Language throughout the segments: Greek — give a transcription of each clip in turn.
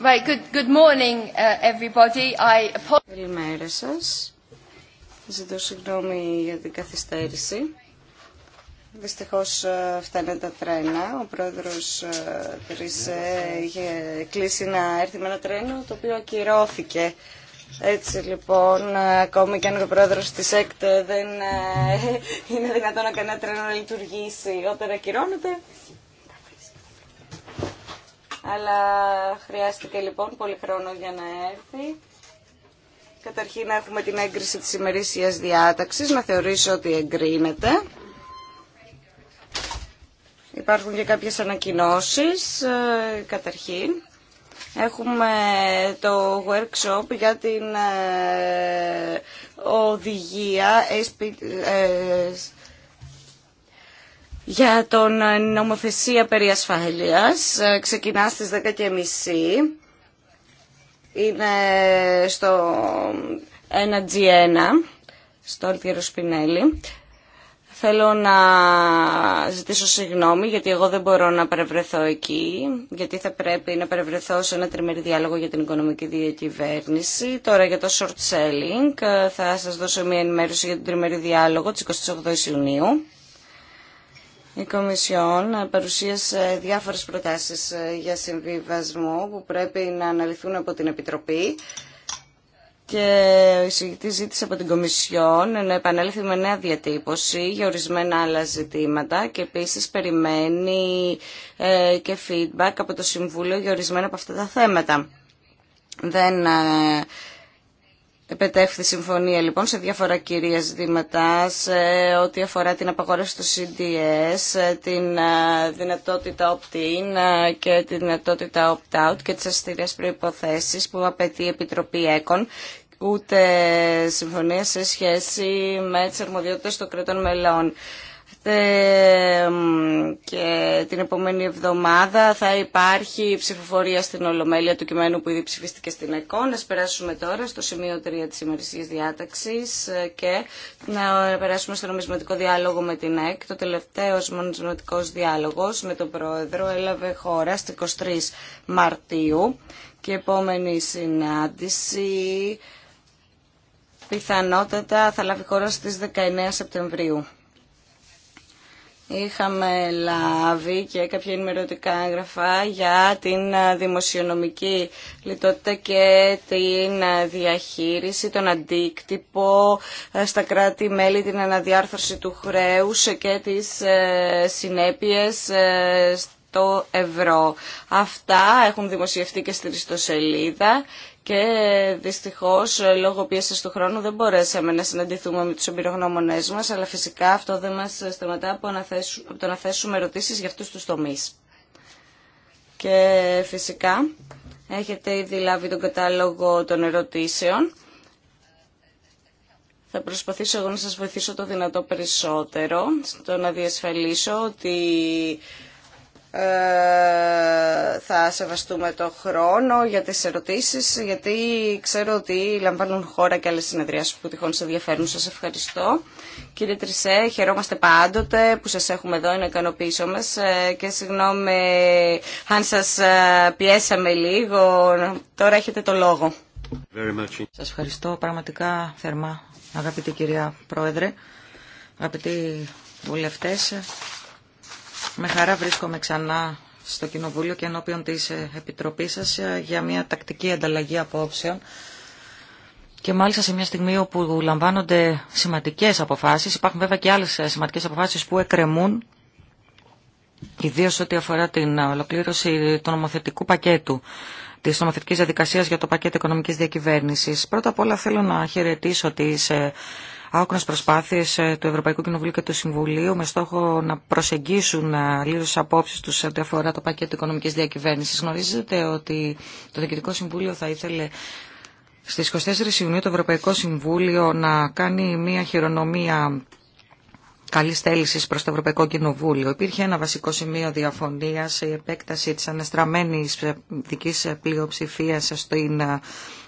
Right, good, uh, Καλημέρα σα. Ζητώ συγγνώμη για την καθυστέρηση. Δυστυχώ ε, φτάνε τα τρένα. Ο πρόεδρο ε, Τρισέ είχε κλείσει να έρθει με ένα τρένο το οποίο ακυρώθηκε. Έτσι λοιπόν, ε, ακόμη και αν ο πρόεδρο τη ΕΚΤ δεν είναι δυνατόν να κάνει ένα τρένο να λειτουργήσει όταν ακυρώνεται, αλλά χρειάστηκε λοιπόν πολύ χρόνο για να έρθει. Καταρχήν έχουμε την έγκριση της ημερήσιας διάταξης, να θεωρήσω ότι εγκρίνεται. Υπάρχουν και κάποιες ανακοινώσεις, ε, καταρχήν. Έχουμε το workshop για την ε, οδηγία ε, για τον ε, νομοθεσία περί ασφάλειας. Ε, ξεκινά στις 10.30. Είναι στο 1G1, στο Αλτιέρο Σπινέλη. Θέλω να ζητήσω συγγνώμη γιατί εγώ δεν μπορώ να παρευρεθώ εκεί, γιατί θα πρέπει να παρευρεθώ σε ένα τριμερή διάλογο για την οικονομική διακυβέρνηση. Τώρα για το short selling ε, θα σας δώσω μια ενημέρωση για τον τριμερή διάλογο της 28 Ιουνίου. Η Κομισιόν παρουσίασε διάφορες προτάσεις ε, για συμβιβασμό που πρέπει να αναλυθούν από την Επιτροπή και ο εισηγητής ζήτησε από την Κομισιόν να επανέλθει με νέα διατύπωση για ορισμένα άλλα ζητήματα και επίσης περιμένει ε, και feedback από το Συμβούλιο για ορισμένα από αυτά τα θέματα. Δεν ε, Επετεύχθη συμφωνία λοιπόν σε διάφορα κυρία ζητήματα σε ό,τι αφορά την απαγόρευση του CDS, την ε, δυνατότητα opt-in ε, και τη δυνατότητα opt-out και τις αστηρές προϋποθέσεις που απαιτεί η Επιτροπή ΕΚΟΝ ούτε συμφωνία σε σχέση με τις αρμοδιότητες των κρατών μελών και την επόμενη εβδομάδα θα υπάρχει ψηφοφορία στην Ολομέλεια του κειμένου που ήδη ψηφίστηκε στην ΕΚΟ. Να περάσουμε τώρα στο σημείο 3 της ημερησίας διάταξης ε, και να περάσουμε στο νομισματικό διάλογο με την ΕΚ. Το τελευταίο νομισματικός διάλογος με τον Πρόεδρο έλαβε χώρα στις 23 Μαρτίου και η επόμενη συνάντηση πιθανότατα θα λάβει χώρα στις 19 Σεπτεμβρίου. Είχαμε λάβει και κάποια ενημερωτικά έγγραφα για την ε, δημοσιονομική λιτότητα και την ε, διαχείριση, τον αντίκτυπο ε, στα κράτη-μέλη, την αναδιάρθρωση του χρέους και τις συνέπειες στο ευρώ. Αυτά έχουν δημοσιευτεί και στην ιστοσελίδα και δυστυχώ λόγω πίεση του χρόνου δεν μπορέσαμε να συναντηθούμε με τους εμπειρογνωμονε μας, αλλά φυσικά αυτό δεν μα σταματά από, το να θέσουμε ερωτήσεις για αυτού του τομεί. Και φυσικά έχετε ήδη λάβει τον κατάλογο των ερωτήσεων. Θα προσπαθήσω εγώ να σας βοηθήσω το δυνατό περισσότερο στο να διασφαλίσω ότι ε, θα σεβαστούμε το χρόνο για τις ερωτήσεις, γιατί ξέρω ότι λαμβάνουν χώρα και άλλες συνεδριάσεις που τυχόν σε ενδιαφέρουν. Σας ευχαριστώ. Κύριε Τρισέ, χαιρόμαστε πάντοτε που σας έχουμε εδώ, είναι ικανοποίησό μας ε, και συγγνώμη αν σας ε, πιέσαμε λίγο, τώρα έχετε το λόγο. Σας ευχαριστώ πραγματικά θερμά, αγαπητή κυρία Πρόεδρε, αγαπητοί βουλευτές. Με χαρά βρίσκομαι ξανά στο Κοινοβούλιο και ενώπιον της ε, Επιτροπής σας ε, για μια τακτική ανταλλαγή απόψεων και μάλιστα σε μια στιγμή όπου λαμβάνονται σημαντικές αποφάσεις. Υπάρχουν βέβαια και άλλες ε, σημαντικές αποφάσεις που εκκρεμούν ιδίως ό,τι αφορά την ολοκλήρωση του νομοθετικού πακέτου της νομοθετικής διαδικασία για το πακέτο οικονομικής διακυβέρνησης. Πρώτα απ' όλα θέλω να χαιρετήσω τι άκρονες προσπάθειες ε, του Ευρωπαϊκού Κοινοβουλίου και του Συμβουλίου με στόχο να προσεγγίσουν ε, λίγο τις απόψεις τους ό,τι αφορά το πακέτο οικονομικής διακυβέρνησης. Γνωρίζετε ότι το Διοικητικό Συμβούλιο θα ήθελε στις 24 Ιουνίου το Ευρωπαϊκό Συμβούλιο να κάνει μια χειρονομία καλή θέληση προ το Ευρωπαϊκό Κοινοβούλιο. Υπήρχε ένα βασικό σημείο διαφωνία, η επέκταση τη αναστραμμένη δική πλειοψηφία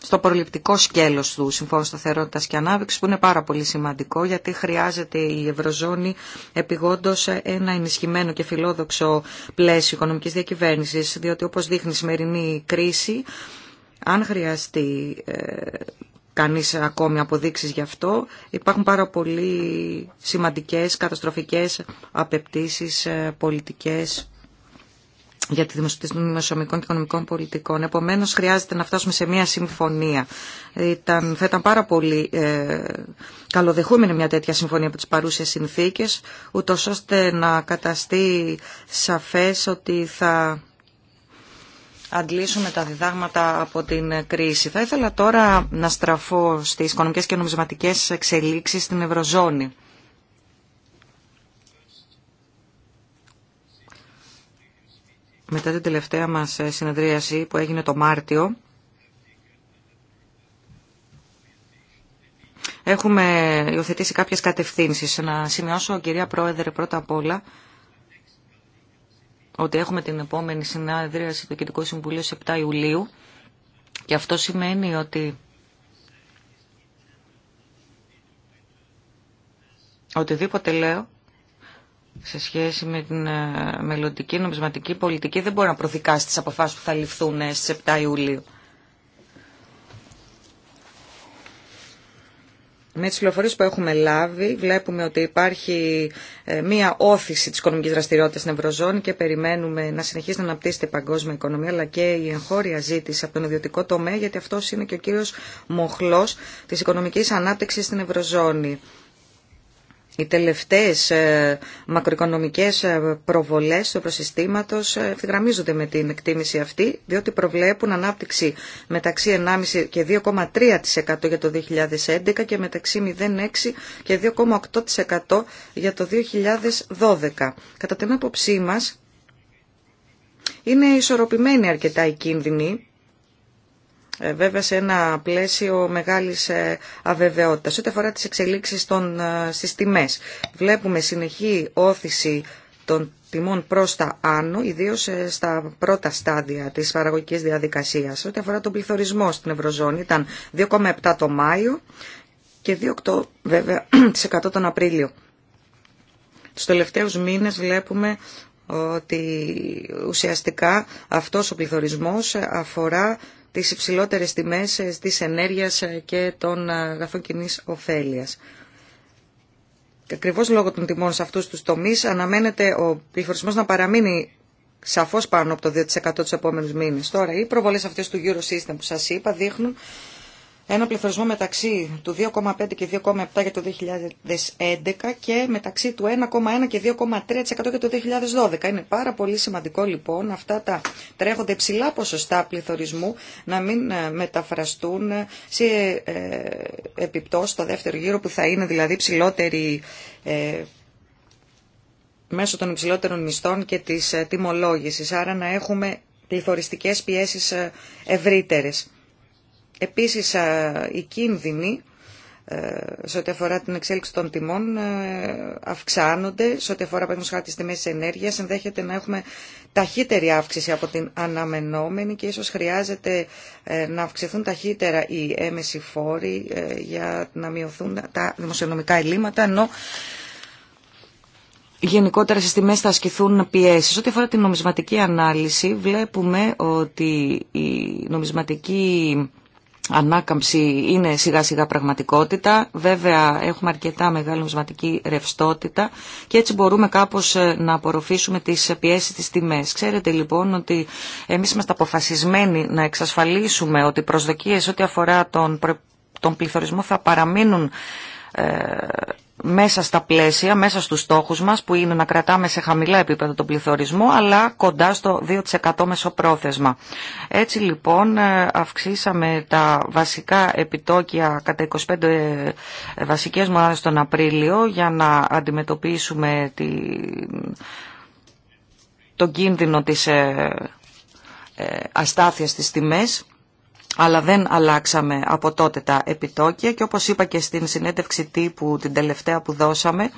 στο προληπτικό σκέλο του Συμφώνου Σταθερότητα και Ανάπτυξη, που είναι πάρα πολύ σημαντικό, γιατί χρειάζεται η Ευρωζώνη επιγόντω ένα ενισχυμένο και φιλόδοξο πλαίσιο οικονομική διακυβέρνηση, διότι όπω δείχνει η σημερινή κρίση, αν χρειαστεί ε, κανείς ακόμη αποδείξεις γι' αυτό. Υπάρχουν πάρα πολύ σημαντικές καταστροφικές απεπτήσεις ε, πολιτικές για τη δημοσιονομικών και οικονομικών πολιτικών. Επομένως, χρειάζεται να φτάσουμε σε μια συμφωνία. Ήταν, θα ήταν πάρα πολύ ε, καλοδεχούμενη μια τέτοια συμφωνία από τις παρουσες συνθηκες ουτως ώστε να καταστεί σαφες ότι θα αντλήσουμε τα διδάγματα από την κρίση. Θα ήθελα τώρα να στραφώ στις οικονομικές και νομισματικές εξελίξεις στην Ευρωζώνη. Μετά την τελευταία μας συνεδρίαση που έγινε το Μάρτιο, έχουμε υιοθετήσει κάποιες κατευθύνσεις. Να σημειώσω, κυρία Πρόεδρε, πρώτα απ' όλα, ότι έχουμε την επόμενη συνάδριαση του Κοινικού Συμβουλίου σε 7 Ιουλίου και αυτό σημαίνει ότι οτιδήποτε λέω σε σχέση με την ε, μελλοντική νομισματική πολιτική δεν μπορεί να προδικάσει τις αποφάσεις που θα ληφθούν ε, στις 7 Ιουλίου. με τις πληροφορίες που έχουμε λάβει βλέπουμε ότι υπάρχει ε, μία όθηση της οικονομικής δραστηριότητας στην Ευρωζώνη και περιμένουμε να συνεχίσει να αναπτύσσεται η παγκόσμια οικονομία αλλά και η εγχώρια ζήτηση από τον ιδιωτικό τομέα γιατί αυτός είναι και ο κύριος μοχλός της οικονομικής ανάπτυξης στην Ευρωζώνη οι τελευταίες ε, μακροοικονομικές ε, προβολές του προσυστήματος ε, ευθυγραμμίζονται με την εκτίμηση αυτή, διότι προβλέπουν ανάπτυξη μεταξύ 1,5 και 2,3% για το 2011 και μεταξύ 0,6 και 2,8% για το 2012. Κατά την άποψή μας, είναι ισορροπημένοι αρκετά οι κίνδυνοι ε, βέβαια σε ένα πλαίσιο μεγάλης ε, αβεβαιότητας. Ό,τι αφορά τις εξελίξεις των, ε, στις τιμές, βλέπουμε συνεχή όθηση των τιμών προς τα άνω, ιδίως στα πρώτα στάδια της παραγωγικής διαδικασίας. Ό,τι αφορά τον πληθωρισμό στην Ευρωζώνη ήταν 2,7 το Μάιο και 2,8 βέβαια τον Απρίλιο. Στους τελευταίους μήνες βλέπουμε ότι ουσιαστικά αυτός ο πληθωρισμός αφορά τις υψηλότερες τιμές ε, της ενέργειας ε, και των ε, αγαθών κοινή ωφέλειας. Ακριβώς λόγω των τιμών σε αυτούς τους τομείς αναμένεται ο πληθωρισμός να παραμείνει σαφώς πάνω από το 2% τους επόμενους μήνες. Τώρα, οι προβολές αυτές του Eurosystem που σας είπα δείχνουν ένα πληθωρισμό μεταξύ του 2,5 και 2,7 για το 2011 και μεταξύ του 1,1 και 2,3% για το 2012. Είναι πάρα πολύ σημαντικό λοιπόν αυτά τα τρέχονται ψηλά ποσοστά πληθωρισμού να μην ε, μεταφραστούν σε ε, επιπτώσεις στο δεύτερο γύρο που θα είναι δηλαδή ψηλότερη ε, μέσω των υψηλότερων μισθών και της τιμολόγησης. Άρα να έχουμε πληθωριστικές πιέσεις ευρύτερες. Επίσης οι κίνδυνοι ε, σε ό,τι αφορά την εξέλιξη των τιμών ε, αυξάνονται, σε ό,τι αφορά παραδείγματος χάρη τις τιμές ενέργειας, ενδέχεται να έχουμε ταχύτερη αύξηση από την αναμενόμενη και ίσως χρειάζεται ε, να αυξηθούν ταχύτερα οι έμεση φόροι για να μειωθούν τα δημοσιονομικά ελλείμματα, ενώ γενικότερα στις τιμές θα ασκηθούν πιέσεις. Ό,τι αφορά την νομισματική ανάλυση, βλέπουμε ότι η νομισματική ανάκαμψη είναι σιγά σιγά πραγματικότητα. Βέβαια έχουμε αρκετά μεγάλη νομισματική ρευστότητα και έτσι μπορούμε κάπως ε, να απορροφήσουμε τις πιέσεις της τιμές. Ξέρετε λοιπόν ότι εμείς είμαστε αποφασισμένοι να εξασφαλίσουμε ότι οι προσδοκίες ό,τι αφορά τον, τον πληθωρισμό θα παραμείνουν ε, μέσα στα πλαίσια, μέσα στους στόχους μας που είναι να κρατάμε σε χαμηλά επίπεδα τον πληθωρισμό αλλά κοντά στο 2% μεσοπρόθεσμα. Έτσι λοιπόν ε, αυξήσαμε τα βασικά επιτόκια κατά 25 ε, ε, βασικές μονάδες τον Απρίλιο για να αντιμετωπίσουμε τη... τον κίνδυνο της αστάθειας στις τιμές αλλά δεν αλλάξαμε από τότε τα επιτόκια και όπως είπα και στην συνέντευξη τύπου την τελευταία που δώσαμε,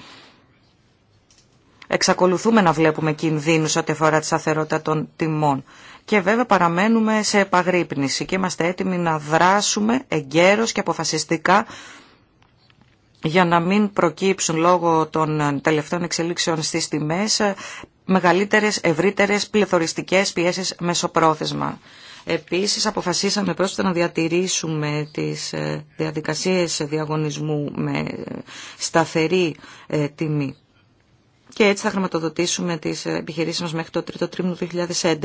εξακολουθούμε να βλέπουμε κινδύνους ό,τι αφορά τη σταθερότητα των τιμών. Και βέβαια παραμένουμε σε επαγρύπνηση και είμαστε έτοιμοι να δράσουμε εγκαίρως και αποφασιστικά για να μην προκύψουν λόγω των τελευταίων εξελίξεων στις τιμές μεγαλύτερες, ευρύτερες, πληθωριστικές πιέσεις μεσοπρόθεσμα. Επίσης αποφασίσαμε πρόσφατα να διατηρήσουμε τις ε, διαδικασίες διαγωνισμού με ε, σταθερή ε, τιμή. Και έτσι θα χρηματοδοτήσουμε τις επιχειρήσεις μας μέχρι το 3ο τρίμηνο του 2011.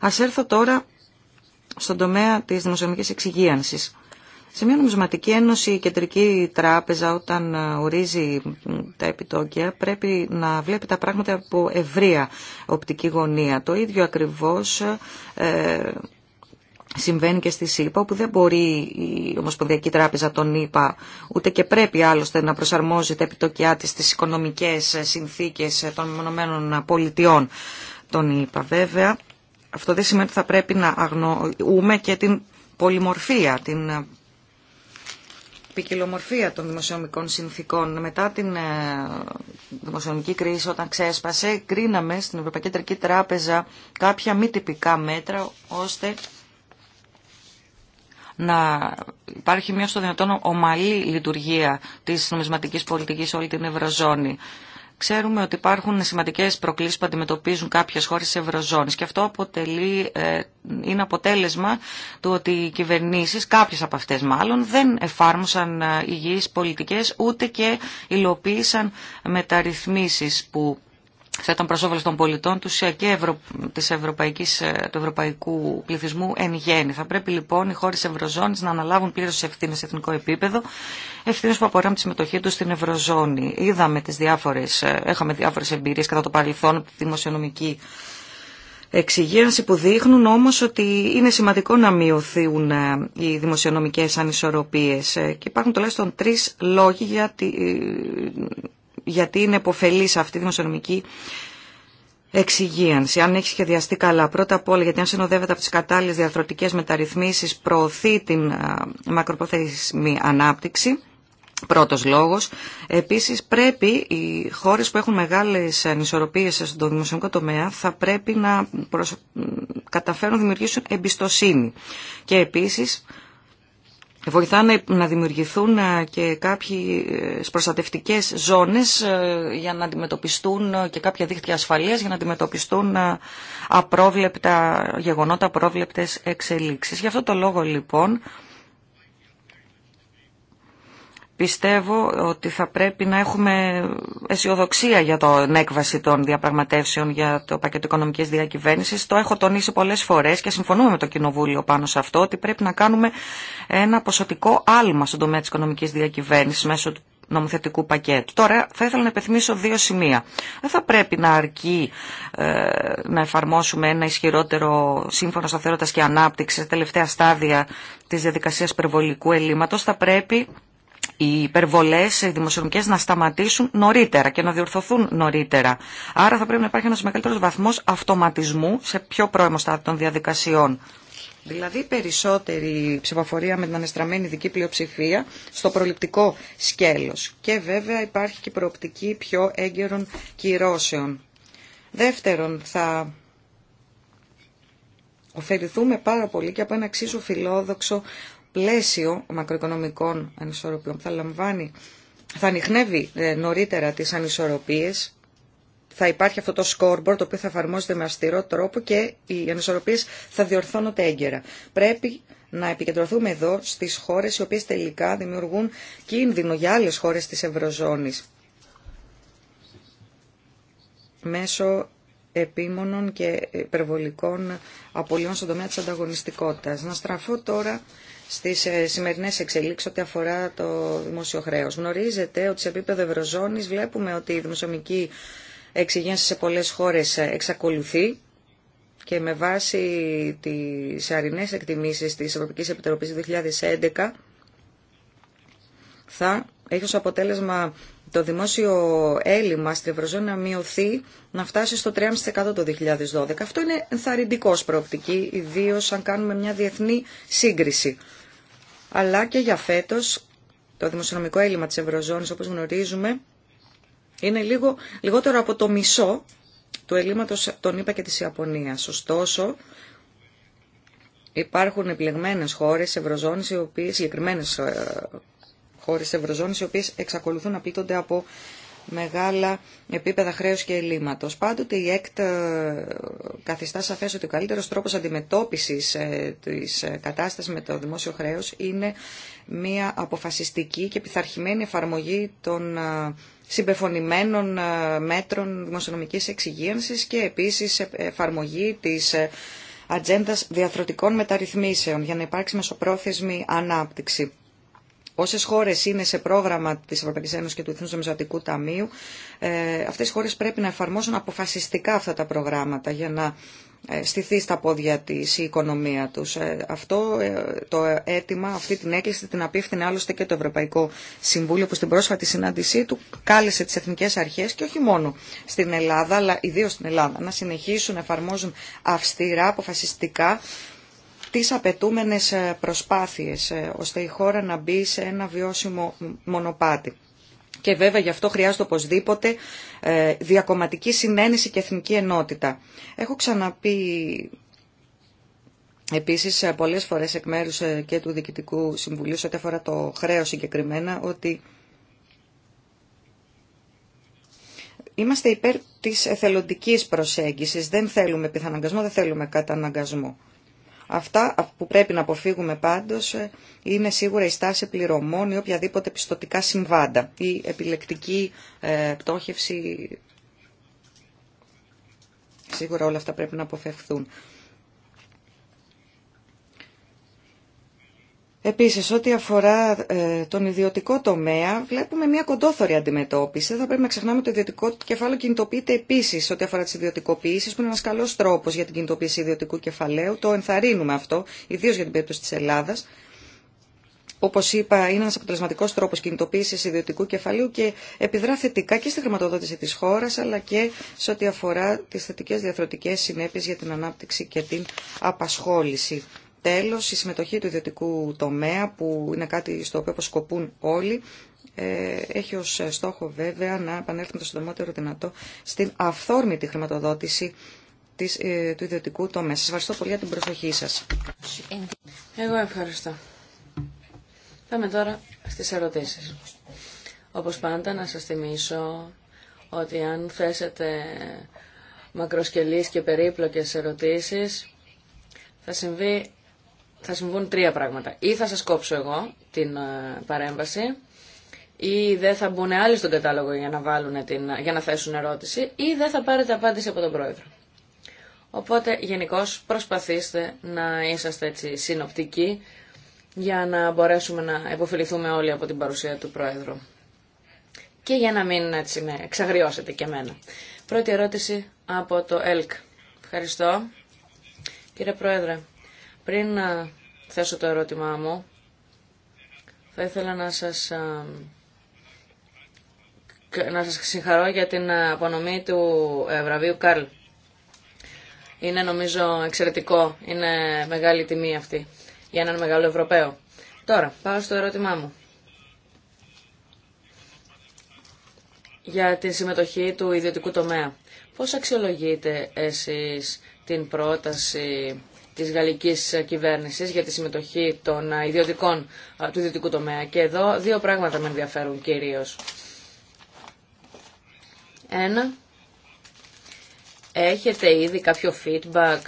Ας έρθω τώρα στον τομέα της δημοσιονομικής εξυγίανσης. Σε μια νομισματική ένωση η Κεντρική Τράπεζα όταν ε, ορίζει τα επιτόκια πρέπει να βλέπει τα πράγματα από ευρία οπτική γωνία. Το ίδιο ακριβώς ε, συμβαίνει και στη ΣΥΠΑ, όπου δεν μπορεί η Ομοσπονδιακή Τράπεζα τον ΗΠΑ, ούτε και πρέπει άλλωστε να προσαρμόζει τα επιτοκιά της στις οικονομικές συνθήκες των τον ΗΠΑ. Βέβαια, αυτό δεν σημαίνει ότι θα πρέπει να αγνοούμε και την πολυμορφία, την ποικιλομορφία των δημοσιονομικών συνθήκων. Μετά την ε, δημοσιονομική κρίση όταν ξέσπασε, κρίναμε στην Ευρωπαϊκή Τράπεζα κάποια μη τυπικά μέτρα ώστε να υπάρχει μια στο δυνατόν ομαλή λειτουργία της νομισματικής πολιτικής όλη την Ευρωζώνη. Ξέρουμε ότι υπάρχουν σημαντικές προκλήσεις που αντιμετωπίζουν κάποιες χώρες τη Ευρωζώνης και αυτό αποτελεί, ε, είναι αποτέλεσμα του ότι οι κυβερνήσεις, κάποιε από αυτές μάλλον, δεν εφάρμοσαν ε, υγιείς πολιτικές ούτε και υλοποίησαν μεταρρυθμίσεις που θα ήταν προς των πολιτών του ε, και ευρω... της ευρωπαϊκής, ε, του ευρωπαϊκού πληθυσμού εν γέννη. Θα πρέπει λοιπόν οι χώρες Ευρωζώνης να αναλάβουν πλήρως τις ευθύνες σε εθνικό επίπεδο, ευθύνες που απορρέουν τη συμμετοχή τους στην Ευρωζώνη. Είδαμε τις διάφορες, ε, έχαμε διάφορες εμπειρίες κατά το παρελθόν, από τη δημοσιονομική εξηγήρανση που δείχνουν όμως ότι είναι σημαντικό να μειωθούν οι δημοσιονομικές ανισορροπίες και υπάρχουν τουλάχιστον τρεις λόγοι για τη γιατί είναι υποφελή αυτή η δημοσιονομική εξυγίανση. Αν έχει σχεδιαστεί καλά, πρώτα απ' όλα, γιατί αν συνοδεύεται από τι κατάλληλε διαρθρωτικέ μεταρρυθμίσει, προωθεί την μακροπροθεσμή ανάπτυξη. Πρώτος λόγος. Επίσης πρέπει οι χώρες που έχουν μεγάλες ανισορροπίες στον δημοσιονομικό τομέα θα πρέπει να καταφέρουν να δημιουργήσουν εμπιστοσύνη. Και επίσης βοηθά να δημιουργηθούν ε, και κάποιες προστατευτικές ζώνες ε, για να αντιμετωπιστούν ε, και κάποια δίχτυα ασφαλείας για να αντιμετωπιστούν απρόβλεπτα γεγονότα, απρόβλεπτες εξελίξεις. Γι' αυτό το λόγο λοιπόν πιστεύω ότι θα πρέπει να έχουμε αισιοδοξία για την έκβαση των διαπραγματεύσεων για το πακέτο οικονομικής διακυβέρνησης. Το έχω τονίσει πολλές φορές και συμφωνούμε με το Κοινοβούλιο πάνω σε αυτό ότι πρέπει να κάνουμε ένα ποσοτικό άλμα στον τομέα της οικονομικής διακυβέρνησης μέσω του νομοθετικού πακέτου. Τώρα θα ήθελα να επιθυμίσω δύο σημεία. Δεν θα πρέπει να αρκεί ε, να εφαρμόσουμε ένα ισχυρότερο σύμφωνο σταθερότητα και ανάπτυξη σε τελευταία στάδια τη διαδικασία περιβολικού Θα πρέπει οι υπερβολές δημοσιονομικές να σταματήσουν νωρίτερα και να διορθωθούν νωρίτερα. Άρα θα πρέπει να υπάρχει ένας μεγαλύτερος βαθμός αυτοματισμού σε πιο πρώιμο στάδιο των διαδικασιών. Δηλαδή περισσότερη ψηφοφορία με την ανεστραμμένη δική πλειοψηφία στο προληπτικό σκέλος. Και βέβαια υπάρχει και προοπτική πιο έγκαιρων κυρώσεων. Δεύτερον, θα ωφεληθούμε πάρα πολύ και από ένα εξίσου φιλόδοξο πλαίσιο μακροοικονομικών ανισορροπιών που θα λαμβάνει, θα ανοιχνεύει ε, νωρίτερα τις ανισορροπίες, θα υπάρχει αυτό το scoreboard το οποίο θα εφαρμόζεται με αυστηρό τρόπο και οι ανισορροπίες θα διορθώνονται έγκαιρα. Πρέπει να επικεντρωθούμε εδώ στις χώρες οι οποίες τελικά δημιουργούν κίνδυνο για άλλες χώρες της Ευρωζώνης μέσω επίμονων και υπερβολικών απολύων στον τομέα της ανταγωνιστικότητας. Να στραφώ τώρα Στι ε, σημερινέ εξελίξει ό,τι αφορά το δημόσιο χρέο. Γνωρίζετε ότι σε επίπεδο Ευρωζώνη βλέπουμε ότι η δημοσιομική εξυγένση σε πολλέ χώρε ε, εξακολουθεί και με βάση τις αρινές εκτιμήσεις τη Ευρωπαϊκή Επιτροπή 2011 θα έχει ως αποτέλεσμα το δημόσιο έλλειμμα στην Ευρωζώνη να μειωθεί να φτάσει στο 3,5% το 2012. Αυτό είναι ενθαρρυντικό προοπτική, ιδίω αν κάνουμε μια διεθνή σύγκριση αλλά και για φέτος το δημοσιονομικό έλλειμμα της Ευρωζώνης, όπως γνωρίζουμε, είναι λίγο, λιγότερο από το μισό του ελλείμματος, τον είπα και της Ιαπωνίας. Ωστόσο, υπάρχουν επιλεγμένες χώρες Ευρωζώνης, οι οποίες, συγκεκριμένες ε, χώρες Ευρωζώνης, οι οποίες εξακολουθούν να πλήττονται από μεγάλα επίπεδα χρέους και ελλείμματος. Πάντοτε η ΕΚΤ ε, καθιστά σαφές ότι ο καλύτερος τρόπος αντιμετώπισης ε, της ε, κατάστασης με το δημόσιο χρέος είναι μια αποφασιστική και πειθαρχημένη εφαρμογή των συμπεφωνημένων μέτρων δημοσιονομικής εξυγίανσης και επίσης εφαρμογή της ατζέντα διαθροτικών μεταρρυθμίσεων για να υπάρξει μεσοπρόθεσμη ανάπτυξη. Όσε χώρε είναι σε πρόγραμμα τη Ευρωπαϊκή Ένωση και του Εθνού Νομισματικού Ταμείου, ε, αυτέ οι χώρε πρέπει να εφαρμόσουν αποφασιστικά αυτά τα προγράμματα για να ε, στηθεί στα πόδια τη η οικονομία τους. Ε, αυτό ε, το αίτημα, αυτή την έκκληση την απίφθηνε άλλωστε και το Ευρωπαϊκό Συμβούλιο που στην πρόσφατη συνάντησή του κάλεσε τι εθνικέ αρχέ και όχι μόνο στην Ελλάδα αλλά ιδίω στην Ελλάδα να συνεχίσουν να εφαρμόζουν αυστηρά αποφασιστικά τις απαιτούμενες ε, προσπάθειες ε, ώστε η χώρα να μπει σε ένα βιώσιμο μονοπάτι. Και βέβαια γι' αυτό χρειάζεται οπωσδήποτε ε, διακομματική συνένεση και εθνική ενότητα. Έχω ξαναπεί επίσης πολλές φορές εκ μέρους και του Διοικητικού Συμβουλίου σε ό,τι αφορά το χρέος συγκεκριμένα ότι είμαστε υπέρ της εθελοντικής προσέγγισης. Δεν θέλουμε πιθαναγκασμό, δεν θέλουμε καταναγκασμό. Αυτά που πρέπει να αποφύγουμε πάντως ε, είναι σίγουρα η στάση πληρωμών ή οποιαδήποτε πιστοτικά συμβάντα ή επιλεκτική πτώχευση. Ε, σίγουρα όλα αυτά πρέπει να αποφευχθούν. Επίσης, ό,τι αφορά ε, τον ιδιωτικό τομέα, βλέπουμε μια κοντόθωρη αντιμετώπιση. Δεν θα πρέπει να ξεχνάμε ότι το ιδιωτικό κεφάλαιο κινητοποιείται επίσης ό,τι αφορά τις ιδιωτικοποίησεις, που είναι ένας καλός τρόπος για την κινητοποίηση ιδιωτικού κεφαλαίου. Το ενθαρρύνουμε αυτό, ιδίως για την περίπτωση της Ελλάδας. όπω είπα, είναι ένα αποτελεσματικό τρόπο κινητοποίηση ιδιωτικού κεφαλαίου και επιδρά θετικά και στη χρηματοδότηση τη χώρα, αλλά και σε ό,τι αφορά τι θετικέ διαθροτικέ συνέπειε για την ανάπτυξη και την απασχόληση. Τέλος, η συμμετοχή του ιδιωτικού τομέα, που είναι κάτι στο οποίο σκοπούν όλοι, ε, έχει ως στόχο βέβαια να επανέλθουμε το συντομότερο δυνατό στην αυθόρμητη χρηματοδότηση της, ε, του ιδιωτικού τομέα. Σας ευχαριστώ πολύ για την προσοχή σας. Εγώ ευχαριστώ. Πάμε τώρα στις ερωτήσεις. Όπως πάντα να σας θυμίσω ότι αν θέσετε μακροσκελείς και περίπλοκες ερωτήσεις θα συμβεί θα συμβούν τρία πράγματα. Ή θα σας κόψω εγώ την ε, παρέμβαση, ή δεν θα μπουν άλλοι στον κατάλογο για να, βάλουν την, για να θέσουν ερώτηση, ή δεν θα πάρετε απάντηση από τον πρόεδρο. Οπότε γενικώ προσπαθήστε να είσαστε έτσι συνοπτικοί για να μπορέσουμε να υποφεληθούμε όλοι από την παρουσία του πρόεδρου. Και για να μην έτσι με εξαγριώσετε και εμένα. Πρώτη ερώτηση από το ΕΛΚ. Ευχαριστώ. Κύριε Πρόεδρε, πριν θέσω το ερώτημά μου, θα ήθελα να σας, να σας συγχαρώ για την απονομή του ε, βραβείου Καρλ. Είναι νομίζω εξαιρετικό, είναι μεγάλη τιμή αυτή για έναν μεγάλο Ευρωπαίο. Τώρα, πάω στο ερώτημά μου. Για τη συμμετοχή του ιδιωτικού τομέα. Πώς αξιολογείτε εσείς την πρόταση Τη γαλλική κυβέρνηση για τη συμμετοχή των ιδιωτικών, του ιδιωτικού τομέα. Και εδώ δύο πράγματα με ενδιαφέρουν κυρίω. Ένα, έχετε ήδη κάποιο feedback,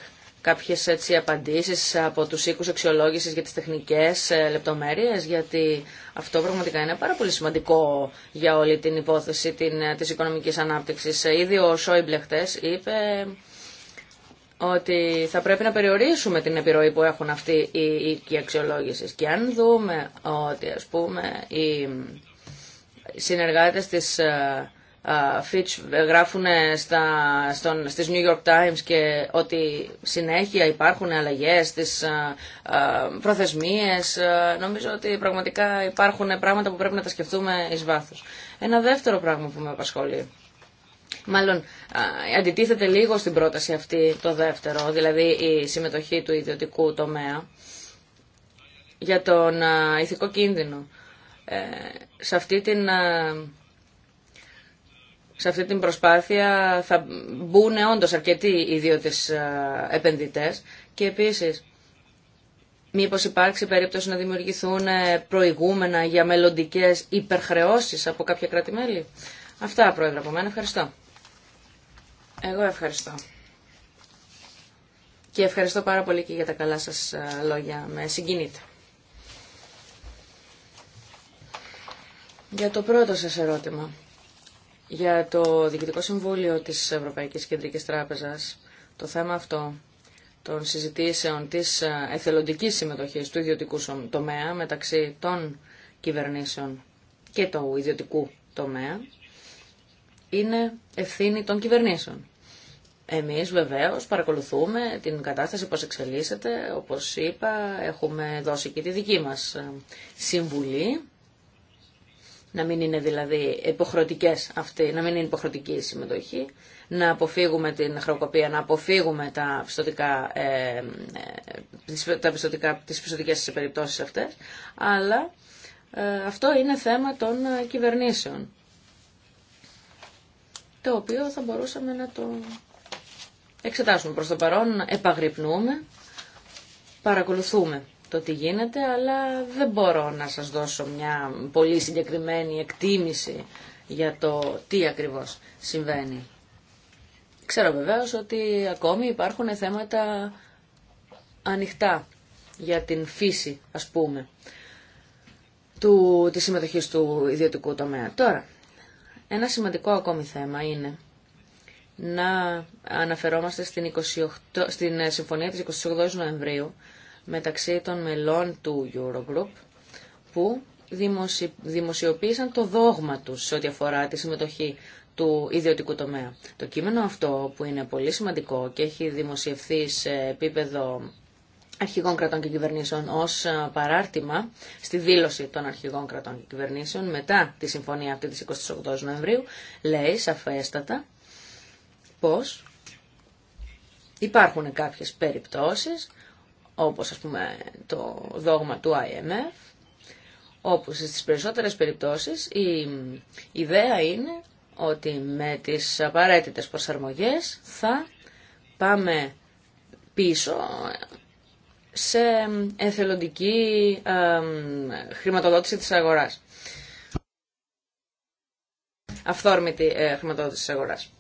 κάποιες έτσι απαντήσεις από τους οίκους αξιολόγησης για τις τεχνικές ε, λεπτομέρειες, γιατί αυτό πραγματικά είναι πάρα πολύ σημαντικό για όλη την υπόθεση την, ε, της οικονομικής ε, Ήδη ο Σόιμπλε είπε ότι θα πρέπει να περιορίσουμε την επιρροή που έχουν αυτοί οι οίκοι αξιολόγηση. Και αν δούμε ότι ας πούμε οι συνεργάτες της ε, ε, Fitch γράφουν στα, στον, στις New York Times και ότι συνέχεια υπάρχουν αλλαγές στις ε, προθεσμίες. Νομίζω ότι πραγματικά υπάρχουν πράγματα που πρέπει να τα σκεφτούμε εις βάθος. Ένα δεύτερο πράγμα που με απασχολεί Μάλλον αντιτίθεται λίγο στην πρόταση αυτή το δεύτερο, δηλαδή η συμμετοχή του ιδιωτικού τομέα για τον ηθικό κίνδυνο. Ε, σε αυτή την σε αυτή την προσπάθεια θα μπουν όντω αρκετοί ιδιώτες επενδυτές και επίσης μήπως υπάρξει περίπτωση να δημιουργηθούν ε, προηγούμενα για μελλοντικέ υπερχρεώσεις από κάποια κράτη-μέλη. Αυτά, Πρόεδρε, από μένα. Ευχαριστώ. Εγώ ευχαριστώ. Και ευχαριστώ πάρα πολύ και για τα καλά σας ε, λόγια. Με συγκινείτε. Για το πρώτο σας ερώτημα, για το Διοικητικό Συμβούλιο της Ευρωπαϊκής Κεντρικής Τράπεζας, το θέμα αυτό των συζητήσεων της ε, εθελοντικής συμμετοχής του ιδιωτικού τομέα μεταξύ των κυβερνήσεων και του ιδιωτικού τομέα, είναι ευθύνη των κυβερνήσεων. Εμείς βεβαίως παρακολουθούμε την κατάσταση πώς εξελίσσεται. Όπως είπα, έχουμε δώσει και τη δική μας ε, συμβουλή. Να μην είναι δηλαδή υποχρεωτικές αυτή, να μην είναι υποχρεωτική η συμμετοχή, να αποφύγουμε την χρεοκοπία, να αποφύγουμε τα πιστωτικά, ε, ε τα τις πιστοτικές περιπτώσεις αυτές, αλλά ε, αυτό είναι θέμα των κυβερνήσεων, το οποίο θα μπορούσαμε να το εξετάσουμε προς το παρόν, επαγρυπνούμε, παρακολουθούμε το τι γίνεται, αλλά δεν μπορώ να σας δώσω μια πολύ συγκεκριμένη εκτίμηση για το τι ακριβώς συμβαίνει. Ξέρω βεβαίως ότι ακόμη υπάρχουν θέματα ανοιχτά για την φύση, ας πούμε, του, της συμμετοχής του ιδιωτικού τομέα. Τώρα, ένα σημαντικό ακόμη θέμα είναι να αναφερόμαστε στην, 28, στην ε, συμφωνία της 28 Νοεμβρίου μεταξύ των μελών του Eurogroup που δημοσιοποίησαν το δόγμα τους σε ό,τι αφορά τη συμμετοχή του ιδιωτικού τομέα. Το κείμενο αυτό που είναι πολύ σημαντικό και έχει δημοσιευθεί σε επίπεδο αρχηγών κρατών και κυβερνήσεων ως ε, παράρτημα στη δήλωση των αρχηγών κρατών και κυβερνήσεων μετά τη συμφωνία αυτή της 28 Νοεμβρίου λέει σαφέστατα πως υπάρχουν κάποιες περιπτώσεις, όπως ας πούμε το δόγμα του IMF, όπου στις περισσότερες περιπτώσεις η ιδέα είναι ότι με τις απαραίτητες προσαρμογές θα πάμε πίσω σε εθελοντική χρηματοδότηση της αγοράς. Αυθόρμητη ε, χρηματοδότηση της αγοράς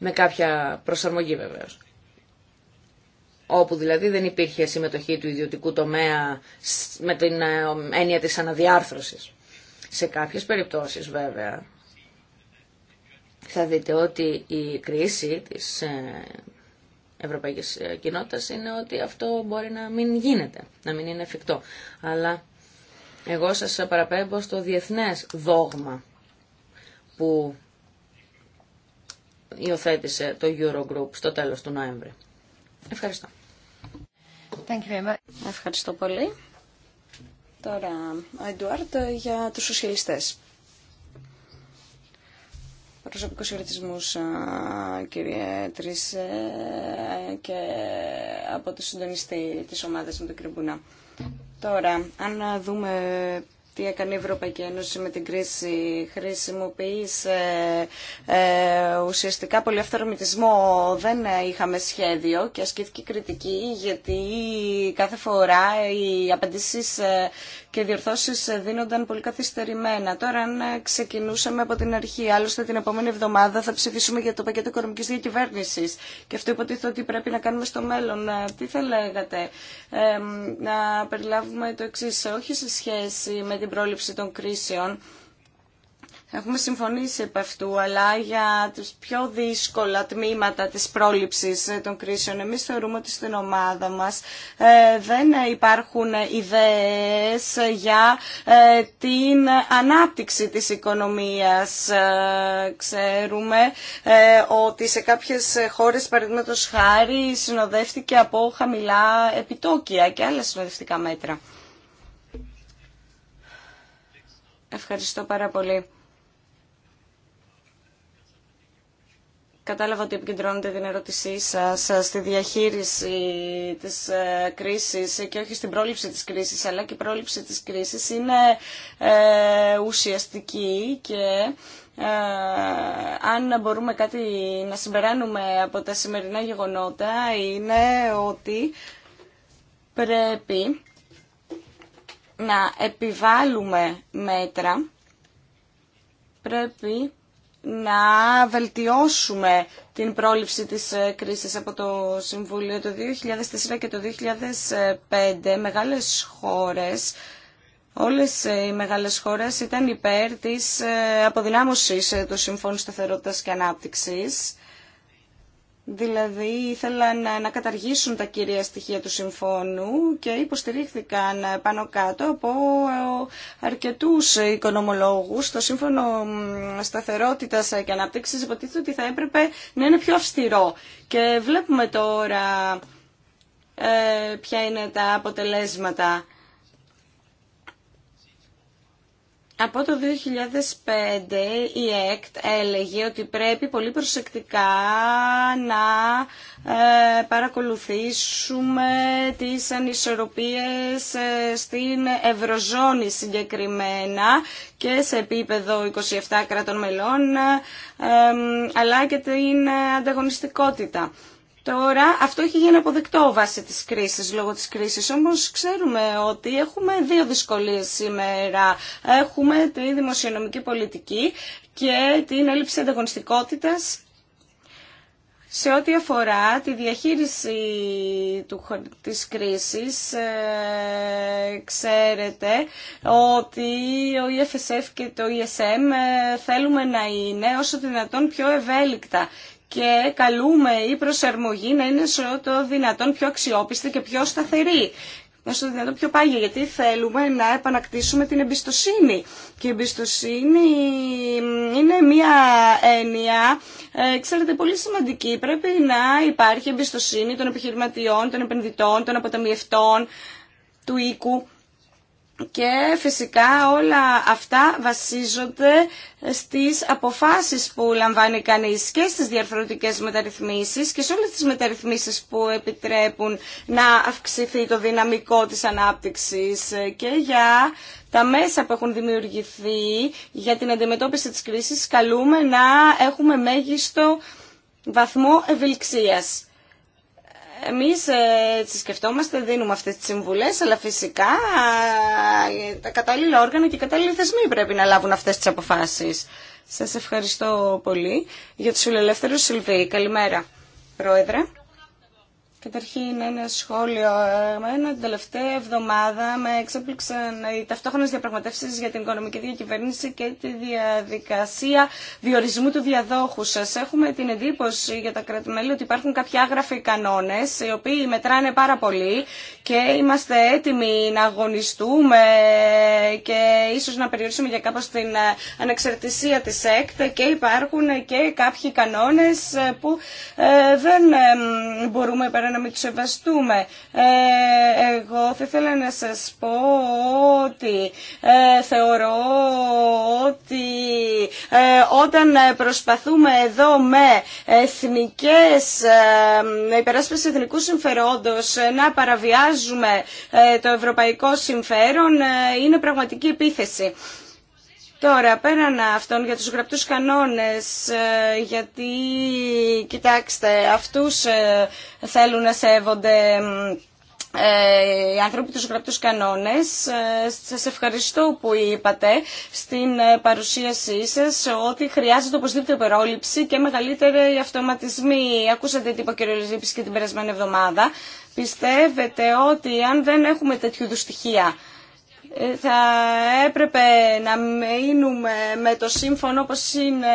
με κάποια προσαρμογή βεβαίω. Όπου δηλαδή δεν υπήρχε συμμετοχή του ιδιωτικού τομέα με την ε, έννοια της αναδιάρθρωσης. Σε κάποιες περιπτώσεις βέβαια θα δείτε ότι η κρίση της ε, Ευρωπαϊκής ε, Κοινότητας είναι ότι αυτό μπορεί να μην γίνεται, να μην είναι εφικτό. Αλλά εγώ σας παραπέμπω στο διεθνές δόγμα που υιοθέτησε το Eurogroup στο τέλος του Νοέμβρη. Ευχαριστώ. Ευχαριστώ πολύ. Τώρα, ο Εντουάρτ για τους σοσιαλιστές. Προσωπικούς χαιρετισμούς, κύριε Τρίσε, και από το συντονιστή της ομάδας με τον κύριο Μπουνά. Τώρα, αν δούμε τι έκανε η Ευρωπαϊκή Ένωση με την κρίση. Χρησιμοποίησε ε, ουσιαστικά αυτορμητισμό Δεν είχαμε σχέδιο και ασκήθηκε κριτική γιατί κάθε φορά οι απαντήσει ε, και διορθώσεις ε, δίνονταν πολύ καθυστερημένα. Τώρα αν ε, ξεκινούσαμε από την αρχή, άλλωστε την επόμενη εβδομάδα θα ψηφίσουμε για το πακέτο οικονομικής διακυβέρνησης και αυτό υποτίθεται ότι πρέπει να κάνουμε στο μέλλον. Τι θα λέγατε, να περιλάβουμε το εξή, όχι σε σχέση με την πρόληψη των κρίσεων. Έχουμε συμφωνήσει επ' αυτού, αλλά για τους πιο δύσκολα τμήματα της πρόληψης ε, των κρίσεων, εμείς θεωρούμε ότι στην ομάδα μας ε, δεν υπάρχουν ιδέες για ε, την ανάπτυξη της οικονομίας. Ξέρουμε ότι σε κάποιες χώρες, παραδείγματος χάρη, συνοδεύτηκε από χαμηλά επιτόκια και άλλα συνοδευτικά μέτρα. Ευχαριστώ πάρα πολύ. Κατάλαβα ότι επικεντρώνετε την ερώτησή σας ε, στη διαχείριση της ε, κρίσης και όχι στην πρόληψη της κρίσης, αλλά και η πρόληψη της κρίσης είναι ε, ουσιαστική και αν μπορούμε κάτι να συμπεράνουμε από τα σημερινά γεγονότα είναι ότι πρέπει να επιβάλλουμε μέτρα, πρέπει να βελτιώσουμε την πρόληψη της ε, κρίσης από το Συμβούλιο το 2004 και το 2005 μεγάλες χώρες Όλες ε, οι μεγάλες χώρες ήταν υπέρ της ε, αποδυνάμωσης του Συμφώνου Σταθερότητας και Ανάπτυξης Δηλαδή ήθελαν να καταργήσουν τα κυρία στοιχεία του συμφώνου και υποστηρίχθηκαν πάνω κάτω από ε, αρκετούς οικονομολόγους. Το σύμφωνο σταθερότητας και ανάπτυξης υποτίθεται ότι θα έπρεπε να είναι πιο αυστηρό. Και βλέπουμε τώρα ε, ποια είναι τα αποτελέσματα. Από το 2005 η ΕΚΤ έλεγε ότι πρέπει πολύ προσεκτικά να ε, παρακολουθήσουμε τις ανισορροπίες ε, στην Ευρωζώνη συγκεκριμένα και σε επίπεδο 27 κρατών μελών ε, αλλά και την ανταγωνιστικότητα. Τώρα αυτό έχει γίνει αποδεκτό βάσει της κρίσης, λόγω της κρίσης. Όμως ξέρουμε ότι έχουμε δύο δυσκολίες σήμερα. Έχουμε τη δημοσιονομική πολιτική και την έλλειψη ανταγωνιστικότητας σε ό,τι αφορά τη διαχείριση του, της κρίσης, ε, ξέρετε ότι ο EFSF και το ESM ε, θέλουμε να είναι όσο δυνατόν πιο ευέλικτα και καλούμε η προσαρμογή να είναι το δυνατόν πιο αξιόπιστη και πιο σταθερή. Να το δυνατόν πιο πάγια, γιατί θέλουμε να επανακτήσουμε την εμπιστοσύνη. Και η εμπιστοσύνη είναι μια έννοια, ε, ξέρετε, πολύ σημαντική. Πρέπει να υπάρχει εμπιστοσύνη των επιχειρηματιών, των επενδυτών, των αποταμιευτών, του οίκου και φυσικά όλα αυτά βασίζονται στις αποφάσεις που λαμβάνει κανείς και στις διαρθρωτικές μεταρρυθμίσεις και σε όλες τις μεταρρυθμίσεις που επιτρέπουν να αυξηθεί το δυναμικό της ανάπτυξης και για τα μέσα που έχουν δημιουργηθεί για την αντιμετώπιση της κρίσης καλούμε να έχουμε μέγιστο βαθμό ευελιξίας. Εμείς έτσι ε, σκεφτόμαστε, δίνουμε αυτές τις συμβουλές, αλλά φυσικά ε, τα κατάλληλα όργανα και οι κατάλληλοι θεσμοί πρέπει να λάβουν αυτές τις αποφάσεις. Σας ευχαριστώ πολύ για τους ελεύθερου, Σιλβί. Καλημέρα, Πρόεδρε. Καταρχήν ένα σχόλιο. Εμένα την τελευταία εβδομάδα με εξέπληξαν οι ταυτόχρονε διαπραγματεύσει για την οικονομική διακυβέρνηση και τη διαδικασία διορισμού του διαδόχου σα. Έχουμε την εντύπωση για τα κρατημέλη ότι υπάρχουν κάποιοι άγραφοι κανόνε, οι οποίοι μετράνε πάρα πολύ και είμαστε έτοιμοι να αγωνιστούμε και ίσω να περιορίσουμε για κάπω την ανεξαρτησία τη ΕΚΤ και υπάρχουν και κάποιοι κανόνε που ε, δεν ε, μπορούμε να μην τους σεβαστούμε. Ε, εγώ θα ήθελα να σας πω ότι ε, θεωρώ ότι ε, όταν προσπαθούμε εδώ με εθνικές ε, υπεράσπιση εθνικού συμφερόντος να παραβιάζουμε το ευρωπαϊκό συμφέρον είναι πραγματική επίθεση. Τώρα, πέραν αυτών για τους γραπτούς κανόνες, ε, γιατί, κοιτάξτε, αυτούς ε, θέλουν να σέβονται ε, οι άνθρωποι τους γραπτούς κανόνες. Σας ευχαριστώ που είπατε στην παρουσίασή σας ότι χρειάζεται οπωσδήποτε περόληψη και μεγαλύτερη αυτοματισμοί. Ακούσατε κ. υποκυριολόγηση και την περασμένη εβδομάδα. Πιστεύετε ότι αν δεν έχουμε τέτοιου είδου στοιχεία ε, θα έπρεπε να μείνουμε με το σύμφωνο όπως είναι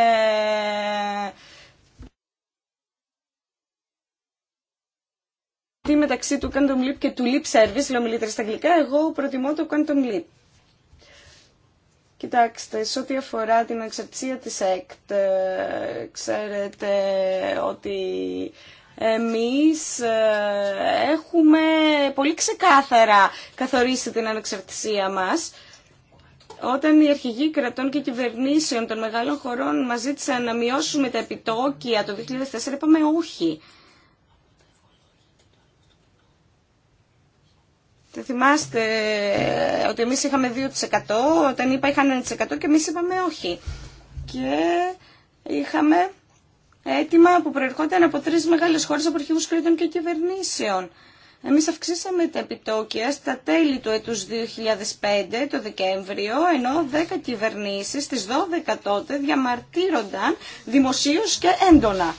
μεταξύ του Quantum Leap και του Leap Service, λέω μιλήτρια στα αγγλικά, εγώ προτιμώ το Quantum Leap. Κοιτάξτε, σε ό,τι αφορά την εξαρτησία της ΕΚΤ, ε, ξέρετε ότι εμείς ε, έχουμε πολύ ξεκάθαρα καθορίσει την ανεξαρτησία μας. Όταν οι αρχηγοί κρατών και κυβερνήσεων των μεγάλων χωρών μας ζήτησαν να μειώσουμε τα επιτόκια το 2004, είπαμε όχι. Θα θυμάστε ε, ότι εμείς είχαμε 2%, όταν είπα είχαν 1% και εμείς είπαμε όχι. Και είχαμε αίτημα που προερχόταν από τρεις μεγάλες χώρες από αρχηγού κρατών και κυβερνήσεων. Εμείς αυξήσαμε τα επιτόκια στα τέλη του έτου 2005, το Δεκέμβριο, ενώ 10 κυβερνήσει στις 12 τότε διαμαρτύρονταν δημοσίω και έντονα.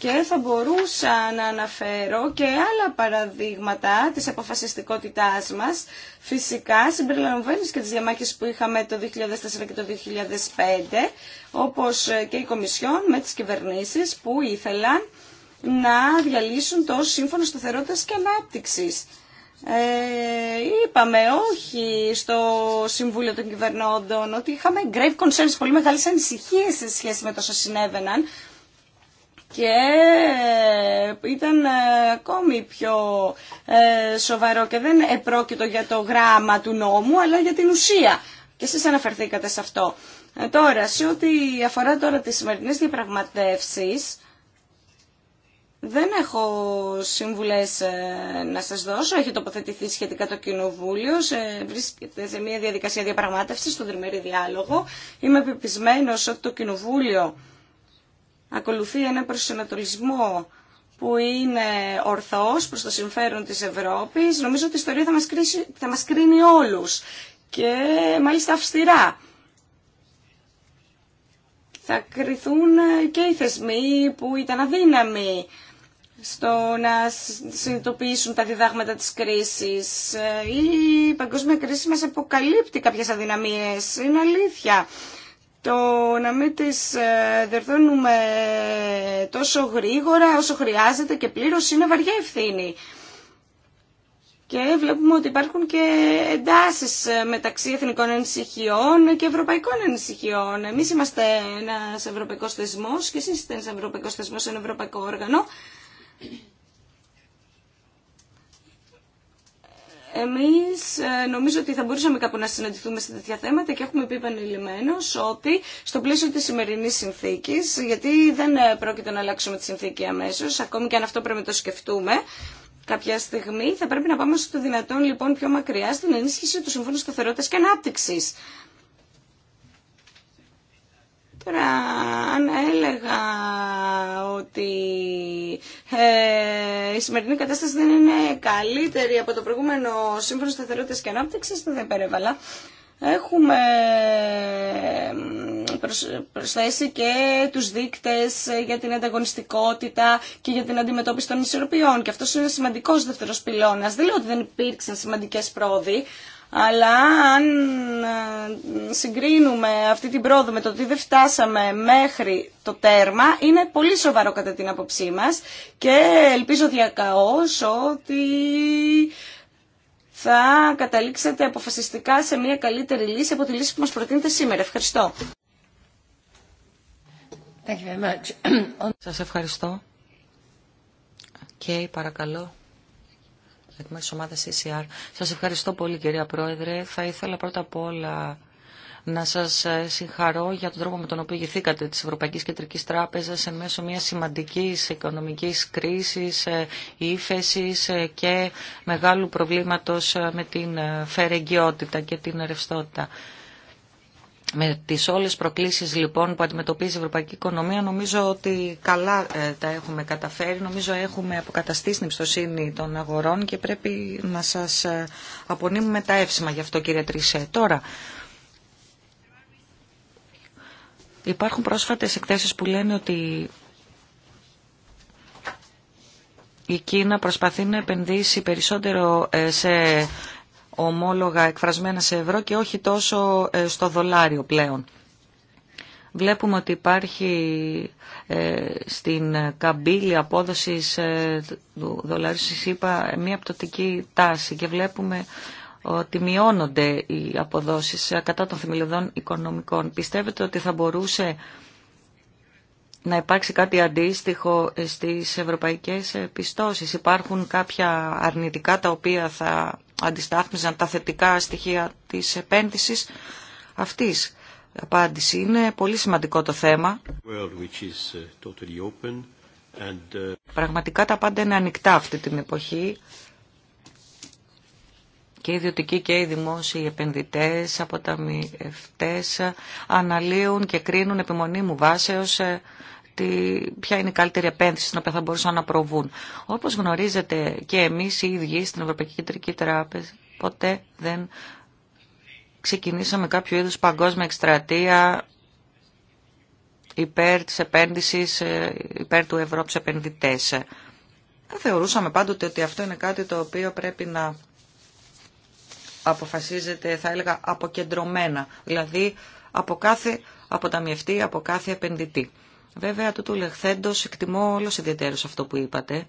Και θα μπορούσα να αναφέρω και άλλα παραδείγματα της αποφασιστικότητάς μας, φυσικά συμπεριλαμβάνεις και τις διαμάχες που είχαμε το 2004 και το 2005, όπως και η Κομισιόν με τις κυβερνήσεις που ήθελαν να διαλύσουν το Σύμφωνο Σταθερότητας και Ανάπτυξης. Ε, είπαμε όχι στο Συμβούλιο των Κυβερνώντων ότι είχαμε grave concerns, πολύ μεγάλες ανησυχίες σε σχέση με τόσο συνέβαιναν και ε, ήταν ε, ακόμη πιο ε, σοβαρό και δεν επρόκειτο για το γράμμα του νόμου αλλά για την ουσία. Και εσείς αναφερθήκατε σε αυτό. Τώρα, σε ό,τι αφορά τώρα τις σημερινές διαπραγματεύσεις, δεν έχω συμβουλές να σας δώσω. Έχει τοποθετηθεί σχετικά το Κοινοβούλιο. Βρίσκεται σε μια διαδικασία διαπραγμάτευσης στον τριμερή διάλογο. Είμαι επιπισμένος ότι το Κοινοβούλιο ακολουθεί ένα προσανατολισμό που είναι ορθός προς το συμφέρον της Ευρώπης, νομίζω ότι η ιστορία θα μας, θα μας κρίνει όλους και μάλιστα αυστηρά. Θα κριθούν και οι θεσμοί που ήταν αδύναμοι στο να συνειδητοποιήσουν τα διδάγματα της κρίσης. Η παγκόσμια κρίση μας αποκαλύπτει κάποιες αδυναμίες, είναι αλήθεια το να μην τις ε, διορθώνουμε τόσο γρήγορα όσο χρειάζεται και πλήρως είναι βαριά ευθύνη. Και βλέπουμε ότι υπάρχουν και εντάσεις ε, μεταξύ εθνικών ανησυχιών και ευρωπαϊκών ανησυχιών. Εμείς είμαστε ένας ευρωπαϊκός θεσμός και εσείς είστε ένας ευρωπαϊκός θεσμός, ένα ευρωπαϊκό όργανο. Εμείς ε, νομίζω ότι θα μπορούσαμε κάπου να συναντηθούμε σε τέτοια θέματα και έχουμε πει επανειλημμένω ότι στο πλαίσιο της σημερινής συνθήκης, γιατί δεν ε, πρόκειται να αλλάξουμε τη συνθήκη αμέσως, ακόμη και αν αυτό πρέπει να το σκεφτούμε, κάποια στιγμή θα πρέπει να πάμε στο δυνατόν λοιπόν πιο μακριά στην ενίσχυση του Συμφώνου Σταθερότητας και Ανάπτυξης. Τώρα, αν έλεγα ότι ε, η σημερινή κατάσταση δεν είναι καλύτερη από το προηγούμενο Σύμφωνο Σταθερότητα και ανάπτυξη, δεν υπερέβαλα. Έχουμε προσθέσει και τους δείκτες για την ανταγωνιστικότητα και για την αντιμετώπιση των ισορροπιών. Και αυτός είναι σημαντικός δεύτερος πυλώνας. Δεν λέω ότι δεν υπήρξαν σημαντικές πρόοδοι, αλλά αν ε, συγκρίνουμε αυτή την πρόοδο με το ότι δεν φτάσαμε μέχρι το τέρμα, είναι πολύ σοβαρό κατά την άποψή μας και ελπίζω διακαώς ότι θα καταλήξετε αποφασιστικά σε μια καλύτερη λύση από τη λύση που μας προτείνετε σήμερα. Ευχαριστώ. Thank Σας ευχαριστώ. Και okay, παρακαλώ εκ μέρους της CCR. Σας ευχαριστώ πολύ κυρία Πρόεδρε. Θα ήθελα πρώτα απ' όλα να σας ε, συγχαρώ για τον τρόπο με τον οποίο ηγηθήκατε της Ευρωπαϊκής Κεντρικής Τράπεζας εν μέσω μιας σημαντικής οικονομικής κρίσης, ε, ύφεση ε, και μεγάλου προβλήματος με την φερεγγιότητα και την ρευστότητα. Με τις όλες προκλήσεις λοιπόν που αντιμετωπίζει η ευρωπαϊκή οικονομία νομίζω ότι καλά ε, τα έχουμε καταφέρει, νομίζω έχουμε αποκαταστήσει την εμπιστοσύνη των αγορών και πρέπει να σας ε, απονείμουμε τα εύσημα γι' αυτό κύριε Τρισέ. Τώρα, υπάρχουν πρόσφατες εκθέσεις που λένε ότι η Κίνα προσπαθεί να επενδύσει περισσότερο ε, σε ομόλογα εκφρασμένα σε ευρώ και όχι τόσο ε, στο δολάριο πλέον. Βλέπουμε ότι υπάρχει ε, στην καμπύλη απόδοσης ε, του δολάριου στις ΗΠΑ μία πτωτική τάση και βλέπουμε ότι μειώνονται οι αποδόσεις κατά των θεμελιωδών οικονομικών. Πιστεύετε ότι θα μπορούσε να υπάρξει κάτι αντίστοιχο στις ευρωπαϊκές πιστώσεις. Υπάρχουν κάποια αρνητικά τα οποία θα αντιστάθμιζαν τα θετικά στοιχεία της επένδυσης αυτής. Η απάντηση είναι πολύ σημαντικό το θέμα. Uh, uh, Πραγματικά τα πάντα είναι ανοιχτά αυτή την εποχή και οι ιδιωτικοί και οι δημόσιοι επενδυτές, αποταμιευτές αναλύουν και κρίνουν επιμονή μου βάσεως ε, ποια είναι η καλύτερη επένδυση στην οποία θα μπορούσαν να προβούν. Όπω γνωρίζετε και εμείς οι ίδιοι στην Ευρωπαϊκή Κεντρική Τράπεζα ποτέ δεν ξεκινήσαμε κάποιο είδου παγκόσμια εκστρατεία υπέρ της επένδυσης, ε, υπέρ του ευρώ τους επενδυτές. Θεωρούσαμε πάντοτε ότι αυτό είναι κάτι το οποίο πρέπει να αποφασίζεται, θα έλεγα, αποκεντρωμένα. Δηλαδή, από κάθε αποταμιευτή, από κάθε επενδυτή. Βέβαια, τούτου λεχθέντος εκτιμώ όλο ιδιαίτερω αυτό που είπατε.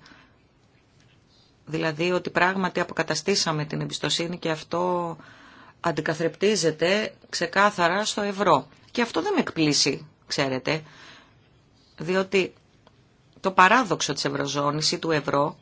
Δηλαδή ότι πράγματι αποκαταστήσαμε την εμπιστοσύνη και αυτό αντικαθρεπτίζεται ξεκάθαρα στο ευρώ. Και αυτό δεν με εκπλήσει, ξέρετε, διότι το παράδοξο της Ευρωζώνης ή του ευρώ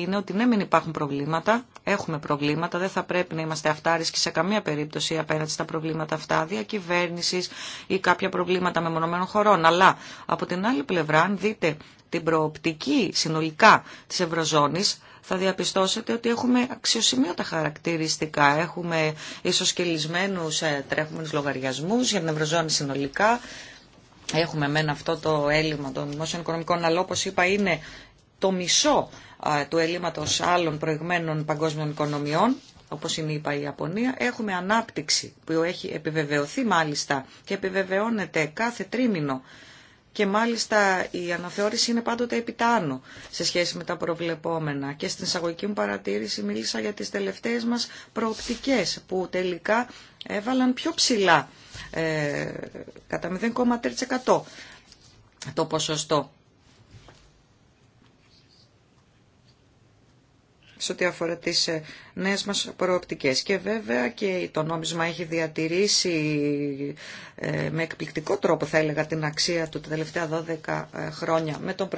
είναι ότι ναι, μην υπάρχουν προβλήματα, έχουμε προβλήματα, δεν θα πρέπει να είμαστε αυτάρισκοι σε καμία περίπτωση απέναντι στα προβλήματα αυτά διακυβέρνηση ή κάποια προβλήματα μεμονωμένων χωρών. Αλλά από την άλλη πλευρά, αν δείτε την προοπτική συνολικά τη Ευρωζώνη, θα διαπιστώσετε ότι έχουμε αξιοσημείωτα χαρακτηριστικά. Έχουμε ίσως και τρέχουμενου ε, τρέχουμενους για την Ευρωζώνη συνολικά. Έχουμε μεν αυτό το έλλειμμα των δημόσιων οικονομικών, αλλά όπω είπα είναι το μισό του ελλείμματος άλλων προηγμένων παγκόσμιων οικονομιών, όπως είναι είπα η Ιαπωνία, έχουμε ανάπτυξη που έχει επιβεβαιωθεί μάλιστα και επιβεβαιώνεται κάθε τρίμηνο και μάλιστα η αναθεώρηση είναι πάντοτε επιτάνω σε σχέση με τα προβλεπόμενα. Και στην εισαγωγική μου παρατήρηση μίλησα για τις τελευταίες μας προοπτικές που τελικά έβαλαν πιο ψηλά, ε, κατά 0,3% το ποσοστό σε ό,τι αφορά τις ε, νέες μας προοπτικές. Και βέβαια και το νόμισμα έχει διατηρήσει ε, με εκπληκτικό τρόπο, θα έλεγα, την αξία του τα τελευταία 12 ε, χρόνια, με τον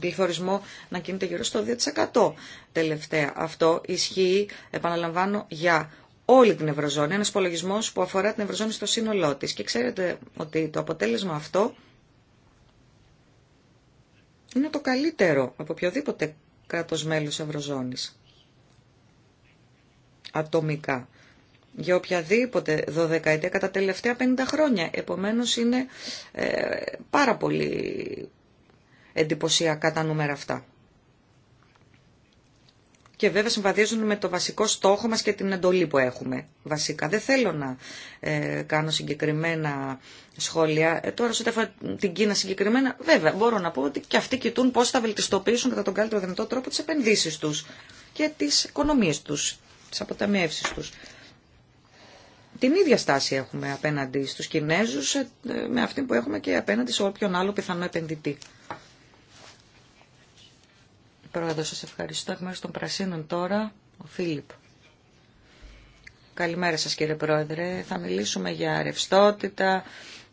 πληθωρισμό να κινείται γύρω στο 2% τελευταία. Αυτό ισχύει, επαναλαμβάνω, για όλη την Ευρωζώνη, ένας υπολογισμό που αφορά την Ευρωζώνη στο σύνολό της. Και ξέρετε ότι το αποτέλεσμα αυτό είναι το καλύτερο από οποιοδήποτε κράτος μέλος Ευρωζώνης ατομικά για οποιαδήποτε δωδεκαετία κατά τελευταία 50 χρόνια. Επομένως είναι ε, πάρα πολύ εντυπωσιακά τα νούμερα αυτά. Και βέβαια συμβαδίζουν με το βασικό στόχο μας και την εντολή που έχουμε βασικά. Δεν θέλω να ε, κάνω συγκεκριμένα σχόλια. Ε, τώρα σε αφορά την Κίνα συγκεκριμένα, βέβαια μπορώ να πω ότι και αυτοί κοιτούν πώς θα βελτιστοποιήσουν κατά τον καλύτερο δυνατό τρόπο τις επενδύσεις τους και τις οικονομίες τους τις αποταμιεύσεις τους. Την ίδια στάση έχουμε απέναντι στους Κινέζους ε, με αυτή που έχουμε και απέναντι σε όποιον άλλο πιθανό επενδυτή. Πρόεδρο, σας ευχαριστώ. Εκ μέρους των Πρασίνων τώρα, ο Φίλιπ. Καλημέρα σας κύριε Πρόεδρε. Θα μιλήσουμε για ρευστότητα,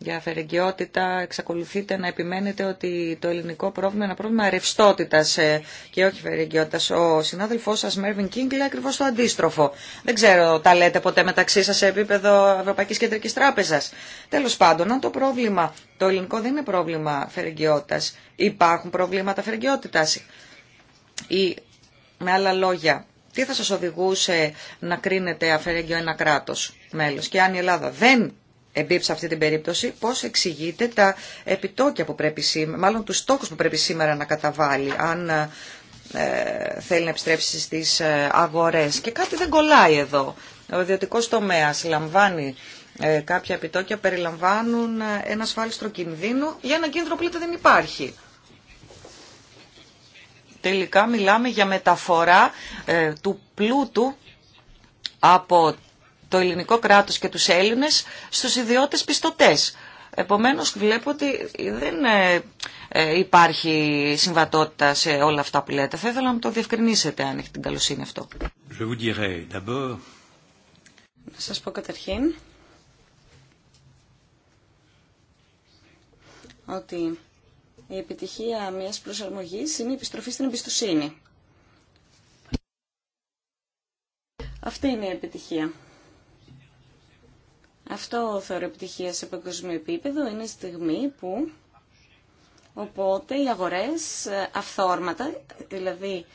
για αφαιρεγκαιότητα εξακολουθείτε να επιμένετε ότι το ελληνικό πρόβλημα είναι ένα πρόβλημα ρευστότητα ε, και όχι αφαιρεγκαιότητα. Ο συνάδελφό σα, Μέρβιν Κίνγκ, λέει ακριβώ το αντίστροφο. Δεν ξέρω, τα λέτε ποτέ μεταξύ σα σε επίπεδο Ευρωπαϊκή Κεντρική Τράπεζα. Τέλο πάντων, αν το πρόβλημα, το ελληνικό δεν είναι πρόβλημα αφαιρεγκαιότητα, υπάρχουν προβλήματα αφαιρεγκαιότητα. Ή με άλλα λόγια, τι θα σας οδηγούσε να κρίνετε αφαιρέγγιο ένα κράτος μέλος και αν η Ελλάδα δεν Εμπίψα αυτή την περίπτωση, πώς εξηγείται τα επιτόκια που πρέπει σήμερα, μάλλον τους στόχου που πρέπει σήμερα να καταβάλει, αν ε, θέλει να επιστρέψει στι ε, αγορές. Και κάτι δεν κολλάει εδώ. Ο ιδιωτικό τομέα λαμβάνει ε, κάποια επιτόκια, περιλαμβάνουν ένα ασφάλιστρο κινδύνου για ένα κίνδυνο που δεν υπάρχει. Τελικά μιλάμε για μεταφορά του πλούτου από το ελληνικό κράτος και τους Έλληνες στους ιδιώτες πιστωτές. Επομένως βλέπω ότι δεν ε, ε, υπάρχει συμβατότητα σε όλα αυτά που λέτε. Θα ήθελα να μου το διευκρινίσετε αν έχει την καλοσύνη αυτό. Je vous dirai, να σας πω καταρχήν ότι η επιτυχία μιας προσαρμογής είναι η επιστροφή στην εμπιστοσύνη. Αυτή είναι η επιτυχία. Αυτό θεωρώ επιτυχία σε παγκοσμίο επίπεδο. Είναι στιγμή που οπότε οι αγορές ε, αυθόρματα, δηλαδή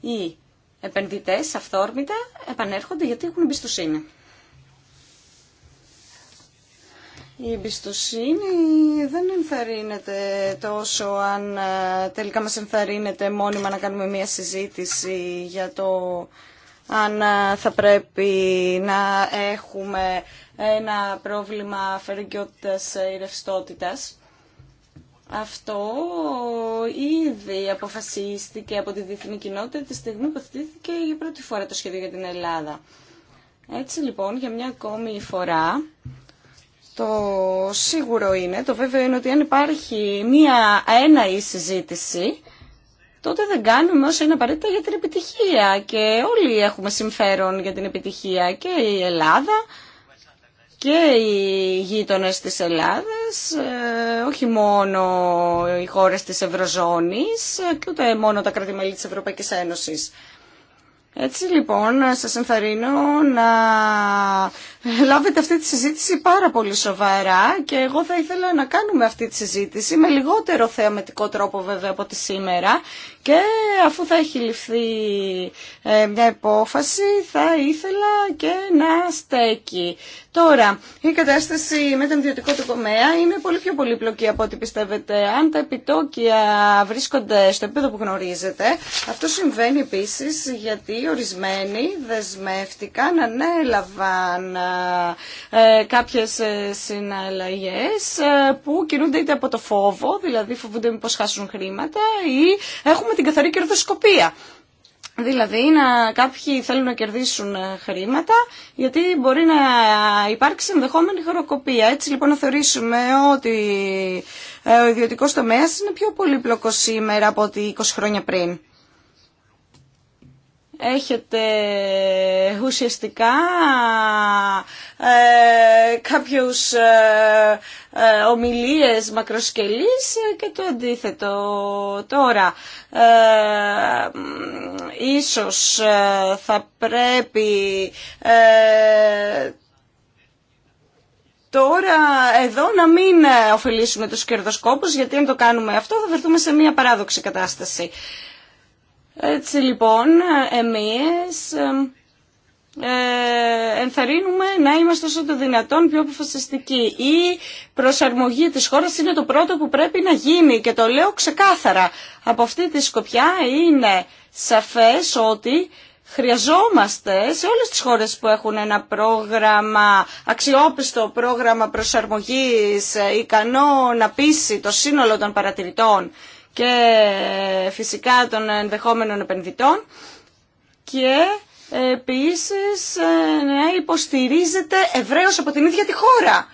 οι επενδυτές αυθόρμητα επανέρχονται γιατί έχουν εμπιστοσύνη. Η εμπιστοσύνη δεν ενθαρρύνεται τόσο αν ε, τελικά μας ενθαρρύνεται μόνιμα να κάνουμε μία συζήτηση για το αν ε, θα πρέπει να έχουμε ένα πρόβλημα φερικιότητας ή ρευστότητας. Αυτό ήδη αποφασίστηκε από τη διεθνή κοινότητα τη στιγμή που θετήθηκε για πρώτη φορά το σχέδιο για την Ελλάδα. Έτσι λοιπόν για μια ακόμη φορά το σίγουρο είναι, το βέβαιο είναι ότι αν υπάρχει μία αέναη συζήτηση τότε δεν κάνουμε όσο είναι απαραίτητα για την επιτυχία και όλοι έχουμε συμφέρον για την επιτυχία και η Ελλάδα και οι γείτονες της Ελλάδας, ε, όχι μόνο οι χώρες της Ευρωζώνης ε, και ούτε μόνο τα κράτη-μέλη της Ευρωπαϊκής Ένωσης. Έτσι λοιπόν σας ενθαρρύνω να λάβετε αυτή τη συζήτηση πάρα πολύ σοβαρά και εγώ θα ήθελα να κάνουμε αυτή τη συζήτηση με λιγότερο θεαματικό τρόπο βέβαια από τη σήμερα και αφού θα έχει ληφθεί ε, μια υπόφαση θα ήθελα και να στέκει. Τώρα, η κατάσταση με τον ιδιωτικό του κομμέα είναι πολύ πιο πολύπλοκη από ό,τι πιστεύετε. Αν τα επιτόκια βρίσκονται στο επίπεδο που γνωρίζετε, αυτό συμβαίνει επίσης γιατί ορισμένοι δεσμεύτηκαν, ανέλαβαν ε, κάποιες ε, συναλλαγές ε, που κινούνται είτε από το φόβο, δηλαδή φοβούνται μήπως χάσουν χρήματα ή έχουμε την καθαρή κερδοσκοπία. Δηλαδή να κάποιοι θέλουν να κερδίσουν χρήματα γιατί μπορεί να υπάρξει ενδεχόμενη χοροκοπια Έτσι λοιπόν να θεωρήσουμε ότι ο ιδιωτικός τομέας είναι πιο πολύπλοκος σήμερα από ότι 20 χρόνια πριν έχετε ουσιαστικά ε, κάποιους ε, ε, ομιλίες μακροσκελής και το αντίθετο τώρα. Ε, ίσως ε, θα πρέπει ε, Τώρα εδώ να μην ωφελήσουμε τους κερδοσκόπους γιατί αν το κάνουμε αυτό θα βρεθούμε σε μια παράδοξη κατάσταση. Έτσι λοιπόν, εμείς ε, ενθαρρύνουμε να είμαστε όσο το δυνατόν πιο αποφασιστικοί. Η προσαρμογή της χώρας είναι το πρώτο που πρέπει να γίνει και το λέω ξεκάθαρα. Από αυτή τη σκοπιά είναι σαφές ότι χρειαζόμαστε σε όλες τις χώρες που έχουν ένα πρόγραμμα, αξιόπιστο πρόγραμμα προσαρμογής, ικανό να πείσει το σύνολο των παρατηρητών και φυσικά των ενδεχόμενων επενδυτών και επίσης ε, να υποστηρίζεται ευρέως από την ίδια τη χώρα.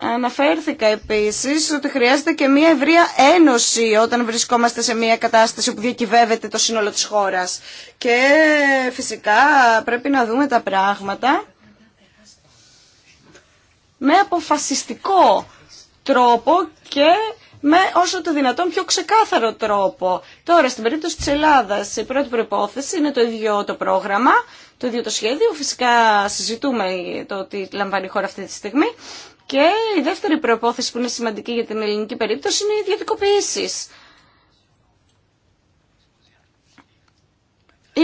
Αναφέρθηκα επίσης ότι χρειάζεται και μια ευρεία ένωση όταν βρισκόμαστε σε μια κατάσταση που διακυβεύεται το σύνολο της χώρας. Και φυσικά πρέπει να δούμε τα πράγματα με αποφασιστικό τρόπο και με όσο το δυνατόν πιο ξεκάθαρο τρόπο. Τώρα, στην περίπτωση της Ελλάδας, η πρώτη προϋπόθεση είναι το ίδιο το πρόγραμμα, το ίδιο το σχέδιο. Φυσικά συζητούμε το ότι λαμβάνει η χώρα αυτή τη στιγμή. Και η δεύτερη προϋπόθεση που είναι σημαντική για την ελληνική περίπτωση είναι οι ιδιωτικοποιήσεις.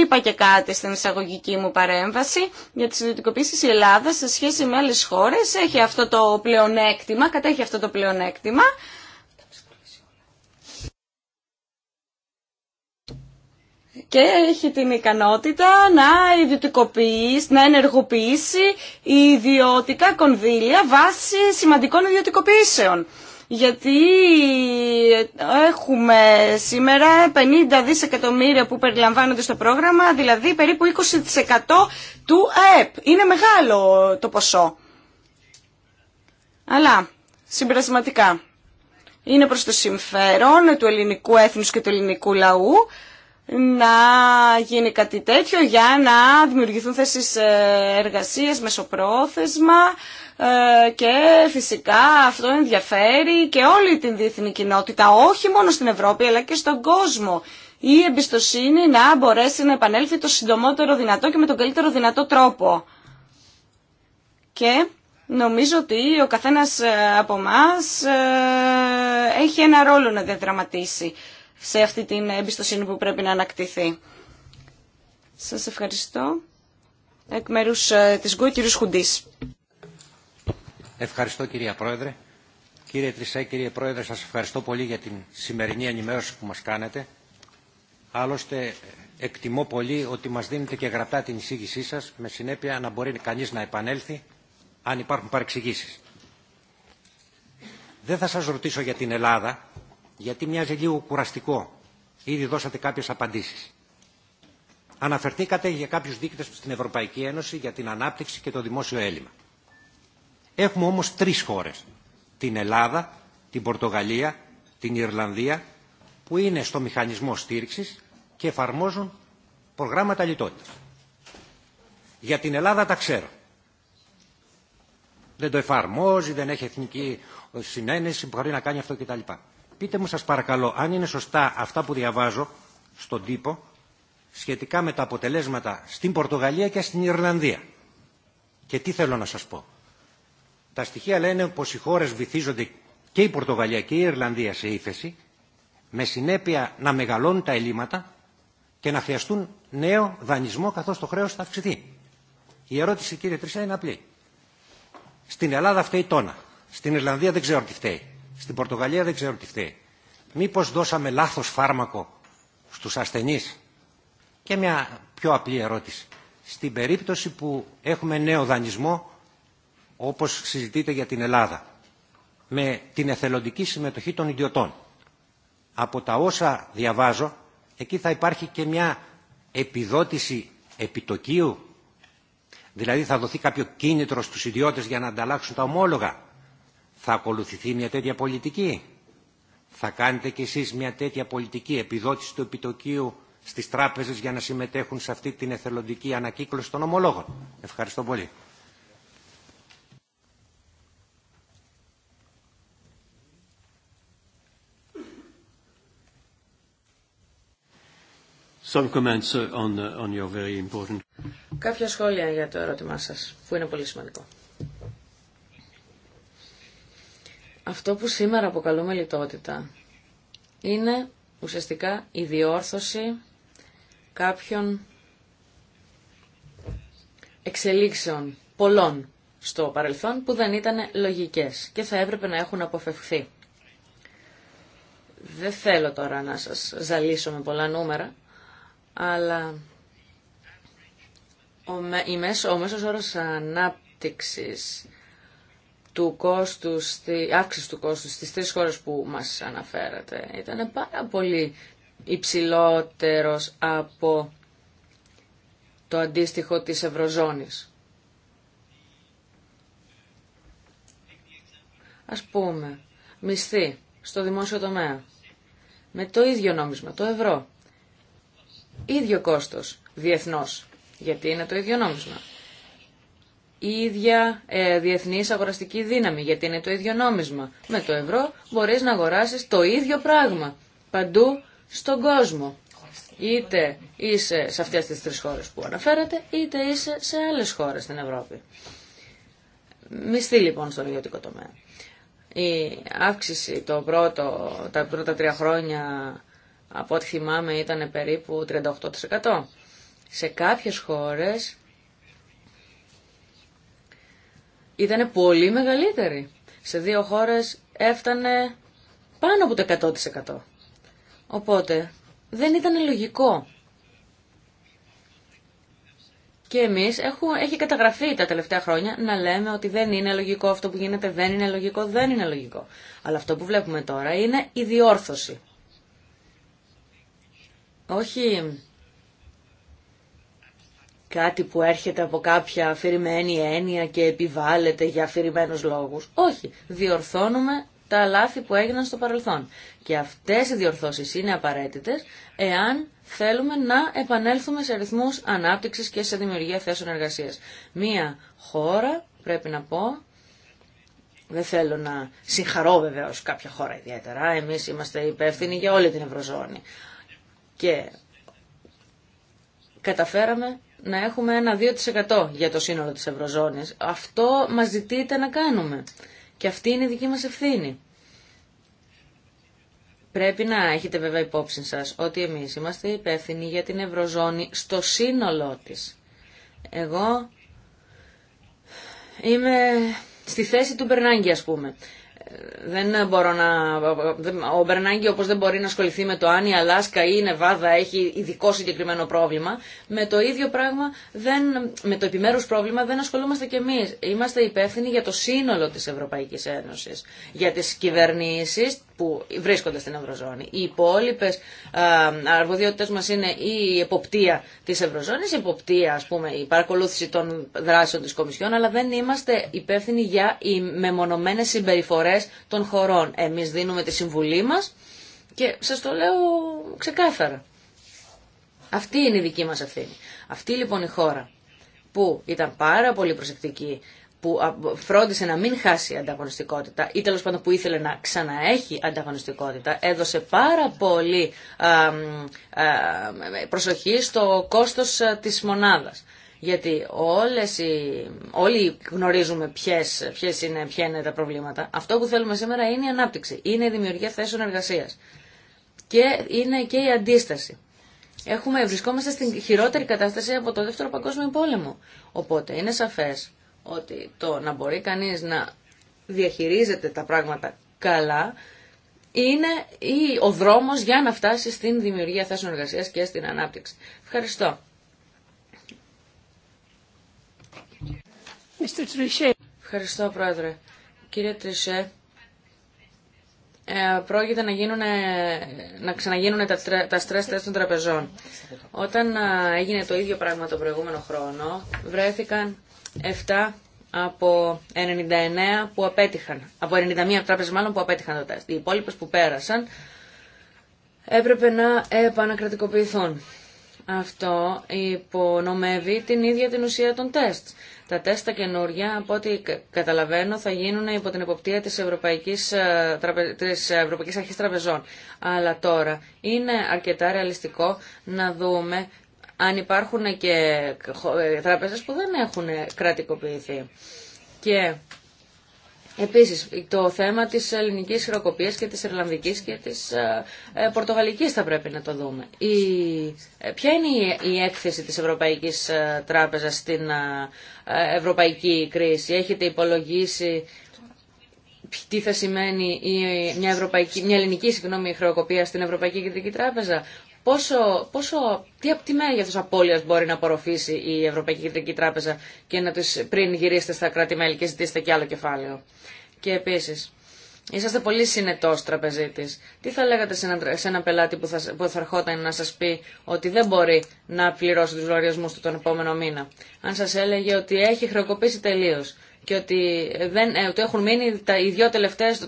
Είπα και κάτι στην εισαγωγική μου παρέμβαση για τις ιδιωτικοποίησεις η Ελλάδα σε σχέση με άλλες χώρες έχει αυτό το πλεονέκτημα, κατέχει αυτό το πλεονέκτημα. και έχει την ικανότητα να ιδιωτικοποιήσει, να ενεργοποιήσει ιδιωτικά κονδύλια βάσει σημαντικών ιδιωτικοποιήσεων γιατί έχουμε σήμερα 50 δισεκατομμύρια που περιλαμβάνονται στο πρόγραμμα, δηλαδή περίπου 20% του ΑΕΠ. Είναι μεγάλο το ποσό. Αλλά, συμπερασματικά, είναι προς το συμφέρον του ελληνικού έθνους και του ελληνικού λαού να γίνει κάτι τέτοιο για να δημιουργηθούν θέσεις ε, εργασίας, μεσοπρόθεσμα, ε, και φυσικά αυτό ενδιαφέρει και όλη την διεθνή κοινότητα, όχι μόνο στην Ευρώπη αλλά και στον κόσμο. Η εμπιστοσύνη να μπορέσει να επανέλθει το συντομότερο δυνατό και με τον καλύτερο δυνατό τρόπο. Και νομίζω ότι ο καθένας ε, από εμά έχει ένα ρόλο να διαδραματίσει σε αυτή την εμπιστοσύνη που πρέπει να ανακτηθεί. Σας ευχαριστώ. Εκ μέρους ε, της ΓΟΥ, κύριος Χουντής. Ευχαριστώ κυρία Πρόεδρε. Κύριε Τρισέ, κύριε Πρόεδρε, σας ευχαριστώ πολύ για την σημερινή ενημέρωση που μας κάνετε. Άλλωστε, εκτιμώ πολύ ότι μας δίνετε και γραπτά την εισήγησή σας, με συνέπεια να μπορεί κανείς να επανέλθει, αν υπάρχουν παρεξηγήσεις. Δεν θα σας ρωτήσω για την Ελλάδα, γιατί μοιάζει λίγο κουραστικό. Ήδη δώσατε κάποιες απαντήσεις. Αναφερθήκατε για κάποιους δείκτες στην Ευρωπαϊκή Ένωση για την ανάπτυξη και το δημόσιο έλλειμμα. Έχουμε όμως τρεις χώρες. Την Ελλάδα, την Πορτογαλία, την Ιρλανδία που είναι στο μηχανισμό στήριξης και εφαρμόζουν προγράμματα λιτότητας. Για την Ελλάδα τα ξέρω. Δεν το εφαρμόζει, δεν έχει εθνική συνένεση, μπορεί να κάνει αυτό κτλ. Πείτε μου σας παρακαλώ, αν είναι σωστά αυτά που διαβάζω στον τύπο, σχετικά με τα αποτελέσματα στην Πορτογαλία και στην Ιρλανδία. Και τι θέλω να σας πω. Τα στοιχεία λένε πως οι χώρες βυθίζονται και η Πορτογαλία και η Ιρλανδία σε ύφεση, με συνέπεια να μεγαλώνουν τα ελλείμματα και να χρειαστούν νέο δανεισμό καθώς το χρέος θα αυξηθεί. Η ερώτηση κύριε Τρισά είναι απλή. Στην Ελλάδα φταίει τόνα. Στην Ιρλανδία δεν ξέρω τι φταίει. Στην Πορτογαλία δεν ξέρω τι φταίει. Μήπως δώσαμε λάθος φάρμακο στους ασθενείς. Και μια πιο απλή ερώτηση. Στην περίπτωση που έχουμε νέο δανεισμό όπως συζητείτε για την Ελλάδα, με την εθελοντική συμμετοχή των ιδιωτών. Από τα όσα διαβάζω, εκεί θα υπάρχει και μια επιδότηση επιτοκίου, δηλαδή θα δοθεί κάποιο κίνητρο στους ιδιώτες για να ανταλλάξουν τα ομόλογα. Θα ακολουθηθεί μια τέτοια πολιτική. Θα κάνετε κι εσείς μια τέτοια πολιτική επιδότηση του επιτοκίου στις τράπεζες για να συμμετέχουν σε αυτή την εθελοντική ανακύκλωση των ομολόγων. Ευχαριστώ πολύ. Uh, uh, Κάποια σχόλια για το ερώτημά σας, που είναι πολύ σημαντικό. Αυτό που σήμερα αποκαλούμε λιτότητα είναι ουσιαστικά η διόρθωση κάποιων εξελίξεων πολλών στο παρελθόν που δεν ήταν λογικές και θα έπρεπε να έχουν αποφευχθεί. Δεν θέλω τώρα να σας ζαλίσω με πολλά νούμερα, αλλά ο, ο μέσος όρος ανάπτυξης του κόστους, αύξηση του κόστου στις τρεις χώρες που μας αναφέρατε ήταν πάρα πολύ υψηλότερος από το αντίστοιχο της Ευρωζώνης. Ας πούμε, μισθή στο δημόσιο τομέα με το ίδιο νόμισμα, το ευρώ ίδιο κόστος διεθνώς, γιατί είναι το ίδιο νόμισμα. Η ίδια ε, διεθνής αγοραστική δύναμη, γιατί είναι το ίδιο νόμισμα. Με το ευρώ μπορείς να αγοράσεις το ίδιο πράγμα παντού στον κόσμο. Είτε είσαι σε αυτές τις τρεις χώρες που αναφέρατε, είτε είσαι σε άλλες χώρες στην Ευρώπη. Μισθή λοιπόν στον ιδιωτικό τομέα. Η αύξηση το πρώτο, τα πρώτα τρία χρόνια από ό,τι θυμάμαι ήταν περίπου 38%. Σε κάποιες χώρες ήταν πολύ μεγαλύτερη. Σε δύο χώρες έφτανε πάνω από το 100%. Οπότε δεν ήταν λογικό. Και εμείς έχει καταγραφεί τα τελευταία χρόνια να λέμε ότι δεν είναι λογικό αυτό που γίνεται, δεν είναι λογικό, δεν είναι λογικό. Αλλά αυτό που βλέπουμε τώρα είναι η διόρθωση όχι κάτι που έρχεται από κάποια αφηρημένη έννοια και επιβάλλεται για αφηρημένους λόγους. Όχι, διορθώνουμε τα λάθη που έγιναν στο παρελθόν. Και αυτές οι διορθώσεις είναι απαραίτητες εάν θέλουμε να επανέλθουμε σε ρυθμούς ανάπτυξης και σε δημιουργία θέσεων εργασίας. Μία χώρα, πρέπει να πω, δεν θέλω να συγχαρώ βεβαίω κάποια χώρα ιδιαίτερα. εμείς είμαστε υπεύθυνοι για όλη την Ευρωζώνη και καταφέραμε να έχουμε ένα 2% για το σύνολο της Ευρωζώνης. Αυτό μας ζητείτε να κάνουμε και αυτή είναι η δική μας ευθύνη. Πρέπει να έχετε βέβαια υπόψη σας ότι εμείς είμαστε υπεύθυνοι για την Ευρωζώνη στο σύνολό της. Εγώ είμαι στη θέση του Μπερνάγκη ας πούμε δεν μπορώ να... Ο Μπερνάγκη όπως δεν μπορεί να ασχοληθεί με το αν η Αλάσκα ή η Νεβάδα έχει ειδικό συγκεκριμένο πρόβλημα, με το ίδιο πράγμα, δεν... με το επιμέρους πρόβλημα δεν ασχολούμαστε κι εμείς. Είμαστε υπεύθυνοι για το σύνολο της Ευρωπαϊκής Ένωσης, για τις κυβερνήσεις που βρίσκονται στην Ευρωζώνη. Οι υπόλοιπε αρμοδιότητε μα είναι η εποπτεία τη Ευρωζώνη, η εποπτεία, ας πούμε, η παρακολούθηση των δράσεων τη Κομισιόν, αλλά δεν είμαστε υπεύθυνοι για οι μεμονωμένε συμπεριφορέ των χωρών. Εμεί δίνουμε τη συμβουλή μα και σα το λέω ξεκάθαρα. Αυτή είναι η δική μα ευθύνη. Αυτή λοιπόν η χώρα που ήταν πάρα πολύ προσεκτική που φρόντισε να μην χάσει ανταγωνιστικότητα ή τέλος πάντων που ήθελε να ξαναέχει ανταγωνιστικότητα έδωσε πάρα πολύ προσοχή στο κόστος της μονάδας. Γιατί όλες οι, όλοι γνωρίζουμε ποιες, ποιες είναι, ποια είναι τα προβλήματα. Αυτό που θέλουμε σήμερα είναι η ανάπτυξη, είναι η δημιουργία θέσεων εργασίας και είναι και η αντίσταση. Έχουμε, βρισκόμαστε στην χειρότερη κατάσταση από το Δεύτερο Παγκόσμιο Πόλεμο. Οπότε είναι σαφές ότι το να μπορεί κανείς να διαχειρίζεται τα πράγματα καλά είναι ο δρόμος για να φτάσει στην δημιουργία θέσεων εργασίας και στην ανάπτυξη. Ευχαριστώ. Ευχαριστώ, Πρόεδρε. Κύριε Τρισέ, ε, πρόκειται να, γίνουνε να ξαναγίνουν τα, τα stress των τραπεζών. Όταν ε, έγινε το ίδιο πράγμα το προηγούμενο χρόνο, βρέθηκαν 7 από 99 που απέτυχαν, από 91 τράπεζε μάλλον που απέτυχαν το τεστ. Οι υπόλοιπε που πέρασαν έπρεπε να επανακρατικοποιηθούν. Αυτό υπονομεύει την ίδια την ουσία των τεστ. Τα τεστ τα καινούργια, από ό,τι καταλαβαίνω, θα γίνουν υπό την εποπτεία της Ευρωπαϊκής, ε, της Ευρωπαϊκής Αρχής Τραπεζών. Αλλά τώρα είναι αρκετά ρεαλιστικό να δούμε αν υπάρχουν και ε, τραπέζες που δεν έχουν κρατικοποιηθεί. Και Επίσης, το θέμα της ελληνικής χρεοκοπίας και της Ιρλανδικής και της ε, ε, Πορτογαλικής θα πρέπει να το δούμε. Η... Ποια είναι η έκθεση της Ευρωπαϊκής Τράπεζας στην ευρωπαϊκή κρίση. Έχετε υπολογίσει τι θα σημαίνει μια, ευρωπαϊκή, μια ελληνική συγγνώμη, χρεοκοπία στην Ευρωπαϊκή Κεντρική Τράπεζα πόσο, πόσο, τι, τι μέγεθο απώλεια μπορεί να απορροφήσει η Ευρωπαϊκή Κεντρική Τράπεζα και να τους, πριν γυρίσετε στα κράτη-μέλη και ζητήσετε και άλλο κεφάλαιο. Και επίση, είσαστε πολύ συνετό τραπεζίτη. Τι θα λέγατε σε, ένα, σε έναν πελάτη που θα, που θα ερχόταν να σα πει ότι δεν μπορεί να πληρώσει του λογαριασμού του τον επόμενο μήνα, αν σα έλεγε ότι έχει χρεοκοπήσει τελείω και ότι, δεν, ε, ότι έχουν μείνει τα, οι δύο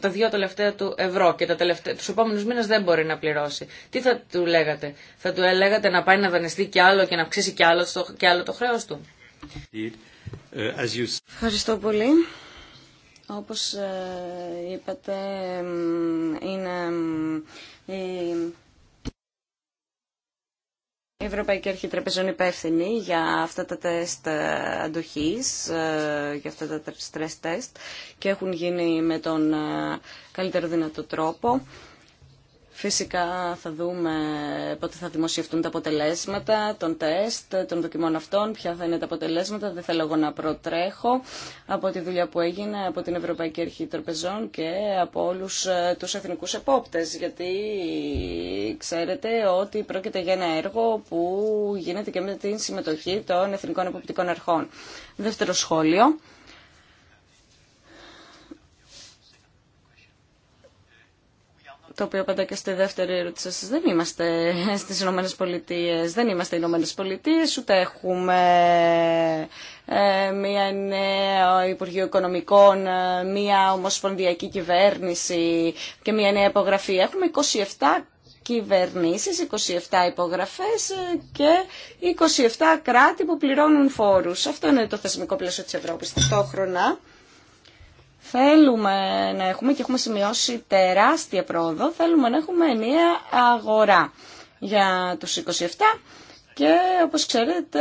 τα δύο τελευταία του ευρώ και τα τελευταία, τους επόμενους μήνες δεν μπορεί να πληρώσει. Τι θα του λέγατε, θα του έλεγατε να πάει να δανειστεί κι άλλο και να αυξήσει κι άλλο, στο, κι άλλο το χρέος του. Uh, Ευχαριστώ πολύ. Όπως ε, είπατε, είναι η Ευρωπαϊκή Αρχή Τραπεζών υπεύθυνη για αυτά τα τεστ αντοχής, ε, για αυτά τα stress test και έχουν γίνει με τον ε, καλύτερο δυνατό τρόπο. Φυσικά θα δούμε πότε θα δημοσιευτούν τα αποτελέσματα των τεστ, των δοκιμών αυτών, ποια θα είναι τα αποτελέσματα. Δεν θέλω εγώ να προτρέχω από τη δουλειά που έγινε από την Ευρωπαϊκή Αρχή Τροπεζών και από όλους ε, τους εθνικούς επόπτες, γιατί ξέρετε ότι πρόκειται για ένα έργο που γίνεται και με την συμμετοχή των εθνικών εποπτικών αρχών. Δεύτερο σχόλιο. το οποίο πάντα και στη δεύτερη ερώτησή σα. δεν είμαστε στι Ηνωμένε Πολιτείε. δεν είμαστε Ηνωμένε Πολιτείε, ούτε έχουμε ε, μία νέα Υπουργείο Οικονομικών, ε, μία ομοσπονδιακή κυβέρνηση και μία νέα υπογραφή. Έχουμε 27 κυβερνήσεις, 27 υπογραφές ε, και 27 κράτη που πληρώνουν φόρους. Αυτό είναι το θεσμικό πλαίσιο της Ευρώπης. Ταυτόχρονα Θέλουμε να έχουμε και έχουμε σημειώσει τεράστια πρόοδο, θέλουμε να έχουμε μια αγορά για τους 27 και όπως ξέρετε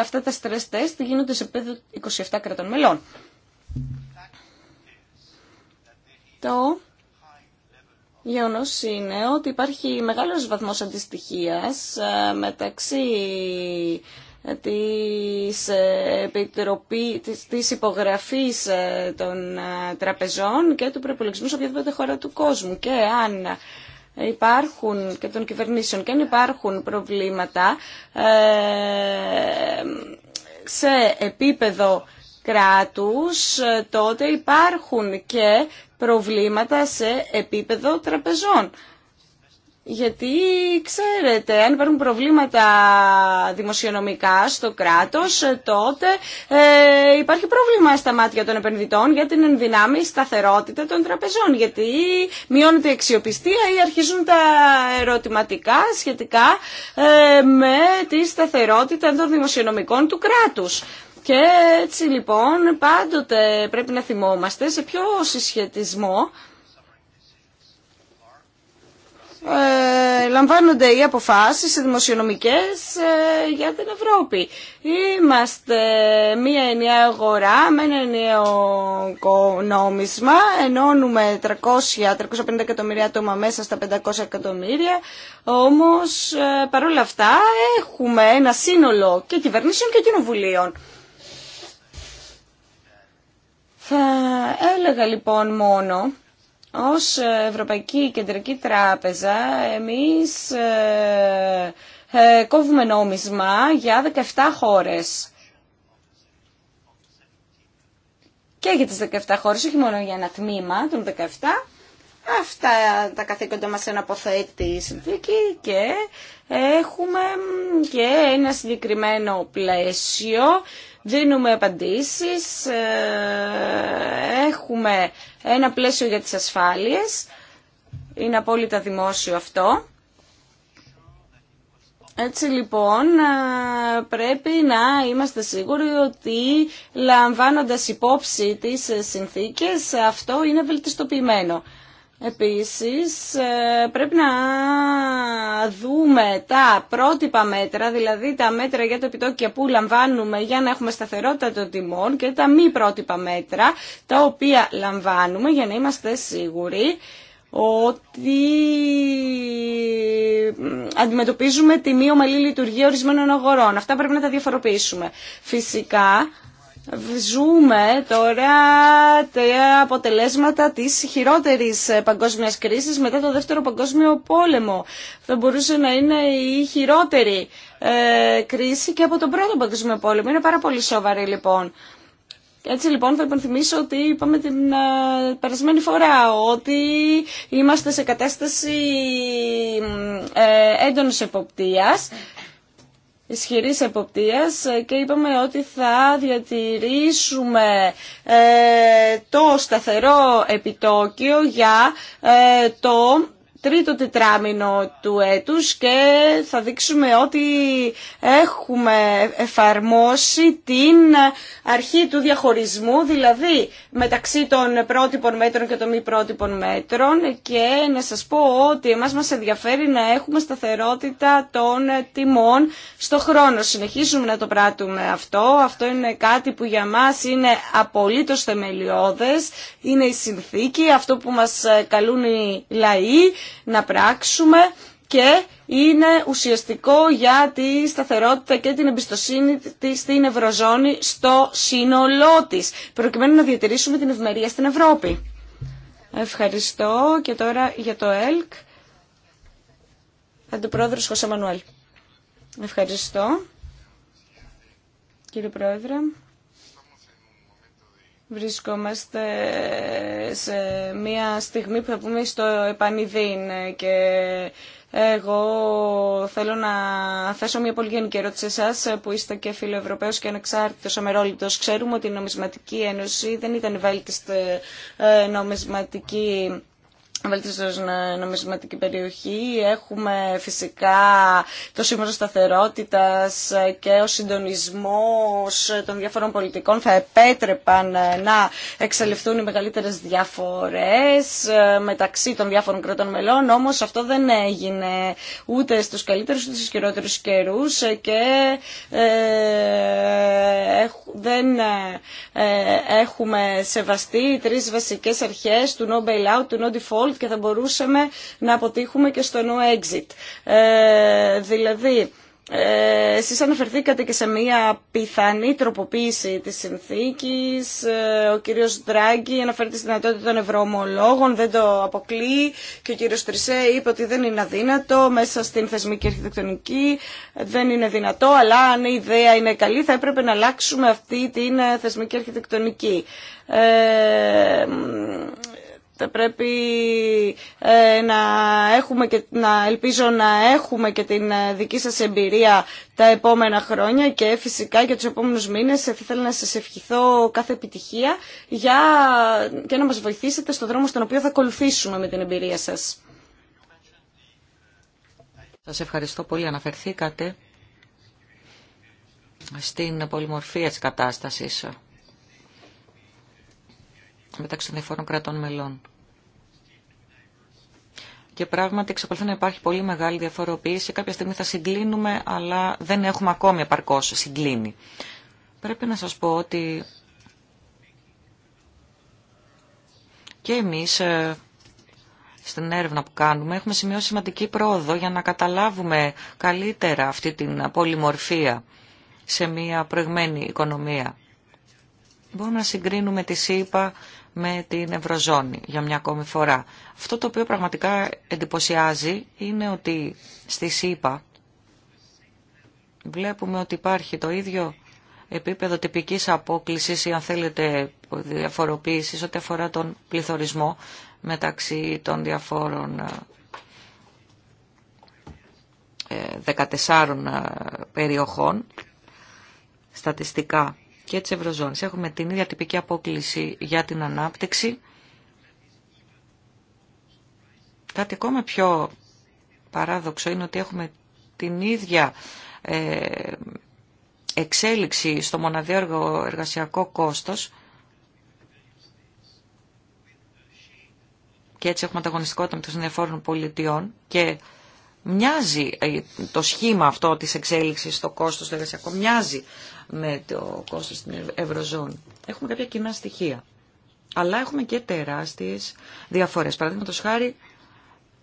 αυτά τα stress test γίνονται σε επίπεδο 27 κρατών μελών. Το γεγονό είναι ότι υπάρχει μεγάλος βαθμός αντιστοιχίας ε, μεταξύ της, ε, επιτροπή, της, της υπογραφής ε, των ε, τραπεζών και του προπολογισμού σε οποιαδήποτε χώρα του κόσμου. Και αν υπάρχουν και των κυβερνήσεων και αν υπάρχουν προβλήματα σε επίπεδο κράτους, τότε υπάρχουν και προβλήματα σε επίπεδο τραπεζών. Γιατί ξέρετε, αν υπάρχουν προβλήματα δημοσιονομικά στο κράτος, τότε ε, υπάρχει πρόβλημα στα μάτια των επενδυτών για την ενδυνάμει σταθερότητα των τραπεζών. Γιατί μειώνεται η αξιοπιστία ή αρχίζουν τα ερωτηματικά σχετικά ε, με τη σταθερότητα των δημοσιονομικών του κράτους. Και έτσι λοιπόν πάντοτε πρέπει να θυμόμαστε σε ποιο συσχετισμό ε, λαμβάνονται οι αποφάσεις οι δημοσιονομικές ε, για την Ευρώπη. Είμαστε μία ενιαία αγορά με ένα ενιαίο νόμισμα, ενώνουμε 300-350 εκατομμύρια άτομα μέσα στα 500 εκατομμύρια, όμως ε, παρόλα αυτά έχουμε ένα σύνολο και κυβερνήσεων και κοινοβουλίων. Θα έλεγα λοιπόν μόνο ως ε, Ευρωπαϊκή Κεντρική Τράπεζα εμείς ε, ε, κόβουμε νόμισμα για 17 χώρες. Και για τις 17 χώρες, όχι μόνο για ένα τμήμα των 17. Αυτά τα καθήκοντα μας εναποθέτει η συνθήκη και έχουμε και ένα συγκεκριμένο πλαίσιο δίνουμε απαντήσεις, ε, έχουμε ένα πλαίσιο για τις ασφάλειες, είναι απόλυτα δημόσιο αυτό. Έτσι λοιπόν ε, πρέπει να είμαστε σίγουροι ότι λαμβάνοντας υπόψη τις συνθήκες αυτό είναι βελτιστοποιημένο. Επίσης, ε, πρέπει να δούμε τα πρότυπα μέτρα, δηλαδή τα μέτρα για το επιτόκια που λαμβάνουμε για να έχουμε σταθερότητα των τιμών και τα μη πρότυπα μέτρα, τα οποία λαμβάνουμε για να είμαστε σίγουροι ότι αντιμετωπίζουμε τη μη ομαλή λειτουργία ορισμένων αγορών. Αυτά πρέπει να τα διαφοροποιήσουμε. Φυσικά, Ζούμε τώρα τα αποτελέσματα της χειρότερης παγκόσμιας κρίσης μετά το δεύτερο παγκόσμιο πόλεμο. Θα μπορούσε να είναι η χειρότερη ε, κρίση και από τον πρώτο παγκόσμιο πόλεμο. Είναι πάρα πολύ σοβαρή λοιπόν. Έτσι λοιπόν θα υπενθυμίσω ότι είπαμε την ε, περασμένη φορά ότι είμαστε σε κατάσταση ε, έντονης εποπτείας ισχυρή εποπτείας και είπαμε ότι θα διατηρήσουμε ε, το σταθερό επιτόκιο για ε, το τρίτο τετράμινο του έτους και θα δείξουμε ότι έχουμε εφαρμόσει την αρχή του διαχωρισμού, δηλαδή μεταξύ των πρότυπων μέτρων και των μη πρότυπων μέτρων και να σας πω ότι εμάς μας ενδιαφέρει να έχουμε σταθερότητα των τιμών στο χρόνο. Συνεχίζουμε να το πράττουμε αυτό. Αυτό είναι κάτι που για μας είναι απολύτως θεμελιώδες. Είναι η συνθήκη, αυτό που μας καλούν οι λαοί να πράξουμε και είναι ουσιαστικό για τη σταθερότητα και την εμπιστοσύνη της στην Ευρωζώνη στο σύνολό της, προκειμένου να διατηρήσουμε την ευμερία στην Ευρώπη. Ευχαριστώ και τώρα για το ΕΛΚ. Αντιπρόεδρος Χωσέ Μανουέλ. Ευχαριστώ. Κύριε Πρόεδρε. Βρισκόμαστε σε μια στιγμή που θα πούμε στο επανειδήν και εγώ θέλω να θέσω μια πολύ γενική ερώτηση σε εσά που είστε και φιλοευρωπαίο και ανεξάρτητο αμερόληπτο. Ξέρουμε ότι η νομισματική ένωση δεν ήταν βέλτιστη ε, νομισματική βελτιστώς νομισματική περιοχή. Έχουμε φυσικά το σύμφωνο σταθερότητας και ο συντονισμός των διάφορων πολιτικών θα επέτρεπαν ε, να εξελιχθούν οι μεγαλύτερες διαφορές ε, μεταξύ των διάφορων κρατών μελών, όμως αυτό δεν έγινε ούτε στους καλύτερους ούτε στους χειρότερους καιρούς ε, και δεν ε, ε, έχουμε σεβαστεί οι τρεις βασικές αρχές του no bailout, του no default και θα μπορούσαμε να αποτύχουμε και στο no exit. Ε, δηλαδή, ε, εσείς αναφερθήκατε και σε μια πιθανή τροποποίηση της συνθήκης. Ε, ο κύριος Δράγκη αναφέρει τη δυνατότητα των ευρωομολόγων, δεν το αποκλεί. Και ο κύριος Τρισέ είπε ότι δεν είναι αδύνατο μέσα στην θεσμική αρχιτεκτονική. Δεν είναι δυνατό, αλλά αν η ιδέα είναι καλή θα έπρεπε να αλλάξουμε αυτή την ε, θεσμική αρχιτεκτονική. Ε, θα πρέπει ε, να έχουμε και να ελπίζω να έχουμε και την ε, δική σας εμπειρία τα επόμενα χρόνια και φυσικά για τους επόμενους μήνες θα ήθελα να σας ευχηθώ κάθε επιτυχία για, και να μας βοηθήσετε στον δρόμο στον οποίο θα ακολουθήσουμε με την εμπειρία σας. Σας ευχαριστώ πολύ. Αναφερθήκατε στην πολυμορφία της κατάστασης μεταξύ των διαφόρων κρατών μελών. Και πράγματι εξακολουθεί να υπάρχει πολύ μεγάλη διαφοροποίηση. Κάποια στιγμή θα συγκλίνουμε, αλλά δεν έχουμε ακόμη επαρκώς συγκλίνει. Πρέπει να σας πω ότι και εμείς ε, στην έρευνα που κάνουμε έχουμε σημειώσει σημαντική πρόοδο για να καταλάβουμε καλύτερα αυτή την πολυμορφία σε μια προηγμένη οικονομία. Μπορούμε να συγκρίνουμε τη ΣΥΠΑ με την Ευρωζώνη για μια ακόμη φορά. Αυτό το οποίο πραγματικά εντυπωσιάζει είναι ότι στη ΣΥΠΑ βλέπουμε ότι υπάρχει το ίδιο επίπεδο τυπικής απόκλησης ή αν θέλετε διαφοροποίησης ό,τι αφορά τον πληθωρισμό μεταξύ των διαφόρων 14 ε, ε, περιοχών στατιστικά και της Ευρωζώνης. Έχουμε την ίδια τυπική απόκληση για την ανάπτυξη. Κάτι ακόμα πιο παράδοξο είναι ότι έχουμε την ίδια ε, εξέλιξη στο μοναδιό εργασιακό κόστος και έτσι έχουμε ανταγωνιστικότητα με τους ενδιαφόρων πολιτιών και μοιάζει ε, το σχήμα αυτό της εξέλιξης στο κόστος του εργασιακό, μοιάζει με το κόστος στην Ευρωζώνη. Έχουμε κάποια κοινά στοιχεία. Αλλά έχουμε και τεράστιες διαφορές. Παραδείγματο χάρη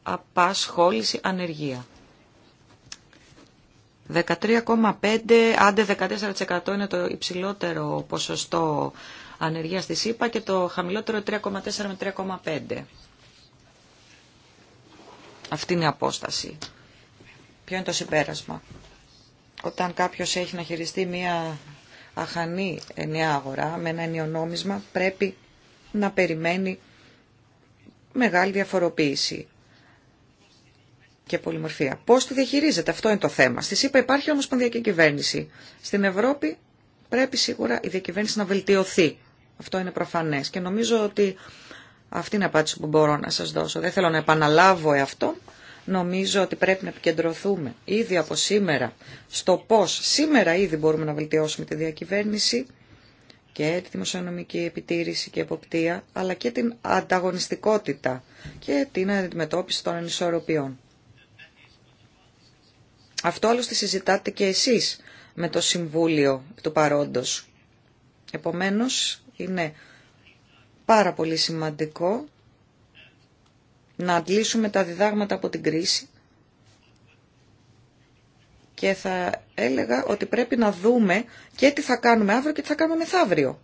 απασχόληση ανεργία. 13,5 άντε 14% είναι το υψηλότερο ποσοστό ανεργία στη ΣΥΠΑ και το χαμηλότερο 3,4 με 3,5. Αυτή είναι η απόσταση. Ποιο είναι το συμπέρασμα. Όταν κάποιος έχει να χειριστεί μια αχανή ενιαία αγορά με ένα ενιονόμισμα πρέπει να περιμένει μεγάλη διαφοροποίηση και πολυμορφία. Πώς τη διαχειρίζεται, αυτό είναι το θέμα. Στη ΣΥΠΑ υπάρχει όμως πανδιακή κυβέρνηση. Στην Ευρώπη πρέπει σίγουρα η διακυβέρνηση να βελτιωθεί. Αυτό είναι προφανές και νομίζω ότι αυτή είναι η απάντηση που μπορώ να σας δώσω. Δεν θέλω να επαναλάβω αυτό νομίζω ότι πρέπει να επικεντρωθούμε ήδη από σήμερα στο πώς σήμερα ήδη μπορούμε να βελτιώσουμε τη διακυβέρνηση και τη δημοσιονομική επιτήρηση και εποπτεία, αλλά και την ανταγωνιστικότητα και την αντιμετώπιση των ανισορροπιών. Αυτό άλλωστε συζητάτε και εσείς με το Συμβούλιο του Παρόντος. Επομένως, είναι πάρα πολύ σημαντικό να αντλήσουμε τα διδάγματα από την κρίση και θα έλεγα ότι πρέπει να δούμε και τι θα κάνουμε αύριο και τι θα κάνουμε μεθαύριο.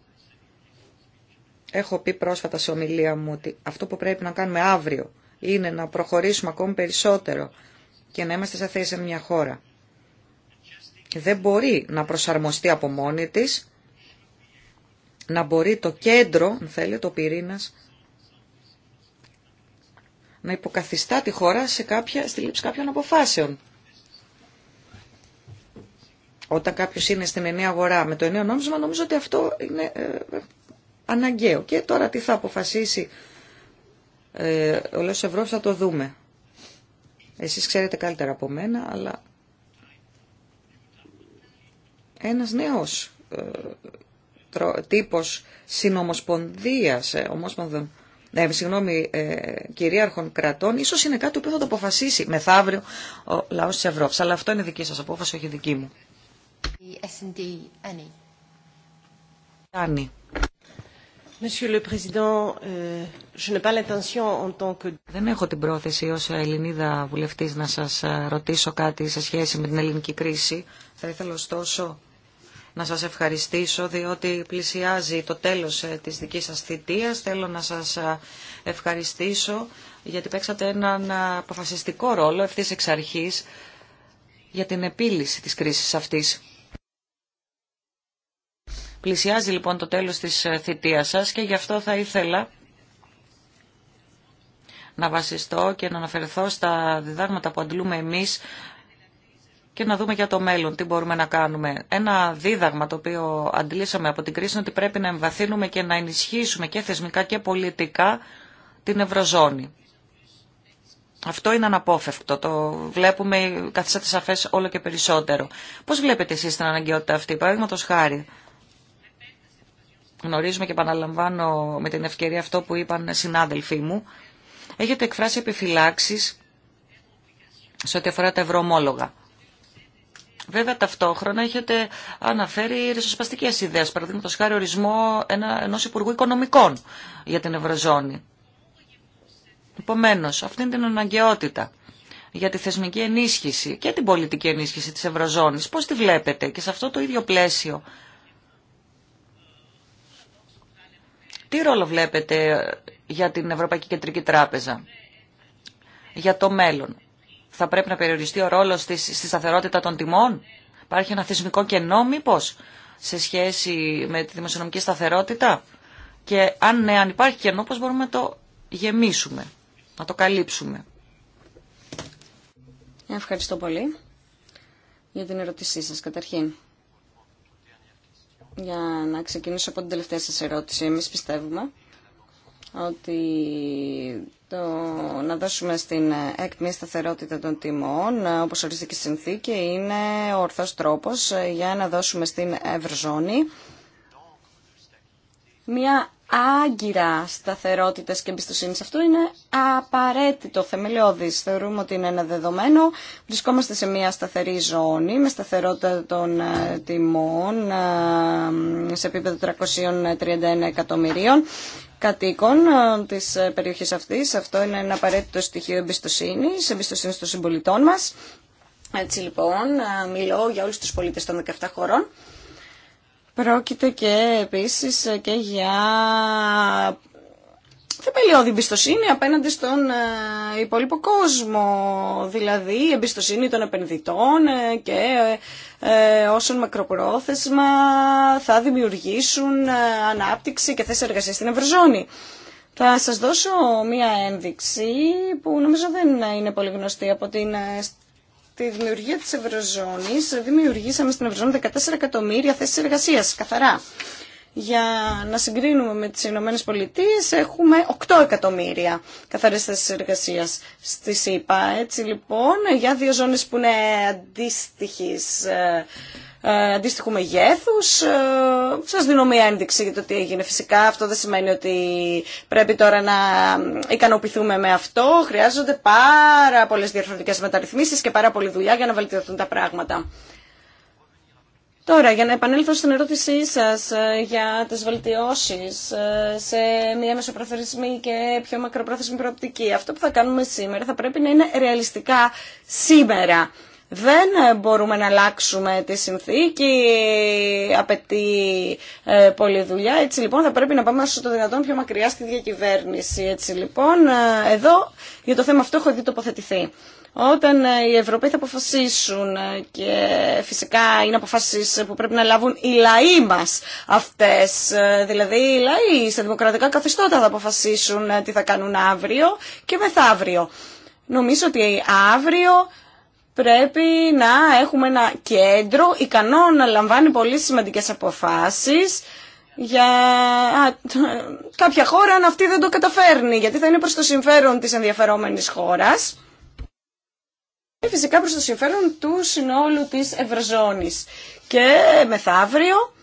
Έχω πει πρόσφατα σε ομιλία μου ότι αυτό που πρέπει να κάνουμε αύριο είναι να προχωρήσουμε ακόμη περισσότερο και να είμαστε σε θέση σε μια χώρα. Δεν μπορεί να προσαρμοστεί από μόνη της, να μπορεί το κέντρο, αν θέλει, το πυρήνας, να υποκαθιστά τη χώρα σε κάποια, στη λήψη κάποιων αποφάσεων. Όταν κάποιος είναι στην ενιαία αγορά με το ενιαίο νόμισμα, νομίζω ότι αυτό είναι ε, αναγκαίο. Και τώρα τι θα αποφασίσει ε, ο Ευρώπης θα το δούμε. Εσείς ξέρετε καλύτερα από μένα, αλλά ένας νέος ε, τύπος συνομοσπονδίας, ε, ομόσπονδων ε, συγγνώμη, ε, κυρίαρχων κρατών, ίσω είναι κάτι που θα το αποφασίσει μεθαύριο ο λαό τη Ευρώπη. Αλλά αυτό είναι δική σα απόφαση, όχι δική μου. Δεν έχω την πρόθεση ως Ελληνίδα βουλευτής να σας ε, ρωτήσω κάτι σε σχέση με την ελληνική κρίση. Θα ήθελα ωστόσο να σας ευχαριστήσω διότι πλησιάζει το τέλος ε, της δικής σας θητείας. Θέλω να σας ε, ευχαριστήσω γιατί παίξατε έναν ε, αποφασιστικό ρόλο ευθύς εξ αρχής για την επίλυση της κρίσης αυτής. Πλησιάζει λοιπόν το τέλος της θητείας σας και γι' αυτό θα ήθελα να βασιστώ και να αναφερθώ στα διδάγματα που αντλούμε εμείς και να δούμε για το μέλλον τι μπορούμε να κάνουμε. Ένα δίδαγμα το οποίο αντλήσαμε από την κρίση είναι ότι πρέπει να εμβαθύνουμε και να ενισχύσουμε και θεσμικά και πολιτικά την Ευρωζώνη. Αυτό είναι αναπόφευκτο. Το βλέπουμε, καθίσατε σαφέ όλο και περισσότερο. Πώ βλέπετε εσεί την αναγκαιότητα αυτή, παραδείγματο χάρη. Γνωρίζουμε και επαναλαμβάνω με την ευκαιρία αυτό που είπαν συνάδελφοί μου. Έχετε εκφράσει επιφυλάξει σε ό,τι αφορά τα ευρωομόλογα. Βέβαια ταυτόχρονα έχετε αναφέρει ριζοσπαστικέ ιδέες, παραδείγματο χάρη ορισμό ενό ενός Υπουργού Οικονομικών για την Ευρωζώνη. Επομένω, αυτή είναι την αναγκαιότητα για τη θεσμική ενίσχυση και την πολιτική ενίσχυση της Ευρωζώνης. Πώς τη βλέπετε και σε αυτό το ίδιο πλαίσιο. Τι ρόλο βλέπετε για την Ευρωπαϊκή Κεντρική Τράπεζα για το μέλλον θα πρέπει να περιοριστεί ο ρόλος στη σταθερότητα των τιμών. Υπάρχει ένα θεσμικό κενό μήπως σε σχέση με τη δημοσιονομική σταθερότητα. Και αν ναι, αν υπάρχει κενό, πώς μπορούμε να το γεμίσουμε, να το καλύψουμε. Ευχαριστώ πολύ για την ερώτησή σας καταρχήν. Για να ξεκινήσω από την τελευταία σας ερώτηση. Εμείς πιστεύουμε ότι το να δώσουμε στην έκμη σταθερότητα των τιμών, όπως ορίστηκε η συνθήκη, είναι ο ορθός τρόπος ε, για να δώσουμε στην Ευρωζώνη μια άγκυρα σταθερότητα και εμπιστοσύνη. Αυτό είναι απαραίτητο, θεμελιώδη. Θεωρούμε ότι είναι ένα δεδομένο. Βρισκόμαστε σε μια σταθερή ζώνη με σταθερότητα των ε, τιμών ε, σε επίπεδο 331 εκατομμυρίων κατοίκων ε, τη ε, περιοχή αυτή. Αυτό είναι ένα απαραίτητο στοιχείο εμπιστοσύνη, εμπιστοσύνη των συμπολιτών μα, Έτσι λοιπόν, ε, μιλώ για όλου του πολίτε των 17 χωρών. Πρόκειται και επίσης και για θεμελιώδη εμπιστοσύνη απέναντι στον ε, υπόλοιπο κόσμο, δηλαδή η εμπιστοσύνη των επενδυτών ε, και ε, όσων μακροπρόθεσμα θα δημιουργήσουν ανάπτυξη και θέσει εργασία στην Ευρωζώνη. Θα σας δώσω μία ένδειξη που νομίζω δεν είναι πολύ γνωστή από την τη δημιουργία της Ευρωζώνης. Δημιουργήσαμε στην Ευρωζώνη 14 εκατομμύρια θέσεις εργασίας, καθαρά για να συγκρίνουμε με τις Ηνωμένε Πολιτείε έχουμε 8 εκατομμύρια καθαρές θέσεις εργασίας στη ΣΥΠΑ. Έτσι λοιπόν, για δύο ζώνες που είναι αντίστοιχης, ε, ε, αντίστοιχου μεγέθους, ε, σας δίνω μία ένδειξη για το τι έγινε. Φυσικά αυτό δεν σημαίνει ότι πρέπει τώρα να ικανοποιηθούμε με αυτό. Χρειάζονται πάρα πολλές διαφορετικές μεταρρυθμίσεις και πάρα πολλή δουλειά για να βελτιωθούν τα πράγματα. Τώρα, για να επανέλθω στην ερώτησή σας ε, για τις βελτιώσεις ε, σε μια μεσοπροθεσμή και πιο μακροπρόθεσμη προοπτική, αυτό που θα κάνουμε σήμερα θα πρέπει να είναι ρεαλιστικά σήμερα. Δεν μπορούμε να αλλάξουμε τη συνθήκη, απαιτεί ε, πολλή δουλειά, έτσι λοιπόν θα πρέπει να πάμε όσο το δυνατόν πιο μακριά στη διακυβέρνηση. Έτσι λοιπόν, εδώ για το θέμα αυτό έχω δει τοποθετηθεί όταν ε, οι Ευρωπαίοι θα αποφασίσουν ε, και φυσικά είναι αποφάσεις που πρέπει να λάβουν οι λαοί μας αυτές. Ε, δηλαδή οι λαοί στα δημοκρατικά καθεστώτα θα αποφασίσουν τι θα κάνουν αύριο και μεθαύριο. Νομίζω ότι αύριο πρέπει να έχουμε ένα κέντρο ικανό να λαμβάνει πολύ σημαντικές αποφάσεις για κάποια χώρα αν αυτή δεν το καταφέρνει γιατί θα είναι προς το συμφέρον της ενδιαφερόμενης χώρας φυσικά προς το συμφέρον του συνόλου της Ευρωζώνης. Και μεθαύριο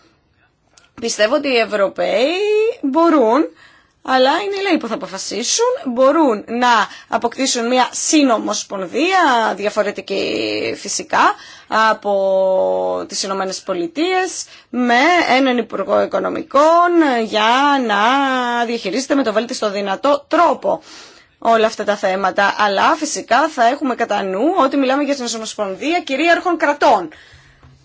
πιστεύω ότι οι Ευρωπαίοι μπορούν αλλά είναι οι λέει που θα αποφασίσουν, μπορούν να αποκτήσουν μια σύνομοσπονδία διαφορετική φυσικά από τις Ηνωμένε Πολιτείε με έναν Υπουργό Οικονομικών για να διαχειρίζεται με το βέλτιστο δυνατό τρόπο όλα αυτά τα θέματα, αλλά φυσικά θα έχουμε κατά νου ότι μιλάμε για την Ομοσπονδία κυρίαρχων κρατών.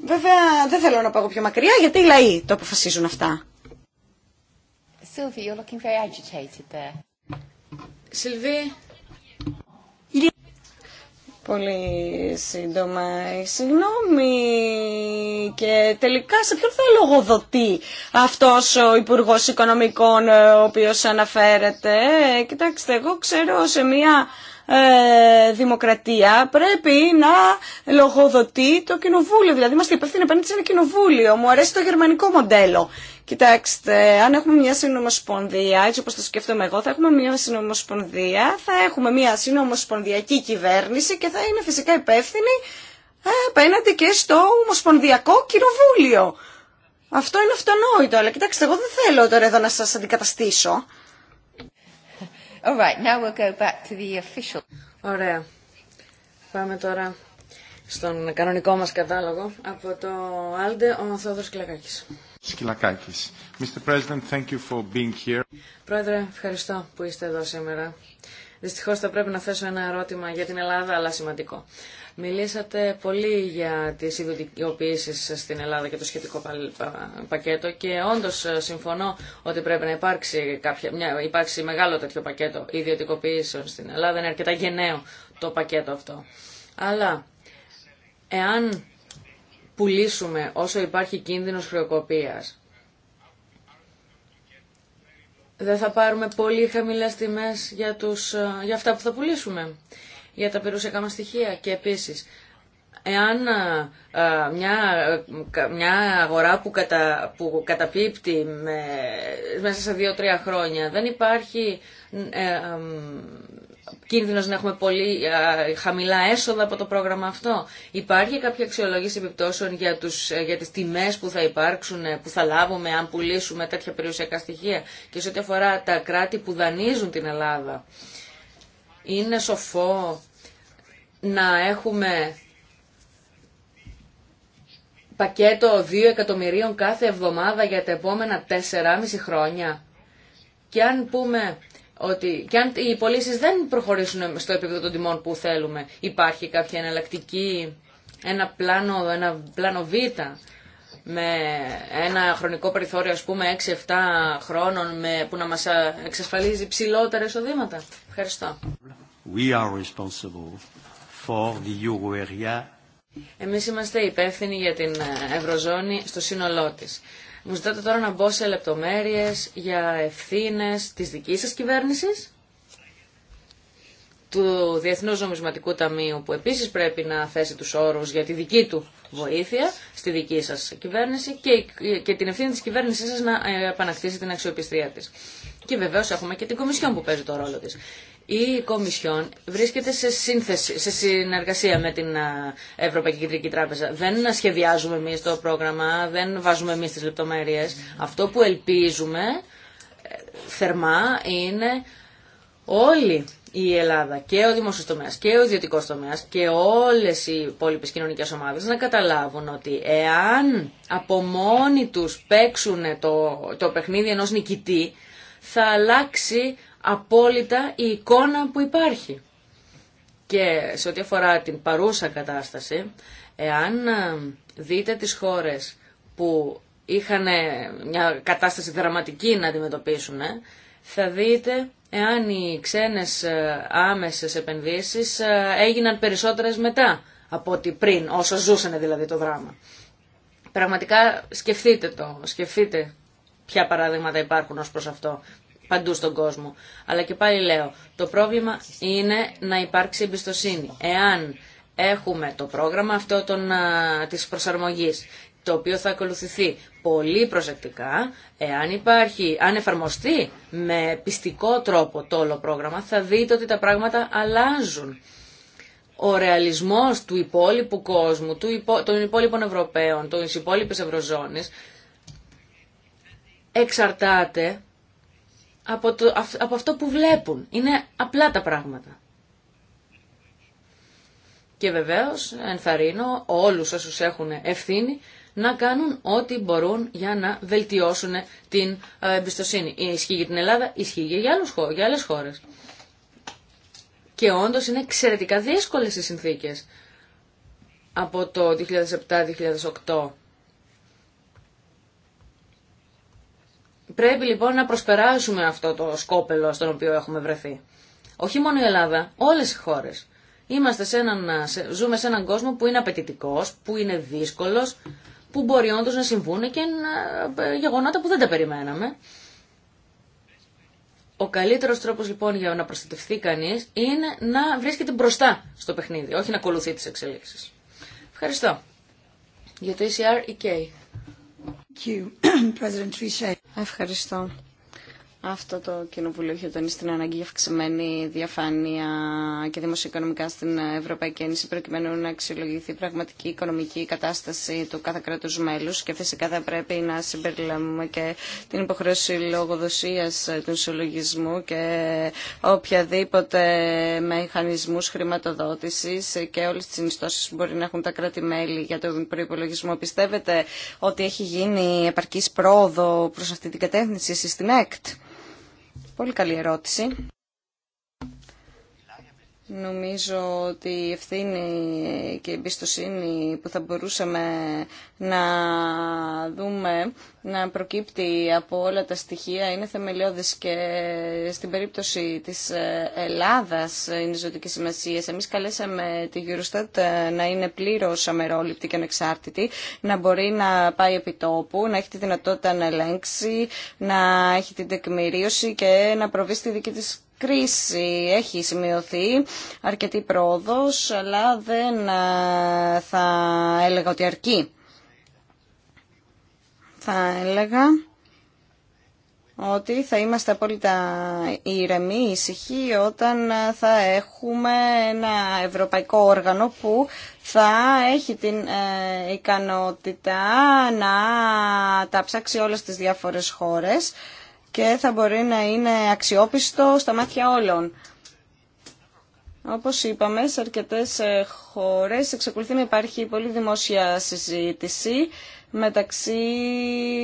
Βέβαια δεν θέλω να πάω πιο μακριά γιατί οι λαοί το αποφασίζουν αυτά. Sylvie, you're looking very agitated there. Sylvie, Πολύ σύντομα. Ε, συγγνώμη. Και τελικά σε ποιον θα λογοδοτεί αυτός ο Υπουργός Οικονομικών ε, ο οποίος αναφέρεται. Ε, κοιτάξτε, εγώ ξέρω σε μια δημοκρατία πρέπει να λογοδοτεί το κοινοβούλιο. Δηλαδή είμαστε υπεύθυνοι απέναντι σε ένα κοινοβούλιο. Μου αρέσει το γερμανικό μοντέλο. Κοιτάξτε, αν έχουμε μια συνομοσπονδία, έτσι όπως το σκέφτομαι εγώ, θα έχουμε μια συνομοσπονδία, θα έχουμε μια συνομοσπονδιακή κυβέρνηση και θα είναι φυσικά υπεύθυνη ε, απέναντι και στο Ομοσπονδιακό Κοινοβούλιο. Αυτό είναι αυτονόητο, αλλά κοιτάξτε, εγώ δεν θέλω τώρα εδώ να σας αντικαταστήσω. now we'll go back to the official. Ωραία. Πάμε τώρα στον κανονικό μας κατάλογο από το Άλντε, ο Θόδωρος Κλακάκης. Σκυλακάκης. Mr. President, thank you for being here. Πρόεδρε, ευχαριστώ που είστε εδώ σήμερα. Δυστυχώ θα πρέπει να θέσω ένα ερώτημα για την Ελλάδα, αλλά σημαντικό. Μιλήσατε πολύ για τι ιδιωτικοποιήσει στην Ελλάδα και το σχετικό πακέτο και όντω ε, συμφωνώ ότι πρέπει να υπάρξει, κάποια, μια, υπάρξει μεγάλο τέτοιο πακέτο ιδιωτικοποιήσεων στην Ελλάδα. Είναι αρκετά γενναίο το πακέτο αυτό. Αλλά εάν πουλήσουμε όσο υπάρχει κίνδυνος χρεοκοπίας. Δεν θα πάρουμε πολύ χαμηλές τιμές για, τους, ε, για αυτά που θα πουλήσουμε, για τα περιουσιακά μας στοιχεία. Και επίσης, εάν α, ε, ε, μια, μια αγορά που, κατα, που καταπίπτει μέσα σε δύο-τρία χρόνια δεν υπάρχει Κίνδυνο να έχουμε πολύ χαμηλά έσοδα από το πρόγραμμα αυτό. Υπάρχει κάποια αξιολόγηση επιπτώσεων για, τους, ε, για τις τιμές που θα υπάρξουν, ε, που θα λάβουμε αν πουλήσουμε τέτοια περιουσιακά στοιχεία και σε ό,τι αφορά τα κράτη που δανείζουν την Ελλάδα. Είναι σοφό να έχουμε πακέτο 2 εκατομμυρίων κάθε εβδομάδα για τα επόμενα 4,5 χρόνια. Και αν πούμε ότι και αν οι πωλήσει δεν προχωρήσουν στο επίπεδο των τιμών που θέλουμε, υπάρχει κάποια εναλλακτική, ένα πλάνο, ένα πλάνο Β με ένα χρονικό περιθώριο ας πούμε 6-7 χρόνων με, που να μας εξασφαλίζει ψηλότερα εισοδήματα. Ευχαριστώ. We are for the Εμείς είμαστε υπεύθυνοι για την ε, Ευρωζώνη στο σύνολό της. Μου ζητάτε τώρα να μπω σε λεπτομέρειες για ευθύνες της δικής σας κυβέρνησης, του Διεθνούς Νομισματικού Ταμείου που επίσης πρέπει να θέσει τους όρους για τη δική του βοήθεια στη δική σας κυβέρνηση και, και την ευθύνη της κυβέρνησής σας να ε, επανακτήσει την αξιοπιστία της. Και βεβαίως έχουμε και την Κομισιόν που παίζει το ρόλο της η Κομισιόν βρίσκεται σε, σύνθεση, σε συνεργασία με την Ευρωπαϊκή Κεντρική Τράπεζα. Δεν σχεδιάζουμε εμεί το πρόγραμμα, δεν βάζουμε εμείς τις λεπτομέρειες. Αυτό που ελπίζουμε ε, θερμά είναι όλη η Ελλάδα και ο δημόσιο και ο ιδιωτικό τομέα και όλε οι υπόλοιπε κοινωνικέ ομάδε να καταλάβουν ότι εάν από μόνοι του παίξουν το, το παιχνίδι ενό νικητή, θα αλλάξει απόλυτα η εικόνα που υπάρχει. Και σε ό,τι αφορά την παρούσα κατάσταση, εάν ε, δείτε τις χώρες που είχαν ε, μια κατάσταση δραματική να αντιμετωπίσουν, ε, θα δείτε εάν οι ξένες άμεσες επενδύσεις έγιναν περισσότερες μετά από ότι πριν, όσο ζούσαν δηλαδή το δράμα. Πραγματικά σκεφτείτε το, σκεφτείτε ποια παραδείγματα υπάρχουν ως προς αυτό παντού στον κόσμο. Αλλά και πάλι λέω, το πρόβλημα είναι να υπάρξει εμπιστοσύνη. Εάν έχουμε το πρόγραμμα αυτό των, της προσαρμογής, το οποίο θα ακολουθηθεί πολύ προσεκτικά, εάν υπάρχει, αν εφαρμοστεί με πιστικό τρόπο το όλο πρόγραμμα, θα δείτε ότι τα πράγματα αλλάζουν. Ο ρεαλισμός του υπόλοιπου κόσμου, του των υπόλοιπων Ευρωπαίων, των υπόλοιπης Ευρωζώνης, εξαρτάται από, το, από αυτό που βλέπουν. Είναι απλά τα πράγματα. Και βεβαίως ενθαρρύνω όλους όσους έχουν ευθύνη να κάνουν ό,τι μπορούν για να βελτιώσουν την ε, εμπιστοσύνη. Ε, ισχύει για την Ελλάδα, ισχύει και για, άλλους, για άλλες χώρες. Και όντως είναι εξαιρετικά δύσκολες οι συνθήκες από το 2007-2008 Πρέπει λοιπόν να προσπεράσουμε αυτό το σκόπελο στον οποίο έχουμε βρεθεί. Όχι μόνο η Ελλάδα, όλες οι χώρες. Είμαστε σε έναν, ζούμε σε έναν κόσμο που είναι απαιτητικό, που είναι δύσκολος, που μπορεί όντω να συμβούν και ε, γεγονότα που δεν τα περιμέναμε. Ο καλύτερος τρόπος λοιπόν για να προστατευτεί κανείς είναι να βρίσκεται μπροστά στο παιχνίδι, όχι να ακολουθεί τις εξελίξεις. Ευχαριστώ. Για το ECR, e Ευχαριστώ. Αυτό το κοινοβούλιο έχει τονίσει την ανάγκη για αυξημένη διαφάνεια και δημοσιοοικονομικά στην Ευρωπαϊκή Ένωση προκειμένου να αξιολογηθεί η πραγματική οικονομική κατάσταση του κάθε κράτου μέλου και φυσικά θα πρέπει να συμπεριλαμβάνουμε και την υποχρέωση λογοδοσία του συλλογισμού και οποιαδήποτε μηχανισμού χρηματοδότηση και όλε τι συνιστώσει που μπορεί να έχουν τα κράτη-μέλη για τον προπολογισμό. Πιστεύετε ότι έχει γίνει επαρκή πρόοδο προ αυτή την κατεύθυνση στην ΕΚΤ. Πολύ καλή ερώτηση. Νομίζω ότι η ευθύνη και η εμπιστοσύνη που θα μπορούσαμε να δούμε να προκύπτει από όλα τα στοιχεία είναι θεμελιώδης και στην περίπτωση της Ελλάδας είναι ζωτική σημασία. Εμείς καλέσαμε τη Eurostat να είναι πλήρως αμερόληπτη και ανεξάρτητη, να μπορεί να πάει επί τόπου, να έχει τη δυνατότητα να ελέγξει, να έχει την τεκμηρίωση και να προβεί στη δική της έχει σημειωθεί αρκετή πρόοδος, αλλά δεν ε, θα έλεγα ότι αρκεί. Θα έλεγα ότι θα είμαστε απόλυτα ηρεμοί, ησυχοί όταν θα έχουμε ένα ευρωπαϊκό όργανο που θα έχει την ε, ικανότητα να τα ψάξει όλες τις διάφορες χώρες και θα μπορεί να είναι αξιόπιστο στα μάτια όλων. Όπως είπαμε, σε αρκετές ε, χώρες εξακολουθεί να υπάρχει πολύ δημόσια συζήτηση μεταξύ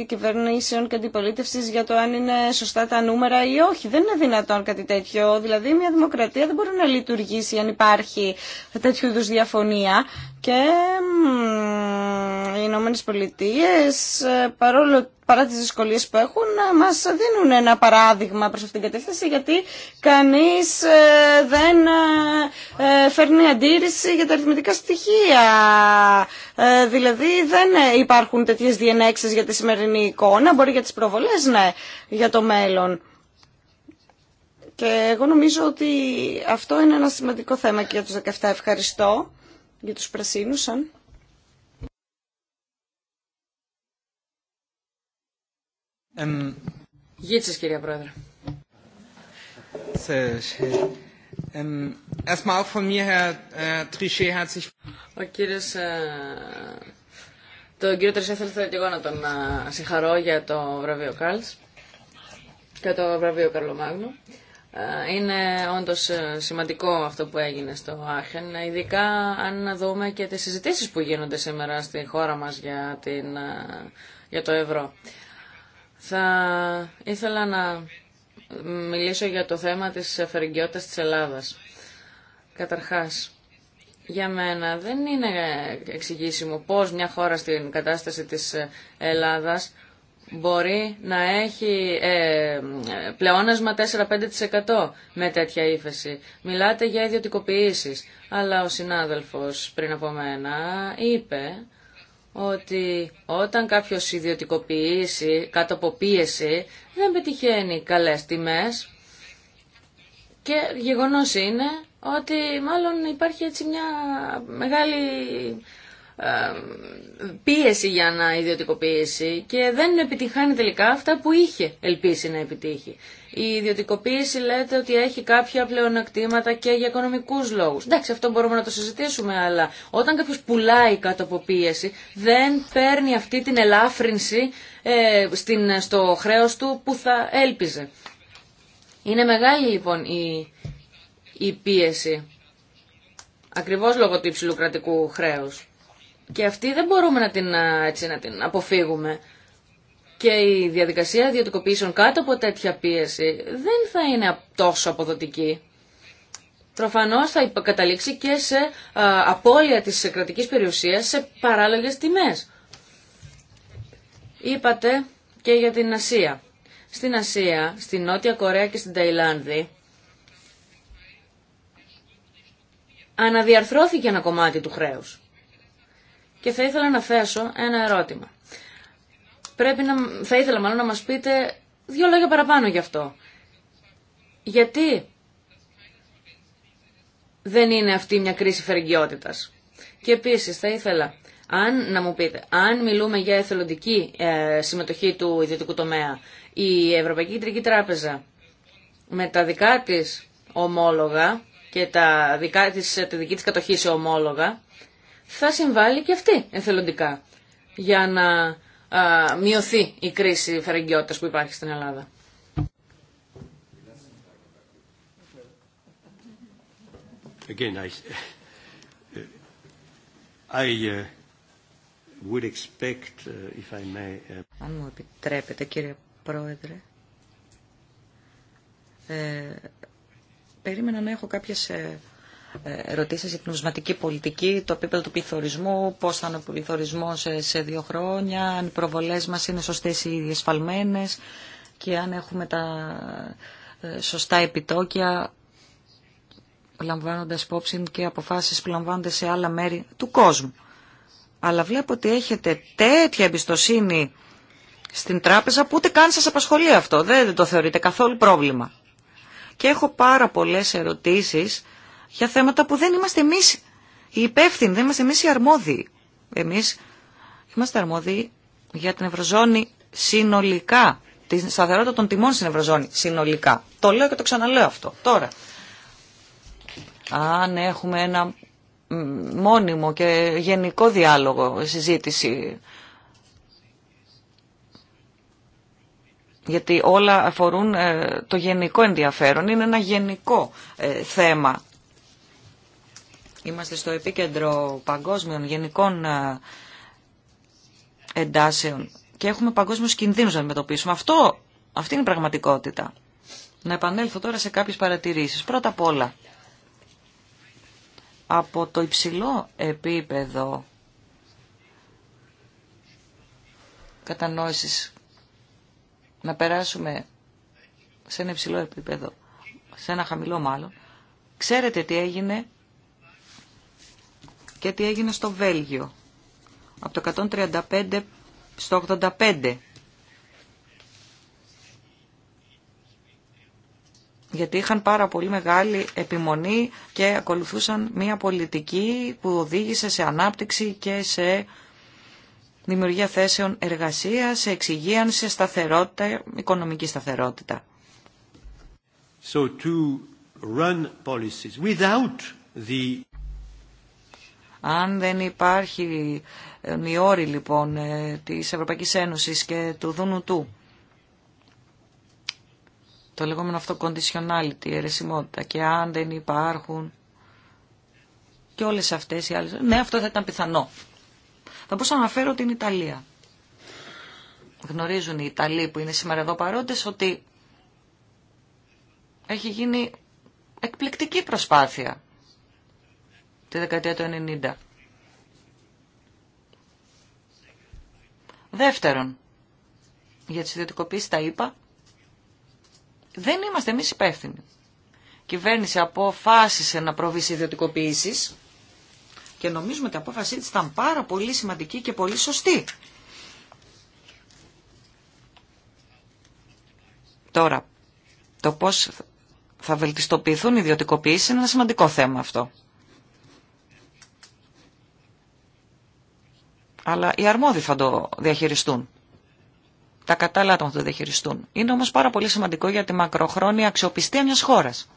κυβερνήσεων και αντιπολίτευσης για το αν είναι σωστά τα νούμερα ή όχι. Δεν είναι δυνατόν κάτι τέτοιο. Δηλαδή μια δημοκρατία δεν μπορεί να λειτουργήσει αν υπάρχει τέτοιου είδους διαφωνία. Και οι Ηνωμένε Πολιτείε, ε, παρόλο παρά τις δυσκολίες που έχουν, μας δίνουν ένα παράδειγμα προς αυτήν την κατεύθυνση, γιατί κανείς ε, δεν ε, φέρνει αντίρρηση για τα αριθμητικά στοιχεία. Ε, δηλαδή δεν υπάρχουν τέτοιες διενέξεις για τη σημερινή εικόνα, μπορεί για τις προβολές, ναι, για το μέλλον. Και εγώ νομίζω ότι αυτό είναι ένα σημαντικό θέμα και για τους 17. Ευχαριστώ για τους πρασίνους. Um... Γίτσες, κυρία Πρόεδρε. Ο ε, κύριο Τρισέ θέλω και εγώ να τον ε, συγχαρώ για το βραβείο και το βραβείο Καρλομάγνου. Ε, είναι όντως σημαντικό αυτό που έγινε στο Άχεν, ειδικά αν δούμε και τις συζητήσει που γίνονται σήμερα στη χώρα μας για, την, για το ευρώ. Θα ήθελα να μιλήσω για το θέμα της αφαιρεγγιότητας της Ελλάδας. Καταρχάς, για μένα δεν είναι εξηγήσιμο πώς μια χώρα στην κατάσταση της Ελλάδας μπορεί να έχει ε, πλεόνασμα 4-5% με τέτοια ύφεση. Μιλάτε για ιδιωτικοποιήσεις, αλλά ο συνάδελφος πριν από μένα είπε ότι όταν κάποιος ιδιωτικοποιήσει κάτω από πίεση δεν πετυχαίνει καλές τιμές και γεγονός είναι ότι μάλλον υπάρχει έτσι μια μεγάλη πίεση για να ιδιωτικοποιήσει και δεν επιτυχάνει τελικά αυτά που είχε ελπίσει να επιτύχει. Η ιδιωτικοποίηση λέτε ότι έχει κάποια πλεονεκτήματα και για οικονομικούς λόγους. Εντάξει, αυτό μπορούμε να το συζητήσουμε, αλλά όταν κάποιος πουλάει κάτω από πίεση, δεν παίρνει αυτή την ελάφρυνση ε, στην, στο χρέος του που θα έλπιζε. Είναι μεγάλη λοιπόν η, η πίεση, ακριβώς λόγω του υψηλού κρατικού χρέους. Και αυτή δεν μπορούμε να την, έτσι, να την αποφύγουμε. Και η διαδικασία ιδιωτικοποιήσεων κάτω από τέτοια πίεση δεν θα είναι τόσο αποδοτική. Προφανώς θα καταλήξει και σε απώλεια της κρατικής περιουσίας σε παράλογες τιμές. Είπατε και για την Ασία. Στην Ασία, στην Νότια Κορέα και στην Ταϊλάνδη αναδιαρθρώθηκε ένα κομμάτι του χρέους και θα ήθελα να θέσω ένα ερώτημα. Πρέπει να, θα ήθελα μάλλον να μας πείτε δύο λόγια παραπάνω γι' αυτό. Γιατί δεν είναι αυτή μια κρίση φερεγγιότητας. Και επίσης θα ήθελα αν, να μου πείτε, αν μιλούμε για εθελοντική ε, συμμετοχή του ιδιωτικού τομέα, η Ευρωπαϊκή Κεντρική Τράπεζα με τα δικά της ομόλογα και τα δικά της, τη δική της κατοχή σε ομόλογα, θα συμβάλλει και αυτή εθελοντικά για να μειωθεί η κρίση φερεγγιότητας που υπάρχει στην Ελλάδα. Again, I, uh, would expect, uh, if I may... Uh, Αν μου επιτρέπετε, κύριε Πρόεδρε, ε, περίμενα να έχω κάποιες ε, ερωτήσεις για την νομισματική πολιτική, το επίπεδο του πληθωρισμού, πώς θα είναι ο πληθωρισμός σε δύο χρόνια, αν οι προβολές μας είναι σωστές ή διασφαλμένες και αν έχουμε τα ε, σωστά επιτόκια λαμβάνοντας υπόψη και αποφάσεις που λαμβάνονται σε άλλα μέρη του κόσμου. Αλλά βλέπω ότι έχετε τέτοια εμπιστοσύνη στην τράπεζα που ούτε καν σας απασχολεί αυτό. Δεν το θεωρείτε καθόλου πρόβλημα. Και έχω πάρα πολλές ερωτήσεις για θέματα που δεν είμαστε εμείς οι υπεύθυνοι, δεν είμαστε εμείς οι αρμόδιοι. Εμείς είμαστε αρμόδιοι για την Ευρωζώνη συνολικά, τη σταθερότητα των τιμών στην Ευρωζώνη συνολικά. Το λέω και το ξαναλέω αυτό. Τώρα, αν έχουμε ένα μόνιμο και γενικό διάλογο, συζήτηση, γιατί όλα αφορούν ε, το γενικό ενδιαφέρον, είναι ένα γενικό ε, θέμα Είμαστε στο επίκεντρο παγκόσμιων γενικών ε, εντάσεων και έχουμε παγκόσμιους κινδύνους να αντιμετωπίσουμε. Αυτό, αυτή είναι η πραγματικότητα. Να επανέλθω τώρα σε κάποιες παρατηρήσεις. Πρώτα απ' όλα, από το υψηλό επίπεδο κατανόησης να περάσουμε σε ένα υψηλό επίπεδο, σε ένα χαμηλό μάλλον, ξέρετε τι έγινε και τι έγινε στο Βέλγιο. Από το 135 στο 85. γιατί είχαν πάρα πολύ μεγάλη επιμονή και ακολουθούσαν μια πολιτική που οδήγησε σε ανάπτυξη και σε δημιουργία θέσεων εργασίας, σε εξυγίανση, σε σταθερότητα, οικονομική σταθερότητα. So to run policies without the... Αν δεν υπάρχει η ε, λοιπόν ε, της Ευρωπαϊκής Ένωσης και του Δούνου του, το λεγόμενο αυτό conditionality, αιρεσιμότητα και αν δεν υπάρχουν και όλες αυτές οι άλλες, ναι αυτό θα ήταν πιθανό. Θα μπορούσα να αναφέρω την Ιταλία. Γνωρίζουν οι Ιταλοί που είναι σήμερα εδώ παρόντες ότι έχει γίνει εκπληκτική προσπάθεια τη δεκαετία του 90. Δεύτερον, για τις ιδιωτικοποίησεις τα είπα, δεν είμαστε εμείς υπεύθυνοι. Η κυβέρνηση αποφάσισε να προβεί σε ιδιωτικοποίησεις και νομίζουμε ότι η απόφασή της ήταν πάρα πολύ σημαντική και πολύ σωστή. Τώρα, το πώς θα βελτιστοποιηθούν οι ιδιωτικοποίησεις είναι ένα σημαντικό θέμα αυτό. αλλά οι αρμόδιοι θα το διαχειριστούν. Τα κατάλληλα άτομα θα το διαχειριστούν. Είναι όμως πάρα πολύ σημαντικό για τη μακροχρόνια αξιοπιστία μιας χώρας.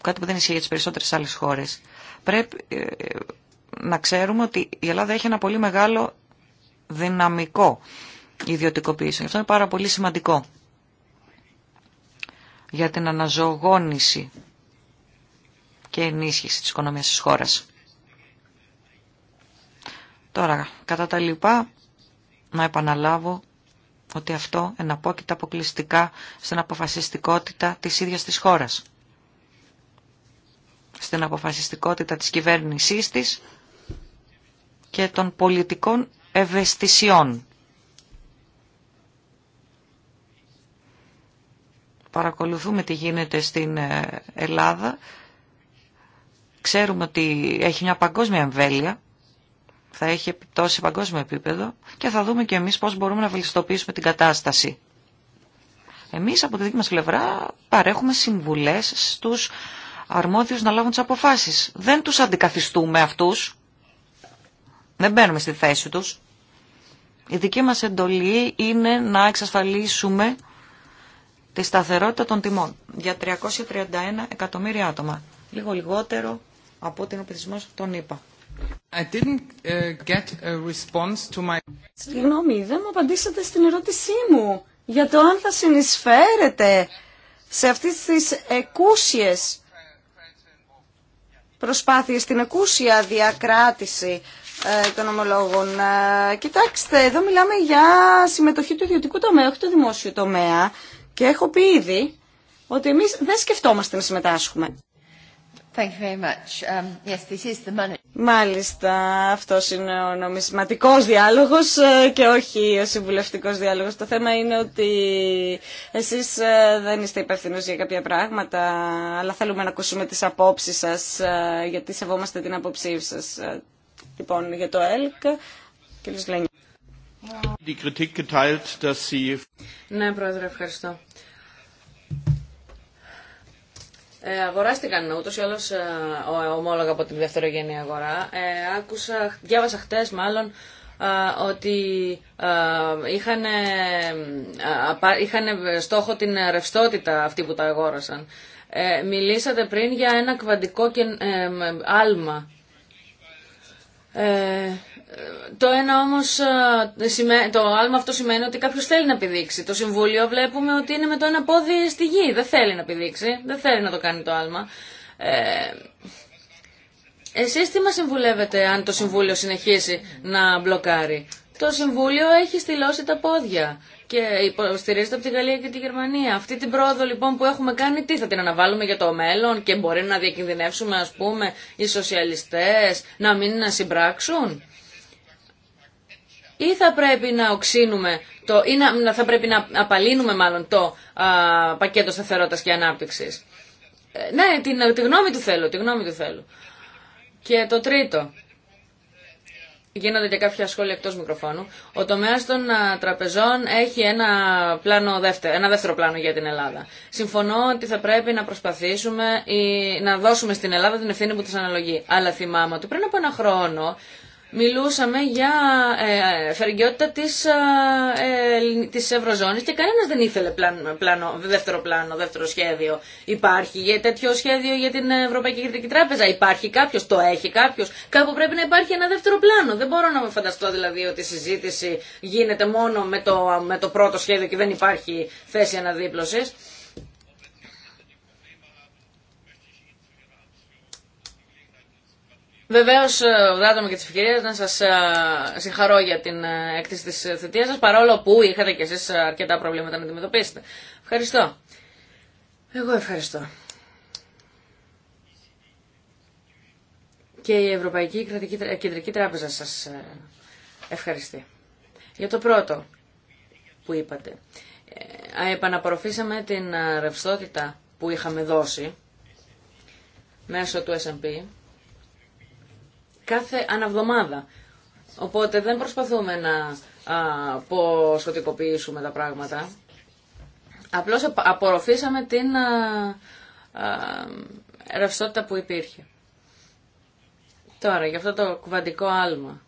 Κάτι που δεν ισχύει για τις περισσότερες άλλες χώρες. Πρέπει ε, να ξέρουμε ότι η Ελλάδα έχει ένα πολύ μεγάλο δυναμικό ιδιωτικοποίηση. Αυτό είναι πάρα πολύ σημαντικό για την αναζωογόνηση και ενίσχυση της οικονομίας της χώρας. Τώρα, κατά τα λοιπά, να επαναλάβω ότι αυτό εναπόκειται αποκλειστικά στην αποφασιστικότητα της ίδιας της χώρας. Στην αποφασιστικότητα της κυβέρνησής της και των πολιτικών ευαισθησιών. Παρακολουθούμε τι γίνεται στην ε, Ελλάδα. Ξέρουμε ότι έχει μια παγκόσμια εμβέλεια θα έχει επιπτώσει παγκόσμιο επίπεδο και θα δούμε και εμείς πώς μπορούμε να βελτιστοποιήσουμε την κατάσταση. Εμείς από τη δική μας πλευρά παρέχουμε συμβουλές στους αρμόδιους να λάβουν τις αποφάσεις. Δεν τους αντικαθιστούμε αυτούς. Δεν μπαίνουμε στη θέση τους. Η δική μας εντολή είναι να εξασφαλίσουμε τη σταθερότητα των τιμών για 331 εκατομμύρια άτομα. Λίγο λιγότερο από ό,τι ο πληθυσμό των ΗΠΑ. Uh, Συγγνώμη, δεν μου απαντήσατε στην ερώτησή μου για το αν θα συνεισφέρετε σε αυτές τις εκούσιες προσπάθειες, την εκούσια διακράτηση ε, των ομολόγων. Ε, κοιτάξτε, εδώ μιλάμε για συμμετοχή του ιδιωτικού τομέα, όχι του δημόσιου τομέα και έχω πει ήδη ότι εμείς δεν σκεφτόμαστε να συμμετάσχουμε. Μάλιστα, αυτό είναι ο νομισματικός διάλογος ε, και όχι ο συμβουλευτικός διάλογος. Το θέμα είναι ότι εσείς ε, δεν είστε υπεύθυνο για κάποια πράγματα, αλλά θέλουμε να ακούσουμε τις απόψεις σας, ε, γιατί σεβόμαστε την απόψή σας. Λοιπόν, για το ΕΛΚ, κύριο Λένιν. Ναι, Πρόεδρε, ευχαριστώ. Ε, αγοράστηκαν ούτως ή ε, ο ομόλογα από την δευτερογενή αγορά. Ε, άκουσα, διάβασα χτες μάλλον ότι είχαν, είχαν στόχο την ρευστότητα αυτή που τα αγόρασαν. μιλήσατε πριν για ένα κβαντικό και, άλμα. Ε, το ένα ε, το άλμα αυτό σημαίνει ότι κάποιο θέλει να πηδήξει. Το Συμβούλιο βλέπουμε ότι είναι με το ένα πόδι στη γη. Δεν θέλει να πηδήξει, δεν θέλει να το κάνει το άλμα. Ε, εσείς τι μα συμβουλεύετε αν το Συμβούλιο συνεχίσει να μπλοκάρει. Το Συμβούλιο έχει στυλώσει τα πόδια και υποστηρίζεται από τη Γαλλία και τη Γερμανία. Αυτή την πρόοδο λοιπόν που έχουμε κάνει, τι θα την αναβάλουμε για το μέλλον και μπορεί να διακινδυνεύσουμε ας πούμε οι σοσιαλιστές να μην να συμπράξουν ή θα πρέπει να οξύνουμε το, ή να, θα πρέπει να απαλύνουμε μάλλον το α, πακέτο σταθερότητα και ανάπτυξη. Ε, ναι, τη γνώμη του θέλω, τη γνώμη του θέλω. Και το τρίτο, γίνονται και κάποια σχόλια εκτός μικροφώνου, ο τομέας των τραπεζών έχει ένα, πλάνο δεύτερο, ένα δεύτερο πλάνο για την Ελλάδα. Συμφωνώ ότι θα πρέπει να προσπαθήσουμε ή, να δώσουμε στην Ελλάδα την ευθύνη που της αναλογεί. Αλλά θυμάμαι ότι πριν από ένα χρόνο μιλούσαμε για ε, ε της, ε, ε, της Ευρωζώνης και κανένας δεν ήθελε πλάνο, δεύτερο πλάνο, δεύτερο σχέδιο. Υπάρχει τέτοιο σχέδιο για την Ευρωπαϊκή Κεντρική Τράπεζα. Υπάρχει κάποιος, το έχει κάποιος. Κάπου πρέπει να υπάρχει ένα δεύτερο πλάνο. Δεν μπορώ να με φανταστώ δηλαδή ότι η συζήτηση γίνεται μόνο με το, με το πρώτο σχέδιο και δεν υπάρχει θέση αναδίπλωσης. Βεβαίω, δράτω ε, και τι ευκαιρίε να σα ε, συγχαρώ για την ε, έκτηση τη θητεία σα, παρόλο που είχατε κι εσεί αρκετά προβλήματα να αντιμετωπίσετε. Ευχαριστώ. Εγώ ευχαριστώ. Και η Ευρωπαϊκή Κρατική, Κεντρική Τράπεζα σας ευχαριστεί. Για το πρώτο που είπατε. Επαναπορροφήσαμε την ρευστότητα που είχαμε δώσει μέσω του S&P κάθε αναβδομάδα. Οπότε δεν προσπαθούμε να αποσκοτικοποιήσουμε τα πράγματα. Απλώς απορροφήσαμε την α, ρευστότητα που υπήρχε. Τώρα, για αυτό το κουβαντικό άλμα.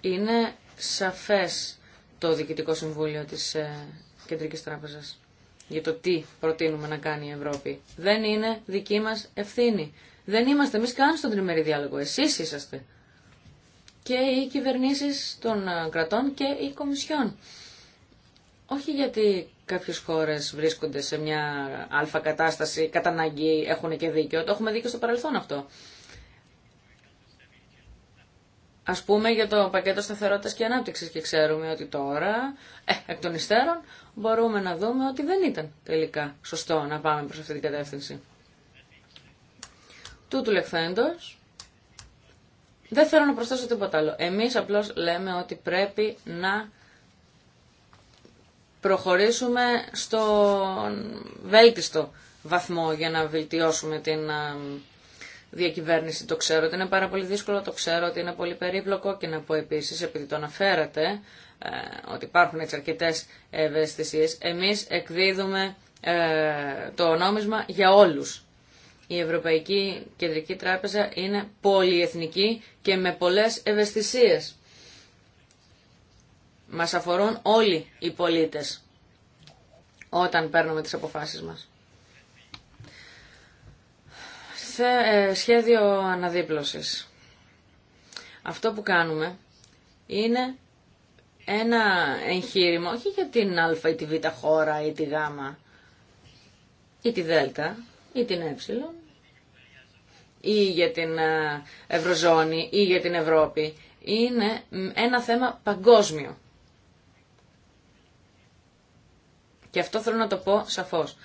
Είναι σαφές το Διοικητικό Συμβούλιο της ε, Κεντρικής Τράπεζας για το τι προτείνουμε να κάνει η Ευρώπη. Δεν είναι δική μας ευθύνη. Δεν είμαστε εμείς καν στον τριμερή διάλογο. Εσείς είσαστε. Και οι κυβερνήσεις των ε, κρατών και οι κομισιόν. Όχι γιατί κάποιες χώρες βρίσκονται σε μια αλφα κατάσταση, κατά αναγκή, έχουν και δίκιο. Το έχουμε δίκιο στο παρελθόν αυτό. Ας πούμε για το πακέτο σταθερότητας και ανάπτυξης και ξέρουμε ότι τώρα, ε, εκ των υστέρων, μπορούμε να δούμε ότι δεν ήταν τελικά σωστό να πάμε προς αυτή την κατεύθυνση. Τούτου λεχθέντος, δεν θέλω να προσθέσω τίποτα άλλο. Εμείς απλώς λέμε ότι πρέπει να προχωρήσουμε στον βέλτιστο βαθμό για να βελτιώσουμε την ε, διακυβέρνηση. Το ξέρω ότι είναι πάρα πολύ δύσκολο, το ξέρω ότι είναι πολύ περίπλοκο και να πω επίσης, επειδή το αναφέρατε, ε, ότι υπάρχουν έτσι αρκετές ευαισθησίες, εμείς εκδίδουμε ε, το νόμισμα για όλους. Η Ευρωπαϊκή Κεντρική Τράπεζα είναι πολυεθνική και με πολλές ευαισθησίες. Μας αφορούν όλοι οι πολίτες όταν παίρνουμε τις αποφάσεις μας. Ε, σχέδιο αναδίπλωσης. Αυτό που κάνουμε είναι ένα εγχείρημα, όχι για την α ή τη β χώρα ή τη γ ή τη δ ή την ε, ή για την ε, Ευρωζώνη ή για την Ευρώπη. Είναι ένα θέμα παγκόσμιο. Και αυτό θέλω να το πω σαφώς.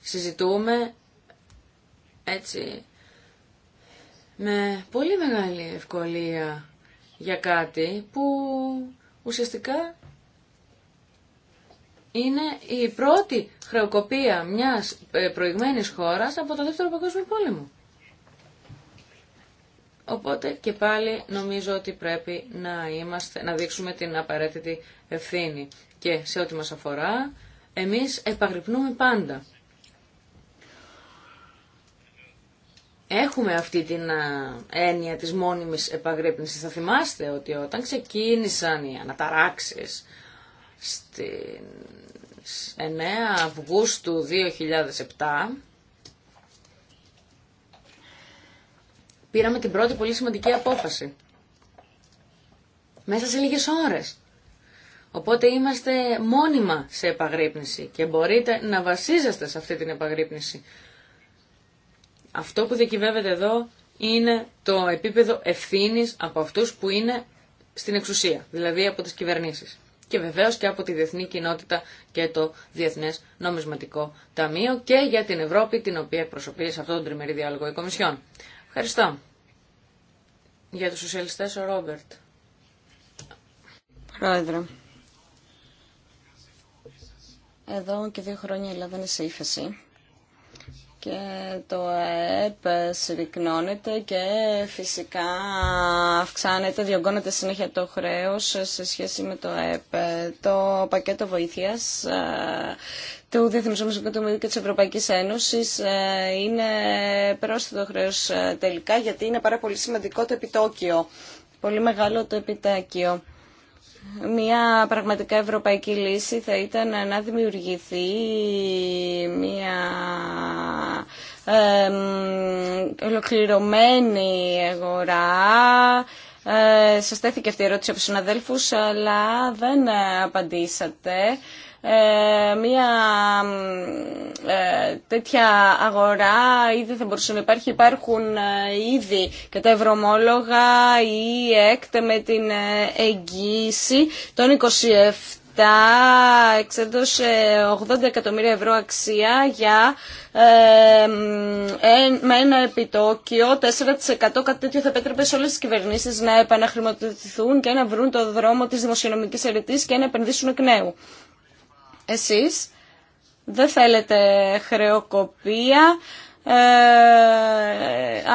Συζητούμε έτσι με πολύ μεγάλη ευκολία για κάτι που ουσιαστικά είναι η πρώτη χρεοκοπία μιας ε, προηγμένης χώρας από το Δεύτερο Παγκόσμιο Πόλεμο. Οπότε και πάλι νομίζω ότι πρέπει να, είμαστε, να δείξουμε την απαραίτητη ευθύνη. Και σε ό,τι μας αφορά, εμείς επαγρυπνούμε πάντα. Έχουμε αυτή την έννοια της μόνιμης επαγρύπνησης. Θα θυμάστε ότι όταν ξεκίνησαν οι αναταράξεις στην 9 Αυγούστου 2007 πήραμε την πρώτη πολύ σημαντική απόφαση. Μέσα σε λίγες ώρες. Οπότε είμαστε μόνιμα σε επαγρύπνηση και μπορείτε να βασίζεστε σε αυτή την επαγρύπνηση αυτό που διακυβεύεται εδώ είναι το επίπεδο ευθύνης από αυτούς που είναι στην εξουσία, δηλαδή από τις κυβερνήσεις. Και βεβαίως και από τη διεθνή κοινότητα και το Διεθνές Νομισματικό Ταμείο και για την Ευρώπη την οποία εκπροσωπεί σε αυτόν τον τριμερή διάλογο η Κομισιόν. Ευχαριστώ. Για τους σοσιαλιστές ο Ρόμπερτ. Πρόεδρε. Εδώ και δύο χρόνια η Ελλάδα είναι σε ύφεση και το ΕΕΠ συρρυκνώνεται και φυσικά αυξάνεται, διωγγώνεται συνέχεια το χρέος σε σχέση με το ΕΕΠ. Το πακέτο βοήθειας ε, του Διεθνούς Ομοσπονδίου και της Ευρωπαϊκής Ένωσης ε, είναι πρόσθετο χρέος ε, τελικά γιατί είναι πάρα πολύ σημαντικό το επιτόκιο, πολύ μεγάλο το επιτόκιο μια πραγματικά ευρωπαϊκή λύση θα ήταν να δημιουργηθεί μια ε, ολοκληρωμένη αγορά. Ε, σας τέθηκε αυτή η ερώτηση από συναδέλφους, αλλά δεν απαντήσατε. Ε, μια ε, τέτοια αγορά ήδη θα μπορούσε να υπάρχει. Υπάρχουν ε, ήδη και τα ευρωμόλογα ή έκτε με την εγγύηση των 27 τα εξέδωσε 80 εκατομμύρια ευρώ αξία για με ένα επιτόκιο 4% κάτι τέτοιο θα επέτρεπε σε όλες τις κυβερνήσεις να επαναχρηματοδοτηθούν και να βρουν το δρόμο της δημοσιονομικής αιρετής και να επενδύσουν εκ νέου. Εσείς δεν θέλετε χρεοκοπία, ε,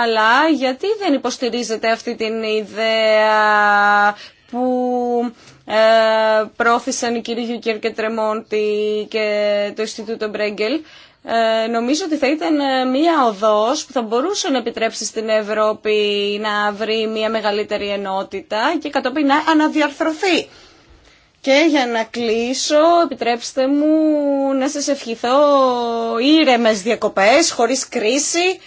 αλλά γιατί δεν υποστηρίζετε αυτή την ιδέα που ε, πρόθεσαν οι κύριοι Γιουκέρ και Τρεμόντι και το Ινστιτούτο Μπρέγκελ. Ε, νομίζω ότι θα ήταν ε, μία οδός που θα μπορούσε να επιτρέψει στην Ευρώπη να βρει μία μεγαλύτερη ενότητα και κατόπιν να αναδιαρθρωθεί. Και για να κλείσω, επιτρέψτε μου να σας ευχηθώ ήρεμες διακοπές, χωρίς κρίση.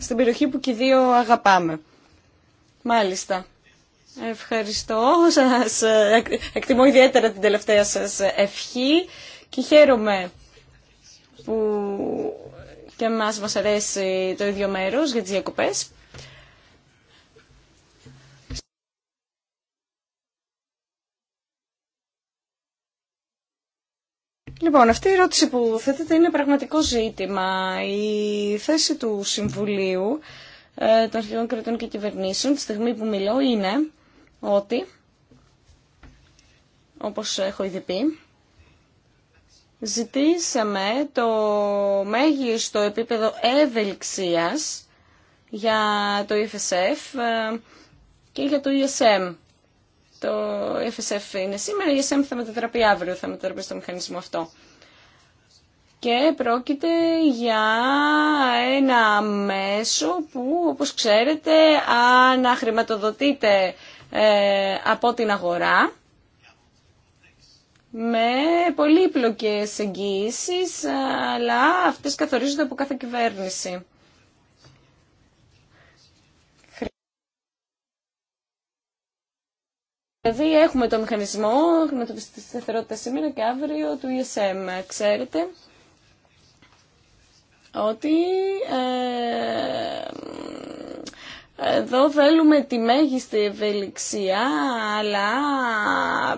Στην περιοχή που και οι δύο αγαπάμε. Μάλιστα. Ευχαριστώ. Σας ε, εκτιμώ ιδιαίτερα την τελευταία σας ευχή και χαίρομαι που και εμάς μας αρέσει το ίδιο μέρος για τις διακοπέ. Λοιπόν, αυτή η ερώτηση που θέτεται είναι πραγματικό ζήτημα. Η θέση του Συμβουλίου ε, των Αρχηγών Κρατών και Κυβερνήσεων τη στιγμή που μιλώ είναι ότι, όπως έχω ήδη πει, ζητήσαμε το μέγιστο επίπεδο ευελιξίας για το EFSF ε, και για το ESM. Το EFSF είναι σήμερα, η ESM θα μετατραπεί αύριο, θα μετατραπεί στο μηχανισμό αυτό. Και πρόκειται για ένα μέσο που, όπως ξέρετε, αναχρηματοδοτείται ε, από την αγορά με πολύπλοκες εγγύησεις, αλλά αυτές καθορίζονται από κάθε κυβέρνηση. Δηλαδή έχουμε το μηχανισμό το σταθερότητα σήμερα και αύριο του ESM. Ξέρετε ότι ε, εδώ θέλουμε τη μέγιστη ευελιξία, αλλά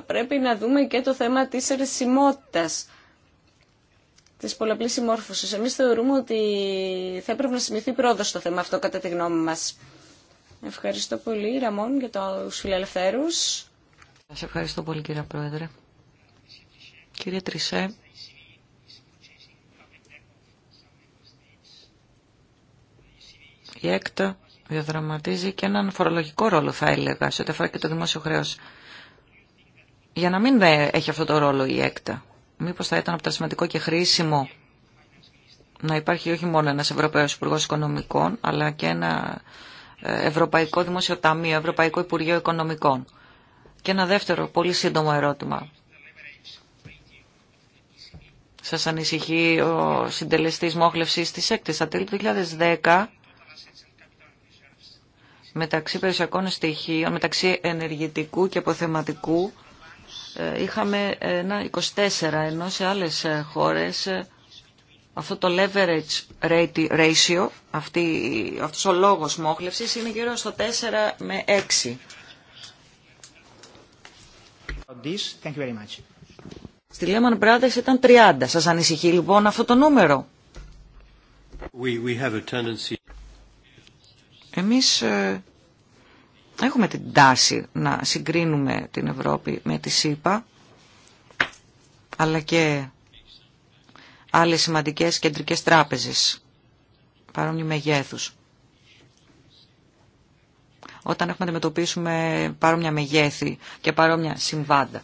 πρέπει να δούμε και το θέμα της ερεσιμότητας της πολλαπλής συμμόρφωσης. Εμείς θεωρούμε ότι θα έπρεπε να σημειωθεί πρόοδο στο θέμα αυτό, κατά τη γνώμη μας. Ευχαριστώ πολύ, Ραμόν, για τους φιλελευθέρους. Σας ευχαριστώ πολύ, κύριε Πρόεδρε. Κύριε Τρισέ, η ΕΚΤΑ διαδραματίζει και έναν φορολογικό ρόλο, θα έλεγα, σε ό,τι αφορά και το δημόσιο χρέο. Για να μην έχει αυτό το ρόλο η ΕΚΤΑ, μήπω θα ήταν αποτελεσματικό και χρήσιμο να υπάρχει όχι μόνο ένα Ευρωπαίο Υπουργό Οικονομικών, αλλά και ένα ε, Ευρωπαϊκό Δημόσιο Ευρωπαϊκό Υπουργείο Οικονομικών. Και ένα δεύτερο πολύ σύντομο ερώτημα. Σας ανησυχεί ο συντελεστής μόχλευσης της έκτης. Στα τέλη του 2010 μεταξύ περιουσιακών στοιχείων, μεταξύ ενεργητικού και αποθεματικού, ε, είχαμε ένα 24, ενώ σε άλλες ε, χώρες ε, αυτό το leverage ratio, αυτή, αυτός ο λόγος μόχλευσης, είναι γύρω στο 4 με 6. Στη Lehman Brothers ήταν 30. Σας ανησυχεί λοιπόν αυτό το νούμερο. We, we have a tendency... Εμείς έχουμε την τάση να συγκρίνουμε την Ευρώπη με τη ΣΥΠΑ, αλλά και άλλες σημαντικές κεντρικές τράπεζες παρόμοιου μεγέθους. Όταν έχουμε να αντιμετωπίσουμε παρόμοια μεγέθη και παρόμοια συμβάντα.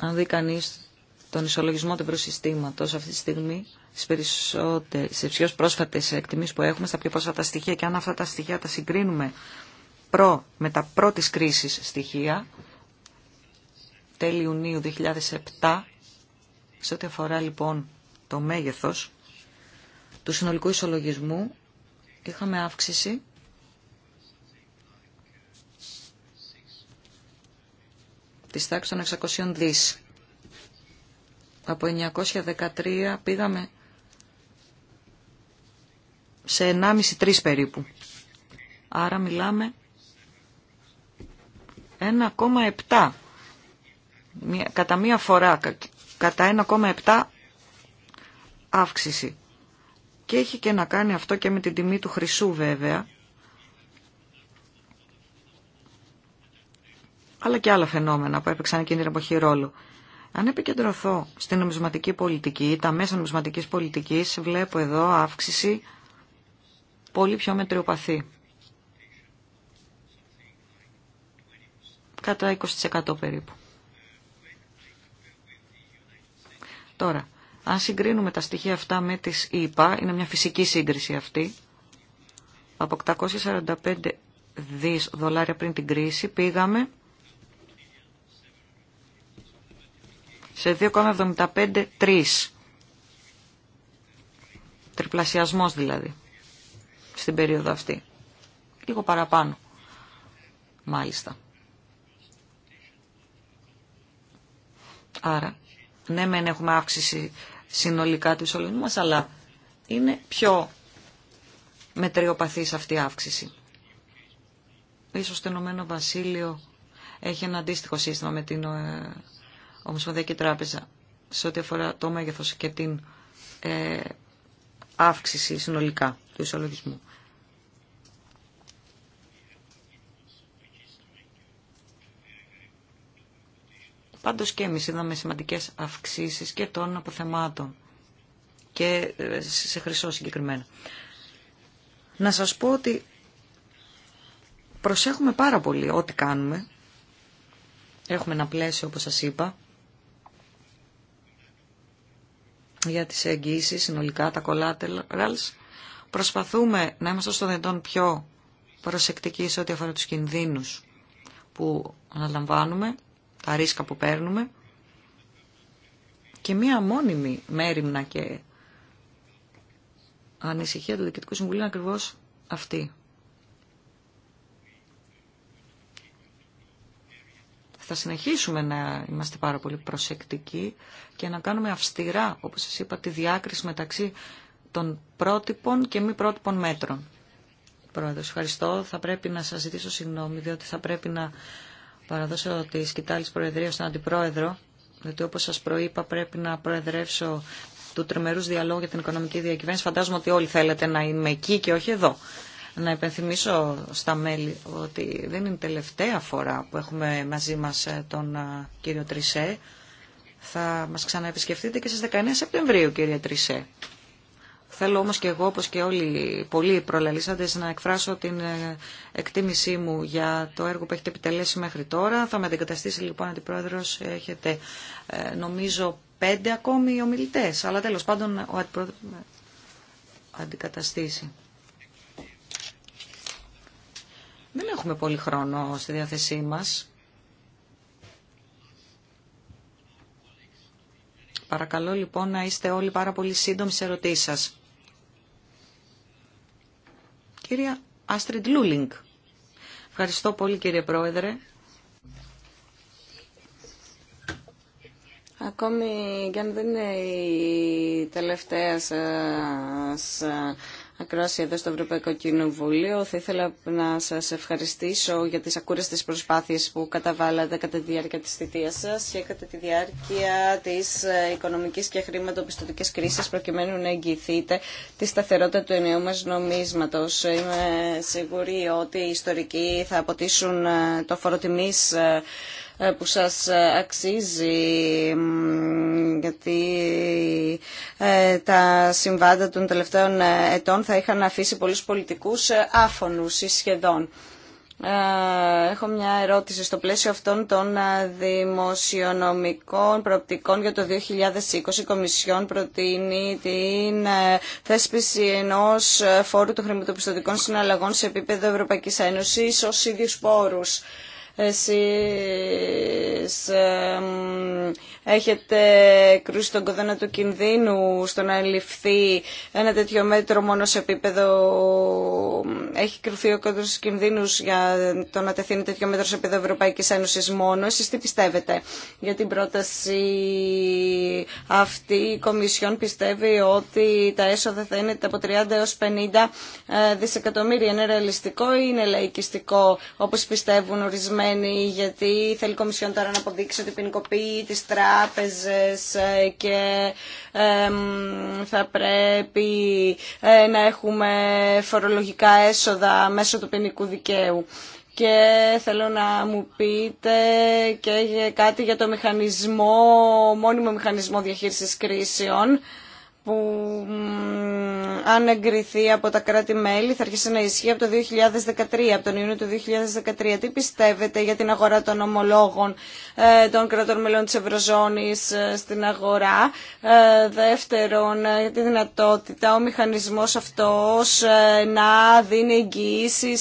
Αν δει κανείς τον ισολογισμό του ευρωσυστήματος αυτή τη στιγμή, στις περισσότερες, στις πιο πρόσφατες εκτιμήσεις που έχουμε, στα πιο πρόσφατα στοιχεία και αν αυτά τα στοιχεία τα συγκρίνουμε προ, με τα πρώτης κρίσης στοιχεία, τέλη Ιουνίου 2007, σε ό,τι αφορά λοιπόν το μέγεθος του συνολικού ισολογισμού, είχαμε αύξηση της τάξης των 600 δις. Από 913 πήγαμε σε 1,5-3 περίπου. Άρα μιλάμε 1,7 κατά μία φορά, κατά 1,7 αύξηση. Και έχει και να κάνει αυτό και με την τιμή του χρυσού βέβαια. Αλλά και άλλα φαινόμενα που έπαιξαν εκείνη την εποχή ρόλο. Αν επικεντρωθώ στην νομισματική πολιτική, τα μέσα νομισματικής πολιτικής, βλέπω εδώ αύξηση πολύ πιο μετριοπαθή. Κατά 20% περίπου. Τώρα, αν συγκρίνουμε τα στοιχεία αυτά με τις ΙΠΑ, είναι μια φυσική σύγκριση αυτή, από 845 δις δολάρια πριν την κρίση πήγαμε σε 2,75-3. Τριπλασιασμός δηλαδή στην περίοδο αυτή. Λίγο παραπάνω, μάλιστα. Άρα, ναι μεν έχουμε αύξηση συνολικά του ισολογισμού μας, αλλά είναι πιο μετριοπαθής αυτή η αύξηση. Ίσως το Ηνωμένο Βασίλειο έχει ένα αντίστοιχο σύστημα με την ε, Ομοσπονδιακή Τράπεζα σε ό,τι αφορά το μέγεθος και την ε, αύξηση συνολικά του ισολογισμού. Πάντω και εμεί είδαμε σημαντικές αυξήσει και των αποθεμάτων και ε, σε χρυσό συγκεκριμένα. Να σας πω ότι προσέχουμε πάρα πολύ ό,τι κάνουμε. Έχουμε ένα πλαίσιο όπως σας είπα για τις εγγύσεις συνολικά τα collaterals. Προσπαθούμε να είμαστε στο δυνατόν πιο προσεκτικοί σε ό,τι αφορά τους κινδύνους που αναλαμβάνουμε τα ρίσκα που παίρνουμε και μία μόνιμη μέρημνα και ανησυχία του Διοικητικού Συμβουλίου είναι ακριβώς αυτή. Θα συνεχίσουμε να είμαστε πάρα πολύ προσεκτικοί και να κάνουμε αυστηρά, όπως σας είπα, τη διάκριση μεταξύ των πρότυπων και μη πρότυπων μέτρων. Πρόεδρος, ευχαριστώ. Θα πρέπει να σας ζητήσω συγγνώμη, διότι θα πρέπει να παραδώσω τη σκητάλη της Προεδρίας στον Αντιπρόεδρο, διότι όπως σας προείπα πρέπει να προεδρεύσω του τριμερούς διαλόγου για την οικονομική διακυβέρνηση. Φαντάζομαι ότι όλοι θέλετε να είμαι εκεί και όχι εδώ. Να υπενθυμίσω στα μέλη ότι δεν είναι η τελευταία φορά που έχουμε μαζί μας ε, τον ε, κύριο Τρισέ. Θα μας ξαναεπισκεφτείτε και στις 19 Σεπτεμβρίου, κύριε Τρισέ. Θέλω όμως και εγώ, όπως και όλοι οι πολλοί προλαλήσαντες, να εκφράσω την ε, εκτίμησή μου για το έργο που έχετε επιτελέσει μέχρι τώρα. Θα με αντικαταστήσει λοιπόν αντιπρόεδρος. Έχετε ε, νομίζω πέντε ακόμη ομιλητές, αλλά τέλος πάντων ο αντιπρόεδρος αντικαταστήσει. Δεν έχουμε πολύ χρόνο στη διάθεσή μας. Παρακαλώ λοιπόν να είστε όλοι πάρα πολύ σύντομοι σε ερωτήσεις σας. Κυρία Άστριντ Λούλινγκ. Ευχαριστώ πολύ κύριε Πρόεδρε. Ακόμη και αν δεν είναι η τελευταία σας ακρόαση εδώ στο Ευρωπαϊκό Κοινοβούλιο. Θα ήθελα να σας ευχαριστήσω για τις ακούραστε προσπάθειες που καταβάλατε κατά τη διάρκεια τη θητείας σα και κατά τη διάρκεια τη ε, οικονομικής και χρηματοπιστωτικής κρίσης προκειμένου να εγγυηθείτε τη σταθερότητα του ενιαίου μας νομίσματος. Είμαι σίγουρη ότι οι ιστορικοί θα αποτίσουν ε, το φοροτιμής ε, ε, που σας ε, αξίζει γιατί ε, τα συμβάντα των τελευταίων ετών θα είχαν αφήσει πολλούς πολιτικούς άφωνους ή σχεδόν. Έχω μια ερώτηση στο πλαίσιο αυτών των δημοσιονομικών προοπτικών για το 2020. Η Κομισιόν προτείνει την θέσπιση ενός φόρου των χρηματοπιστωτικών συναλλαγών σε επίπεδο Ευρωπαϊκής Ένωσης ως ίδιους πόρους εσείς έχετε κρούσει τον κοδόνα του κινδύνου στο να ληφθεί ένα τέτοιο μέτρο μόνο σε επίπεδο έχει κρουθεί ο κόδωνα του κινδύνου για το να τεθεί ένα τέτοιο μέτρο σε επίπεδο Ευρωπαϊκής Ένωσης μόνο. Εσείς τι πιστεύετε για την πρόταση αυτή, η Κομισιόν πιστεύει ότι τα έσοδα θα είναι από 30 έως 50 ε, δισεκατομμύρια. Είναι ρεαλιστικό ή είναι λαϊκιστικό, όπως πιστεύουν ορισμένοι, γιατί θέλει η Κομισιόν τώρα να αποδείξει ότι ποινικοποιεί τη τράπεζες ε, και θα πρέπει ε, να έχουμε φορολογικά έσοδα μέσω του ποινικού δικαίου και θέλω να μου πείτε και κάτι για το μηχανισμό, μόνιμο μηχανισμό διαχείρισης κρίσεων που αν εγκριθεί από τα κράτη-μέλη θα αρχίσει να ισχύει από το 2013, από τον Ιούνιο του 2013. Τι πιστεύετε για την αγορά των ομολόγων ε, των κρατών μελών της Ευρωζώνης ε, στην αγορά. Ε, δεύτερον, για τη δυνατότητα ο μηχανισμός αυτός να δίνει εγγυήσει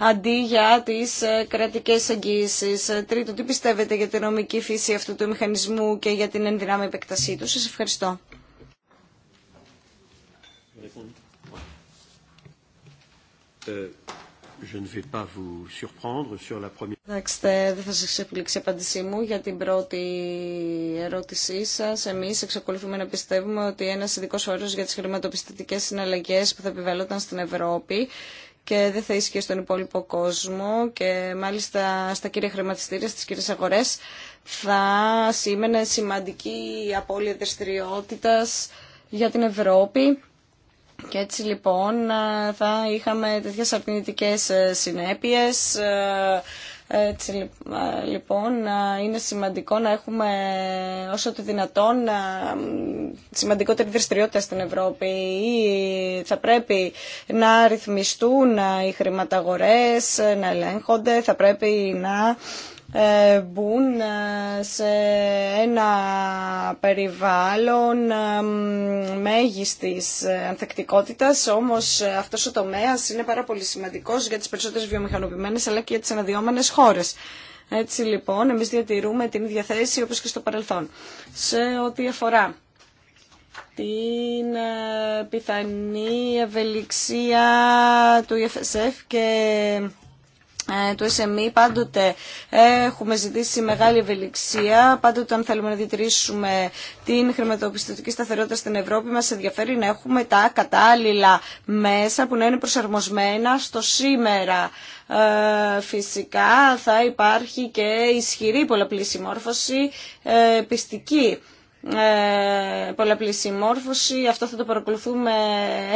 αντί για τις κρατικές εγγυήσει. Τρίτον, τι πιστεύετε για την νομική φύση αυτού του μηχανισμού και για την ενδυνάμει επεκτασή του. Σας ευχαριστώ. Κοιτάξτε, δεν θα σας εξεπλήξει η απάντησή μου για την πρώτη ερώτησή σας. Εμείς εξακολουθούμε να πιστεύουμε ότι ένας ειδικό όρος για τις χρηματοπιστωτικές συναλλαγές που θα επιβαλλόταν στην Ευρώπη και δεν θα ίσχυε στον υπόλοιπο κόσμο και μάλιστα στα κύρια χρηματιστήρια, στις κύριες αγορές θα σήμαινε σημαντική απώλεια δραστηριότητα για την Ευρώπη και έτσι λοιπόν ε, θα είχαμε τέτοιες αρνητικές ε, συνέπειες. Ε, έτσι λοιπόν είναι σημαντικό να έχουμε όσο το δυνατόν σημαντικότερη δραστηριότητα στην Ευρώπη. Θα πρέπει να ρυθμιστούν οι χρηματαγορές, να ελέγχονται, θα πρέπει να ε, μπουν ε, σε ένα περιβάλλον ε, μέγιστης ανθεκτικότητας, όμως αυτός ο τομέας είναι πάρα πολύ σημαντικός για τις περισσότερες βιομηχανοποιημένες αλλά και για τις αναδυόμενες χώρες. Έτσι λοιπόν, εμείς διατηρούμε την ίδια θέση όπως και στο παρελθόν. Σε ό,τι αφορά την πιθανή ευελιξία του EFSF και ε, του SME πάντοτε έχουμε ζητήσει μεγάλη ευελιξία, πάντοτε αν θέλουμε να διατηρήσουμε την χρηματοπιστωτική σταθερότητα στην Ευρώπη μας ενδιαφέρει να έχουμε τα κατάλληλα μέσα που να είναι προσαρμοσμένα στο σήμερα. Ε, φυσικά θα υπάρχει και ισχυρή πολλαπλή συμμόρφωση ε, πιστική πολλαπλή συμμόρφωση. Αυτό θα το παρακολουθούμε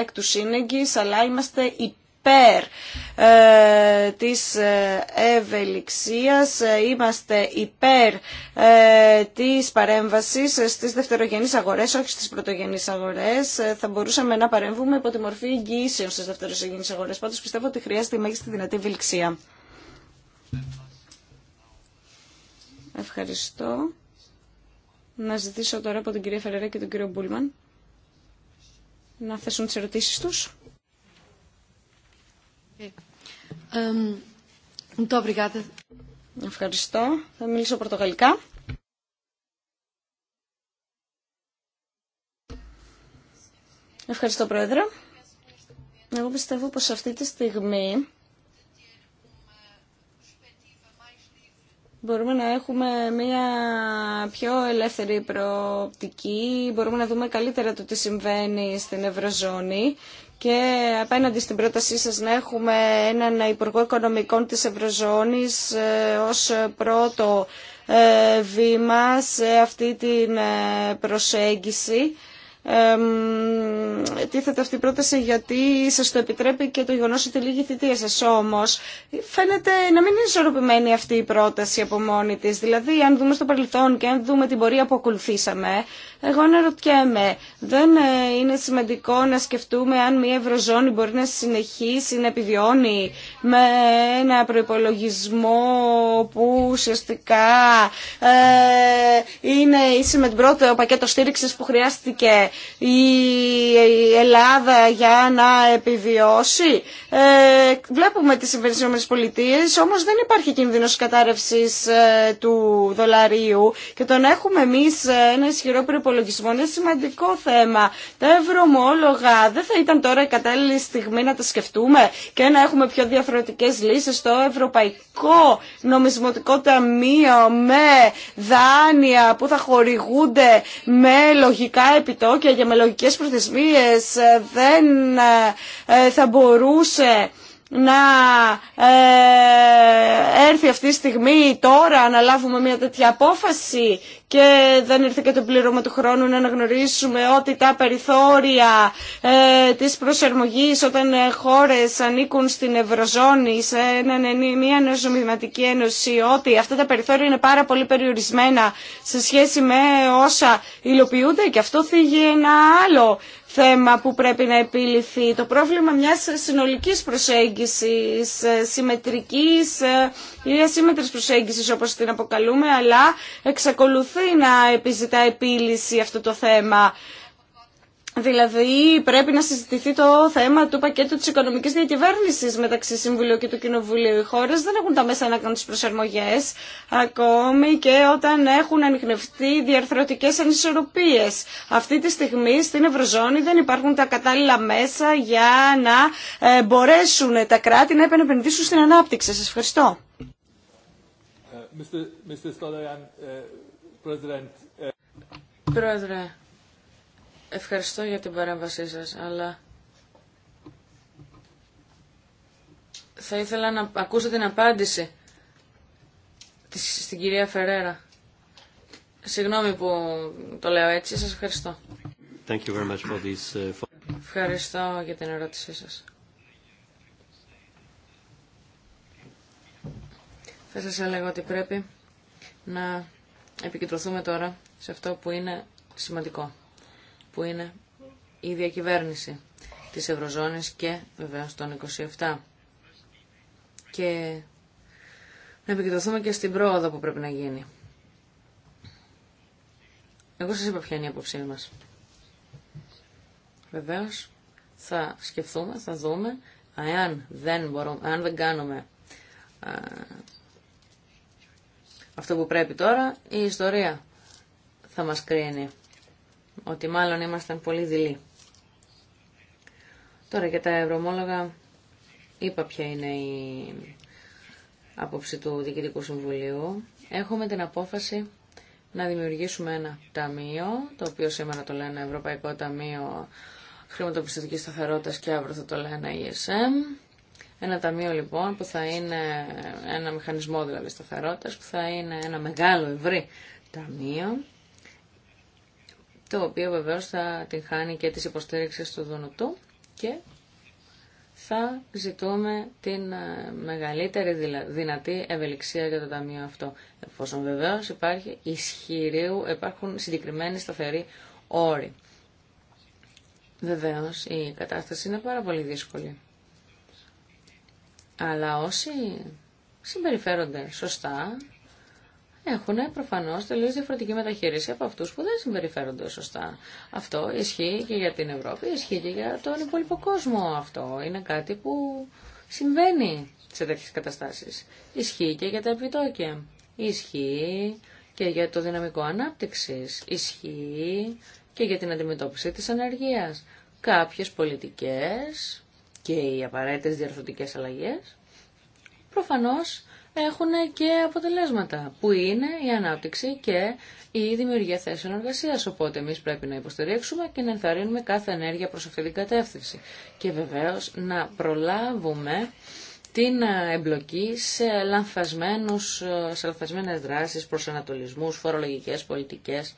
εκ του σύνεγγυς, αλλά είμαστε υπέροχοι υπέρ ε, της ε, ευελιξίας, ε, είμαστε υπέρ ε, της παρέμβασης στις δευτερογενείς αγορές, όχι στις πρωτογενείς αγορές. Ε, θα μπορούσαμε να παρέμβουμε υπό τη μορφή εγγυήσεων στις δευτερογενείς αγορές. Πάντως πιστεύω ότι χρειάζεται η μέγιστη δυνατή ευελιξία. Ευχαριστώ. Να ζητήσω τώρα από την κυρία Φερέρα και τον κύριο Μπούλμαν να θέσουν τις ερωτήσεις τους. Ευχαριστώ. Θα μιλήσω πορτογαλικά. Ευχαριστώ, Πρόεδρε. Εγώ πιστεύω πως αυτή τη στιγμή μπορούμε να έχουμε μια πιο ελεύθερη προοπτική, μπορούμε να δούμε καλύτερα το τι συμβαίνει στην Ευρωζώνη και απέναντι στην πρότασή σας να έχουμε έναν Υπουργό Οικονομικών της Ευρωζώνης ε, ως πρώτο ε, βήμα σε αυτή την ε, προσέγγιση τίθεται αυτή η πρόταση γιατί σας το επιτρέπει και το γεγονό ότι λίγη θητεία σας όμως φαίνεται να μην είναι ισορροπημένη αυτή η πρόταση από μόνη της δηλαδή αν δούμε στο παρελθόν και αν δούμε την πορεία που ακολουθήσαμε εγώ αναρωτιέμαι, δεν ε, είναι σημαντικό να σκεφτούμε αν μια ευρωζώνη μπορεί να συνεχίσει να επιβιώνει με ένα προϋπολογισμό που ουσιαστικά ε, είναι ίση με την πρώτη πακέτο στήριξης που χρειάστηκε η Ελλάδα για να επιβιώσει. Ε, βλέπουμε τις Ηνωμένες Πολιτείες, όμως δεν υπάρχει κίνδυνος κατάρρευσης του δολαρίου και τον έχουμε εμείς ένα ισχυρό προϋπολογισμό είναι σημαντικό θέμα. Τα ευρωμόλογα δεν θα ήταν τώρα η κατάλληλη στιγμή να τα σκεφτούμε και να έχουμε πιο διαφορετικέ λύσει στο Ευρωπαϊκό Νομισματικό Ταμείο με δάνεια που θα χορηγούνται με λογικά επιτόκια για με λογικέ Δεν ε, θα μπορούσε να ε, έρθει αυτή τη στιγμή τώρα να λάβουμε μια τέτοια απόφαση και δεν ήρθε και το πλήρωμα του χρόνου να αναγνωρίσουμε ότι τα περιθώρια ε, της προσερμογής όταν ε, χώρες ανήκουν στην Ευρωζώνη, σε μια νοσομηματική ένωση, ότι αυτά τα περιθώρια είναι πάρα πολύ περιορισμένα σε σχέση με όσα υλοποιούνται και αυτό θίγει ένα άλλο θέμα που πρέπει να επιληθεί. Το πρόβλημα μιας συνολικής προσέγγισης, ε, συμμετρικής ε, ή ασύμμετρης προσέγγισης όπως την αποκαλούμε, αλλά εξακολουθεί να επιζητά επίλυση αυτό το θέμα. Δηλαδή πρέπει να συζητηθεί το θέμα του πακέτου της οικονομικής διακυβέρνησης μεταξύ Συμβουλίου και του Κοινοβουλίου. Οι χώρες δεν έχουν τα μέσα να κάνουν τις προσαρμογές, ακόμη και όταν έχουν ανοιχνευτεί διαρθρωτικές ανισορροπίες. Αυτή τη στιγμή στην Ευρωζώνη δεν υπάρχουν τα κατάλληλα μέσα για να ε, μπορέσουν τα κράτη να επενεπενδύσουν στην ανάπτυξη. Σας ευχαριστώ. Ε, ε, Ευχαριστώ για την παρέμβασή σας, αλλά θα ήθελα να ακούσω την απάντηση της, στην κυρία Φερέρα. Συγγνώμη που το λέω έτσι, σας ευχαριστώ. Thank you very much for this... Uh, ευχαριστώ για την ερώτησή σας. Θα σας έλεγα ότι πρέπει να επικεντρωθούμε τώρα σε αυτό που είναι σημαντικό που είναι η διακυβέρνηση της Ευρωζώνης και βέβαια των 27. Και να επικοινωθούμε και στην πρόοδο που πρέπει να γίνει. Εγώ σας είπα ποια είναι η απόψή μας. Βεβαίως θα σκεφτούμε, θα δούμε, εάν δεν, μπορούμε, δεν κάνουμε αυτό που πρέπει τώρα, η ιστορία θα μας κρίνει ότι μάλλον ήμασταν πολύ δειλοί. Τώρα για τα ευρωμόλογα είπα ποια είναι η άποψη του Διοικητικού Συμβουλίου. Έχουμε την απόφαση να δημιουργήσουμε ένα ταμείο, το οποίο σήμερα το λένε Ευρωπαϊκό Ταμείο Χρηματοπιστωτικής Σταθερότητας και αύριο θα το λένε ESM. Ένα ταμείο λοιπόν που θα είναι ένα μηχανισμό δηλαδή σταθερότητας, που θα είναι ένα μεγάλο ευρύ ταμείο το οποίο βεβαίως θα την χάνει και τις υποστήριξη του Δονοτού και θα ζητούμε την ε, μεγαλύτερη δυνατή ευελιξία για το Ταμείο αυτό, εφόσον βεβαίως υπάρχει ισχυρίου, υπάρχουν συγκεκριμένοι σταθεροί όροι. Βεβαίως η κατάσταση είναι πάρα πολύ δύσκολη. Αλλά όσοι συμπεριφέρονται σωστά έχουν προφανώ τελείω διαφορετική μεταχείριση από αυτού που δεν συμπεριφέρονται σωστά. Αυτό ισχύει και για την Ευρώπη, ισχύει και για τον υπόλοιπο κόσμο. Αυτό είναι κάτι που συμβαίνει σε τέτοιε καταστάσει. Ισχύει και για τα επιτόκια. Ισχύει και για το δυναμικό ανάπτυξη. Ισχύει και για την αντιμετώπιση τη ανεργία. Κάποιε πολιτικέ και οι απαραίτητε διαρθρωτικέ αλλαγέ προφανώς έχουν και αποτελέσματα, που είναι η ανάπτυξη και η δημιουργία θέσεων εργασία. Οπότε εμεί πρέπει να υποστηρίξουμε και να ενθαρρύνουμε κάθε ενέργεια προ αυτή την κατεύθυνση. Και βεβαίω να προλάβουμε την ε, εμπλοκή σε, λανθασμένους, ε, σε λανθασμένες δράσεις, προσανατολισμούς, φορολογικές, πολιτικές.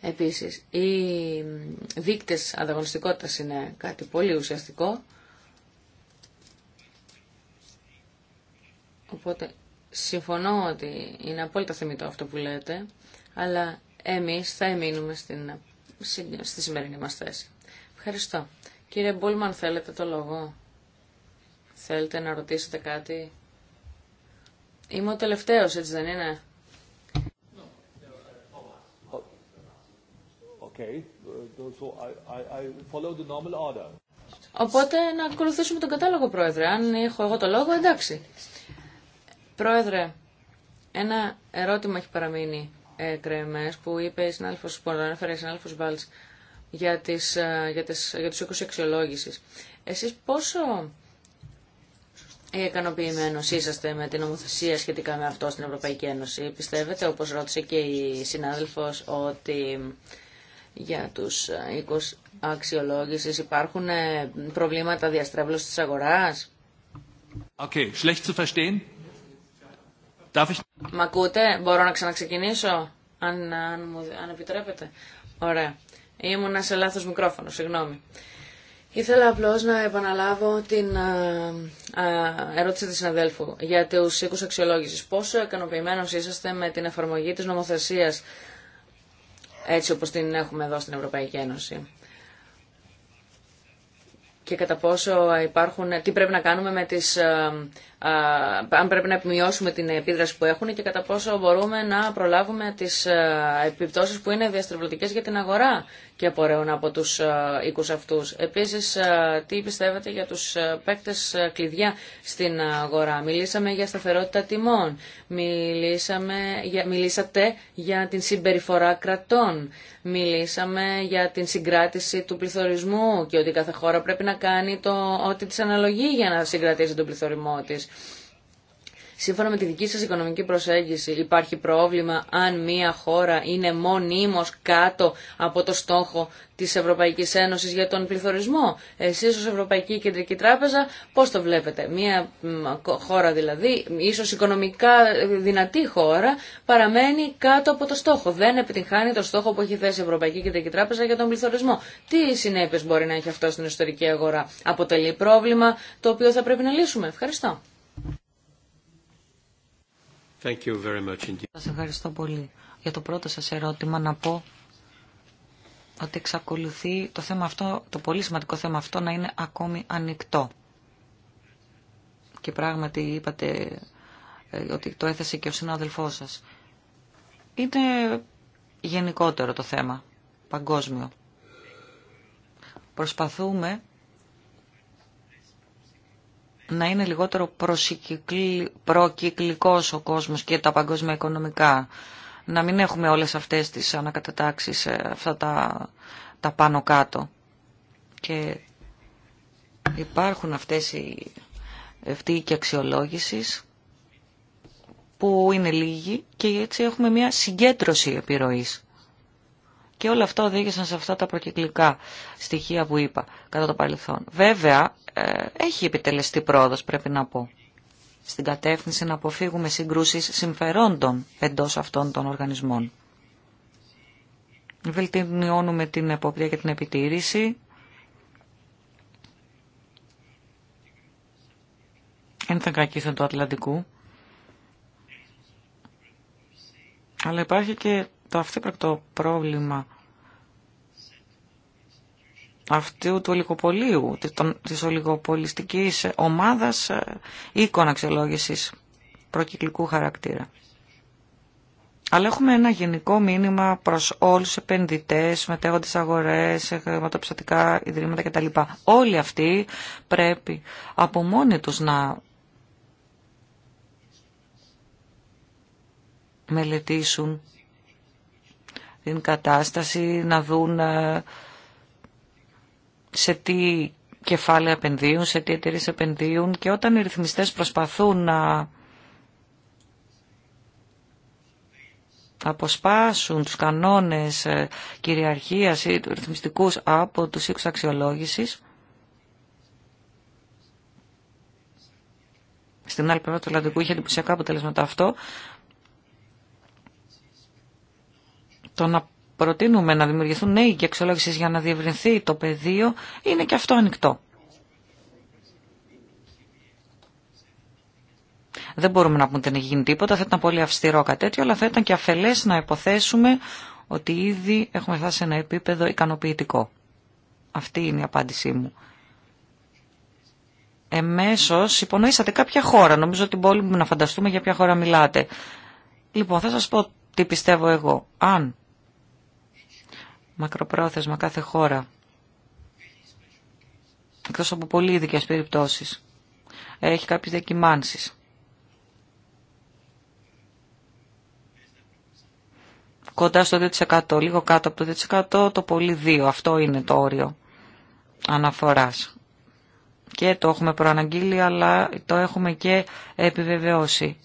Επίσης, οι δείκτες ανταγωνιστικότητας είναι κάτι πολύ ουσιαστικό Οπότε συμφωνώ ότι είναι απόλυτα θεμητό αυτό που λέτε, αλλά εμείς θα εμείνουμε στην, στη σημερινή μας θέση. Ευχαριστώ. Κύριε Μπούλμαν, θέλετε το λόγο. Θέλετε να ρωτήσετε κάτι. Είμαι ο τελευταίος, έτσι δεν είναι. Οπότε να ακολουθήσουμε τον κατάλογο, Πρόεδρε. Αν έχω εγώ το λόγο, εντάξει. Πρόεδρε, ένα ερώτημα έχει παραμείνει ε, κρεμές, που είπε η συνάδελφος, που ανέφερε η συνάδελφος Βάλτς για, τις, ε, για, τις, για τους οίκους αξιολόγησης. Εσείς πόσο ε, ικανοποιημένο είσαστε με την νομοθεσία σχετικά με αυτό στην Ευρωπαϊκή Ένωση. Πιστεύετε, όπως ρώτησε και η συνάδελφος, ότι για τους ε, οίκους αξιολόγησης υπάρχουν προβλήματα διαστρέβλωσης της αγοράς. Okay, schlecht zu verstehen. Μ' ακούτε, μπορώ να ξαναξεκινήσω, αν, αν, επιτρέπετε. Ωραία. Ήμουνα σε λάθο μικρόφωνο, συγγνώμη. Ήθελα απλώ να επαναλάβω την ε, ε, ερώτηση της συναδέλφου για του οίκου αξιολόγηση. Πόσο ικανοποιημένο είσαστε με την εφαρμογή της νομοθεσίας έτσι όπως την έχουμε εδώ στην Ευρωπαϊκή Ένωση και κατά πόσο υπάρχουν, τι πρέπει να κάνουμε με τις ε, αν πρέπει να επιμειώσουμε την επίδραση που έχουν και κατά πόσο μπορούμε να προλάβουμε τις επιπτώσεις που είναι διαστρεβλωτικές για την αγορά και απορρέουν από τους οίκους αυτούς. Επίσης, τι πιστεύετε για τους παίκτες κλειδιά στην αγορά. Μιλήσαμε για σταθερότητα τιμών, Μιλήσαμε, για, μιλήσατε για την συμπεριφορά κρατών, μιλήσαμε για την συγκράτηση του πληθωρισμού και ότι κάθε χώρα πρέπει να κάνει το, ό,τι της αναλογεί για να συγκρατήσει τον πληθωρισμό Σύμφωνα με τη δική σας οικονομική προσέγγιση υπάρχει πρόβλημα αν μια χώρα είναι μονίμως κάτω από το στόχο της Ευρωπαϊκής Ένωσης για τον πληθωρισμό. Εσείς ως Ευρωπαϊκή Κεντρική Τράπεζα πώς το βλέπετε. Μια χώρα δηλαδή, ίσως οικονομικά δυνατή χώρα, παραμένει κάτω από το στόχο. Δεν επιτυγχάνει το στόχο που έχει θέσει η Ευρωπαϊκή Κεντρική Τράπεζα για τον πληθωρισμό. Τι συνέπειες μπορεί να έχει αυτό στην ιστορική αγορά. Αποτελεί πρόβλημα το οποίο θα πρέπει να λύσουμε. Ευχαριστώ. Thank Σας ευχαριστώ πολύ. Για το πρώτο σας ερώτημα να πω ότι εξακολουθεί το θέμα αυτό, το πολύ σημαντικό θέμα αυτό να είναι ακόμη ανοιχτό. Και πράγματι είπατε ε, ότι το έθεσε και ο συνάδελφός σας. Είναι γενικότερο το θέμα, παγκόσμιο. Προσπαθούμε να είναι λιγότερο προκυκλικός ο κόσμος και τα παγκόσμια οικονομικά. Να μην έχουμε όλες αυτές τις ανακατατάξεις, ε, αυτά τα, τα πάνω κάτω. Και υπάρχουν αυτές οι ευθύοι και αξιολόγησης που είναι λίγοι και έτσι έχουμε μια συγκέντρωση επιρροής. Και όλα αυτά οδήγησαν σε αυτά τα προκυκλικά στοιχεία που είπα κατά το παρελθόν. Βέβαια, ε, έχει επιτελεστεί πρόοδος πρέπει να πω στην κατεύθυνση να αποφύγουμε συγκρούσεις συμφερόντων εντός αυτών των οργανισμών. Βελτιώνουμε την εποπτεία και την επιτήρηση. εν του Ατλαντικού. Αλλά υπάρχει και το πρόβλημα αυτού του ολιγοπολίου, της ολιγοπολιστικής ομάδας εικόνα αξιολόγησης προκυκλικού χαρακτήρα. Αλλά έχουμε ένα γενικό μήνυμα προς όλους τους επενδυτές, μετέχοντες αγορές, ε, χρηματοπιστωτικά ιδρύματα κτλ. Όλοι αυτοί πρέπει από μόνοι τους να μελετήσουν την κατάσταση, να δουν ε, σε τι κεφάλαια επενδύουν, σε τι εταιρείε επενδύουν και όταν οι ρυθμιστές προσπαθούν να αποσπάσουν τους κανόνες ε, κυριαρχίας ή ρυθμιστικούς από τους οίκους αξιολόγησης, στην άλλη πλευρά του Ατλαντικού είχε εντυπωσιακά αποτελέσματα αυτό, Το να προτείνουμε να δημιουργηθούν νέοι και αξιολόγησεις για να διευρυνθεί το πεδίο είναι και αυτό ανοιχτό. Δεν μπορούμε να πούμε ότι δεν έχει γίνει τίποτα, θα ήταν πολύ αυστηρό κάτι τέτοιο, αλλά θα ήταν και αφελές να υποθέσουμε ότι ήδη έχουμε φτάσει σε ένα επίπεδο ικανοποιητικό. Αυτή είναι η απάντησή μου. Εμέσως υπονοήσατε κάποια χώρα. Νομίζω ότι μπορούμε να φανταστούμε για ποια χώρα μιλάτε. Λοιπόν, θα σας πω τι πιστεύω εγώ. Αν μακροπρόθεσμα κάθε χώρα. Εκτός από πολύ ειδικέ περιπτώσεις. Έχει κάποιες δεκιμάνσεις. Κοντά στο 2%, λίγο κάτω από το 2%, το πολύ 2. Αυτό είναι το όριο αναφοράς. Και το έχουμε προαναγγείλει, αλλά το έχουμε και επιβεβαιώσει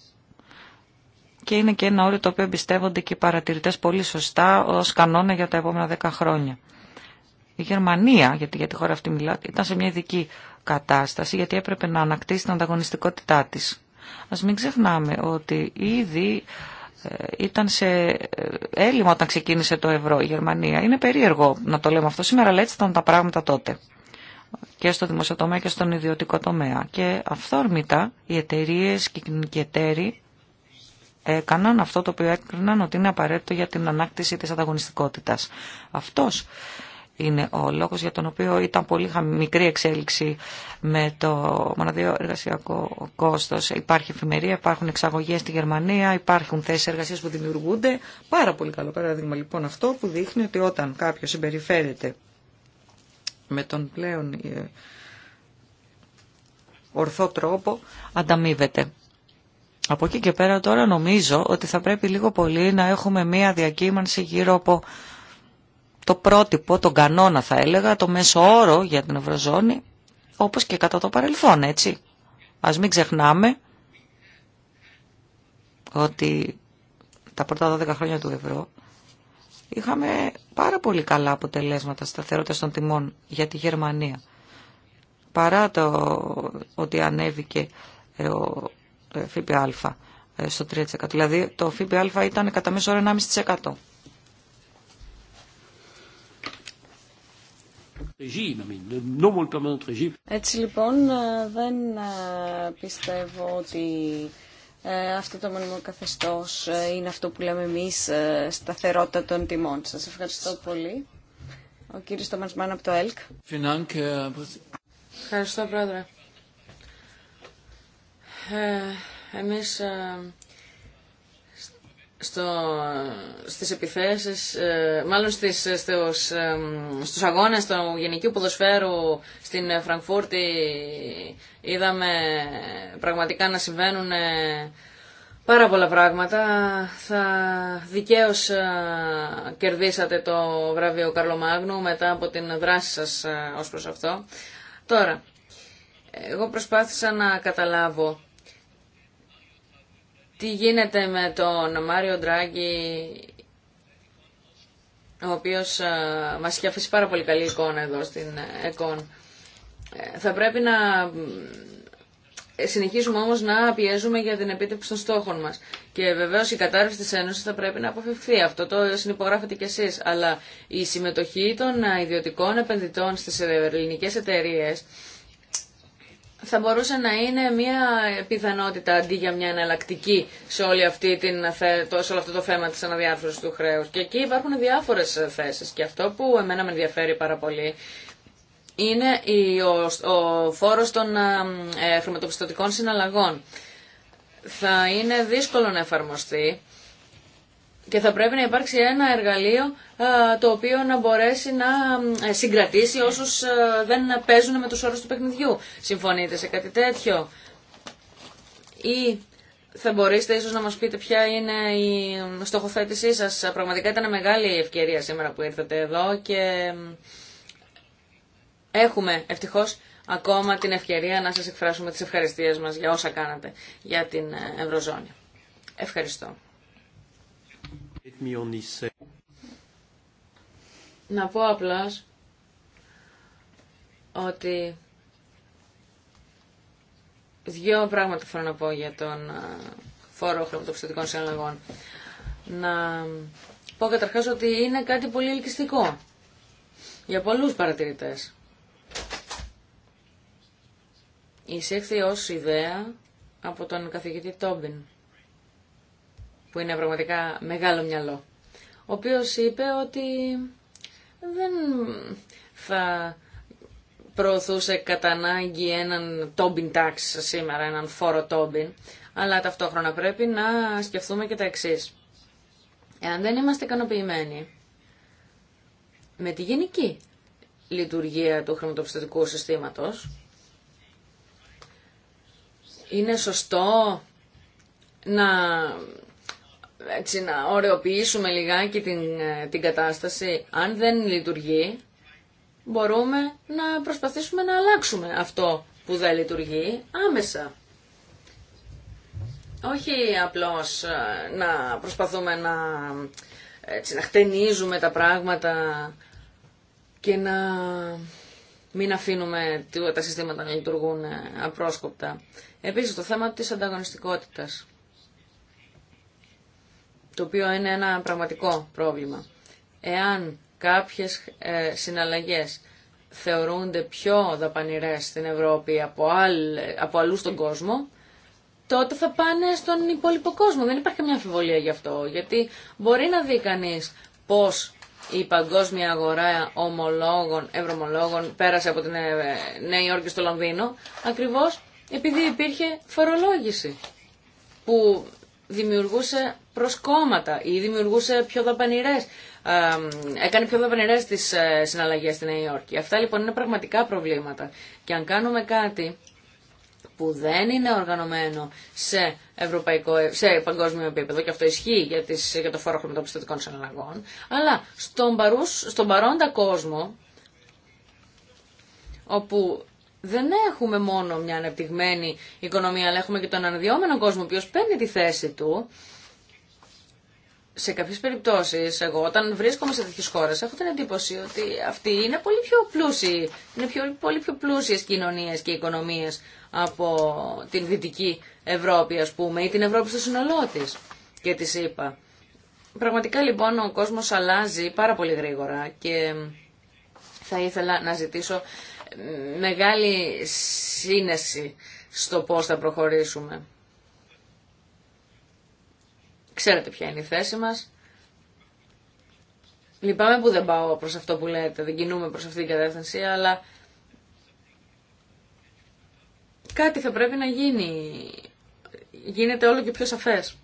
και είναι και ένα όριο το οποίο εμπιστεύονται και οι παρατηρητές πολύ σωστά ως κανόνα για τα επόμενα 10 χρόνια. Η Γερμανία, γιατί για τη χώρα αυτή μιλάω, ήταν σε μια ειδική κατάσταση γιατί έπρεπε να ανακτήσει την ανταγωνιστικότητά της. Ας μην ξεχνάμε ότι ήδη ε, ήταν σε ε, έλλειμμα όταν ξεκίνησε το ευρώ η Γερμανία. Είναι περίεργο να το λέμε αυτό σήμερα, αλλά έτσι ήταν τα πράγματα τότε και στο δημοσιοτομέα και στον ιδιωτικό τομέα. Και αυθόρμητα οι εταιρείε και οι κοινωνικοί εταίροι έκαναν αυτό το οποίο έκριναν ότι είναι απαραίτητο για την ανάκτηση της ανταγωνιστικότητας. Αυτός είναι ο λόγος για τον οποίο ήταν πολύ μικρή εξέλιξη με το μοναδίο εργασιακό κόστος. Υπάρχει εφημερία, υπάρχουν εξαγωγές στη Γερμανία, υπάρχουν θέσεις εργασίας που δημιουργούνται. Πάρα πολύ καλό παράδειγμα λοιπόν αυτό που δείχνει ότι όταν κάποιο συμπεριφέρεται με τον πλέον ε, ορθό τρόπο ανταμείβεται. Από εκεί και πέρα τώρα νομίζω ότι θα πρέπει λίγο πολύ να έχουμε μία διακύμανση γύρω από το πρότυπο, τον κανόνα θα έλεγα, το μέσο όρο για την Ευρωζώνη, όπως και κατά το παρελθόν, έτσι. Ας μην ξεχνάμε ότι τα πρώτα 12 χρόνια του ευρώ είχαμε πάρα πολύ καλά αποτελέσματα σταθερότητα των τιμών για τη Γερμανία. Παρά το ότι ανέβηκε ε, ΦΠΑ ε, στο 3%. Δηλαδή το ΦΠΑ ήταν κατά μέσο όρο 1,5%. Έτσι λοιπόν ε, δεν πιστεύω ότι αυτό το μονιμό καθεστώς είναι αυτό που λέμε εμείς σταθερότητα των τιμών. Σας ευχαριστώ πολύ. Ο κύριος τομασμάν από το ΕΛΚ. Ευχαριστώ πρόεδρε. Ε, εμείς ε, στο, στις επιθέσεις, ε, μάλλον στις, στους, στους αγώνες του γενικού ποδοσφαίρου στην Φραγκφούρτη είδαμε πραγματικά να συμβαίνουν πάρα πολλά πράγματα. Θα δικαίως κερδίσατε το βραβείο Καρλομάγνου μετά από την δράση σας ως προς αυτό. Τώρα, εγώ προσπάθησα να καταλάβω τι γίνεται με τον Μάριο Ντράγκη, ο οποίος ε, μας έχει αφήσει πάρα πολύ καλή εικόνα εδώ στην ε, ΕΚΟΝ. Ε, θα πρέπει να συνεχίσουμε όμως να πιέζουμε για την επίτευξη των στόχων μας. Και βεβαίως η κατάρρευση της Ένωσης θα πρέπει να αποφευθεί. Αυτό το συνυπογράφετε κι εσείς. Αλλά η συμμετοχή των ιδιωτικών επενδυτών στις ελληνικές εταιρείες θα μπορούσε να είναι μια πιθανότητα αντί για μια εναλλακτική σε, όλη αυτή την, σε όλο αυτό το θέμα της αναδιάρθρωσης του χρέους. Και εκεί υπάρχουν διάφορες θέσεις και αυτό που εμένα με ενδιαφέρει πάρα πολύ είναι ο, ο φόρος των ε, χρηματοπιστωτικών συναλλαγών. Θα είναι δύσκολο να εφαρμοστεί και θα πρέπει να υπάρξει ένα εργαλείο το οποίο να μπορέσει να ε, συγκρατήσει όσους δεν παίζουν με τους όρους του παιχνιδιού. Συμφωνείτε σε κάτι τέτοιο ή θα μπορέσετε ίσως να μας πείτε ποια είναι η στοχοθέτησή σας. Πραγματικά ήταν μεγάλη ευκαιρία σήμερα που ήρθατε εδώ και έχουμε ευτυχώς ακόμα την ευκαιρία να σας εκφράσουμε τις ευχαριστίες μας για όσα κάνατε για την ε, Ευρωζώνη. Ευχαριστώ. Να πω απλά ότι δύο πράγματα θέλω να πω για τον ε, φόρο χρηματοπιστωτικών συναλλαγών. Να πω καταρχάς ότι είναι κάτι πολύ ελκυστικό για πολλούς παρατηρητές. Εισήχθη ως ιδέα από τον καθηγητή Τόμπιν που είναι πραγματικά μεγάλο μυαλό, ο οποίος είπε ότι δεν θα προωθούσε κατά ανάγκη έναν Tobin tax σήμερα, έναν φόρο Tobin, αλλά ταυτόχρονα πρέπει να σκεφτούμε και τα εξή. Εάν δεν είμαστε ικανοποιημένοι με τη γενική λειτουργία του χρηματοπιστωτικού συστήματος, είναι σωστό να έτσι να ωρεοποιήσουμε λιγάκι την, ε, την κατάσταση, αν δεν λειτουργεί, μπορούμε να προσπαθήσουμε να αλλάξουμε αυτό που δεν λειτουργεί άμεσα. Όχι απλώς ε, να προσπαθούμε να, έτσι, να χτενίζουμε τα πράγματα και να μην αφήνουμε τα συστήματα να λειτουργούν ε, απρόσκοπτα. Επίσης το θέμα της ανταγωνιστικότητας το οποίο είναι ένα πραγματικό πρόβλημα. Εάν κάποιες ε, συναλλαγές θεωρούνται πιο δαπανηρές στην Ευρώπη από, από αλλού στον κόσμο, τότε θα πάνε στον υπόλοιπο κόσμο. Δεν υπάρχει καμιά αμφιβολία γι' αυτό, γιατί μπορεί να δει κανεί πώς η παγκόσμια αγορά ομολόγων, ευρωμολόγων πέρασε από την ε, Νέα Υόρκη στο Λονδίνο, ακριβώς επειδή υπήρχε φορολόγηση που δημιουργούσε προς κόμματα ή δημιουργούσε πιο δαπανηρές, ε, έκανε πιο δαπανηρές τις ε, συναλλαγές στη Νέα Υόρκη. Αυτά λοιπόν είναι πραγματικά προβλήματα. Και αν κάνουμε κάτι που δεν είναι οργανωμένο σε, ευρωπαϊκό, σε παγκόσμιο επίπεδο, και αυτό ισχύει για, τις, για το φόρο χρηματοπιστωτικών συναλλαγών, αλλά στον, παρούς, στον παρόντα κόσμο, όπου δεν έχουμε μόνο μια ανεπτυγμένη οικονομία, αλλά έχουμε και τον αναδυόμενο κόσμο, ο οποίος παίρνει τη θέση του, σε κάποιε περιπτώσει, εγώ όταν βρίσκομαι σε τέτοιε χώρε, έχω την εντύπωση ότι αυτοί είναι πολύ πιο πλούσιοι, είναι πιο, πολύ πιο πλούσιε κοινωνίε και οικονομίε από την Δυτική Ευρώπη, α πούμε, ή την Ευρώπη στο σύνολό τη και τη είπα. Πραγματικά λοιπόν ο κόσμο αλλάζει πάρα πολύ γρήγορα και θα ήθελα να ζητήσω μεγάλη σύνεση στο πώς θα προχωρήσουμε. Ξέρετε ποια είναι η θέση μας. Λυπάμαι που δεν πάω προς αυτό που λέτε, δεν κινούμε προς αυτήν την κατεύθυνση, αλλά κάτι θα πρέπει να γίνει. Γίνεται όλο και πιο σαφές.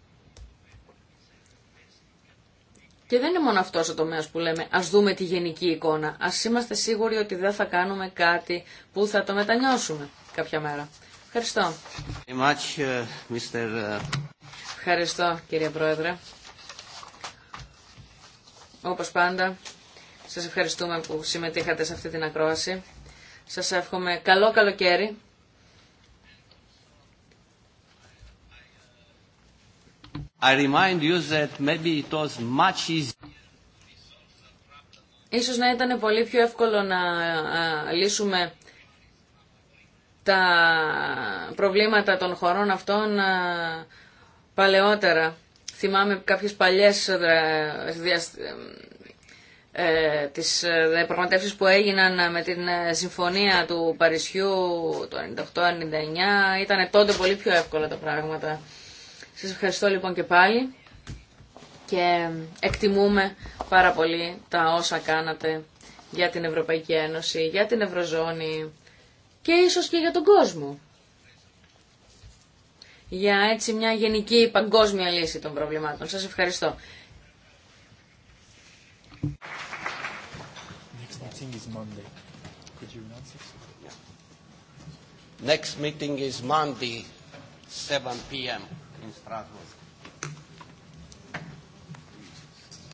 Και δεν είναι μόνο αυτό ο τομέα που λέμε ας δούμε τη γενική εικόνα. Ας είμαστε σίγουροι ότι δεν θα κάνουμε κάτι που θα το μετανιώσουμε κάποια μέρα. Ευχαριστώ. Ευχαριστώ κύριε Πρόεδρε. Όπως πάντα, σας ευχαριστούμε που συμμετείχατε σε αυτή την ακρόαση. Σας εύχομαι καλό καλοκαίρι. I Ίσως να ήταν πολύ πιο εύκολο να λύσουμε τα προβλήματα των χωρών αυτών παλαιότερα. Θυμάμαι κάποιες παλιές ε, ε, ε, τις που έγιναν με την συμφωνία του Παρισιού το 98-99 ήταν τότε πολύ πιο εύκολα τα πράγματα. Σας ευχαριστώ λοιπόν και πάλι και εκτιμούμε πάρα πολύ τα όσα κάνατε για την Ευρωπαϊκή Ένωση, για την Ευρωζώνη και ίσως και για τον κόσμο για έτσι μια γενική παγκόσμια λύση των προβλημάτων. Σας ευχαριστώ. Next meeting is Monday, 7 p.m. in Strasbourg.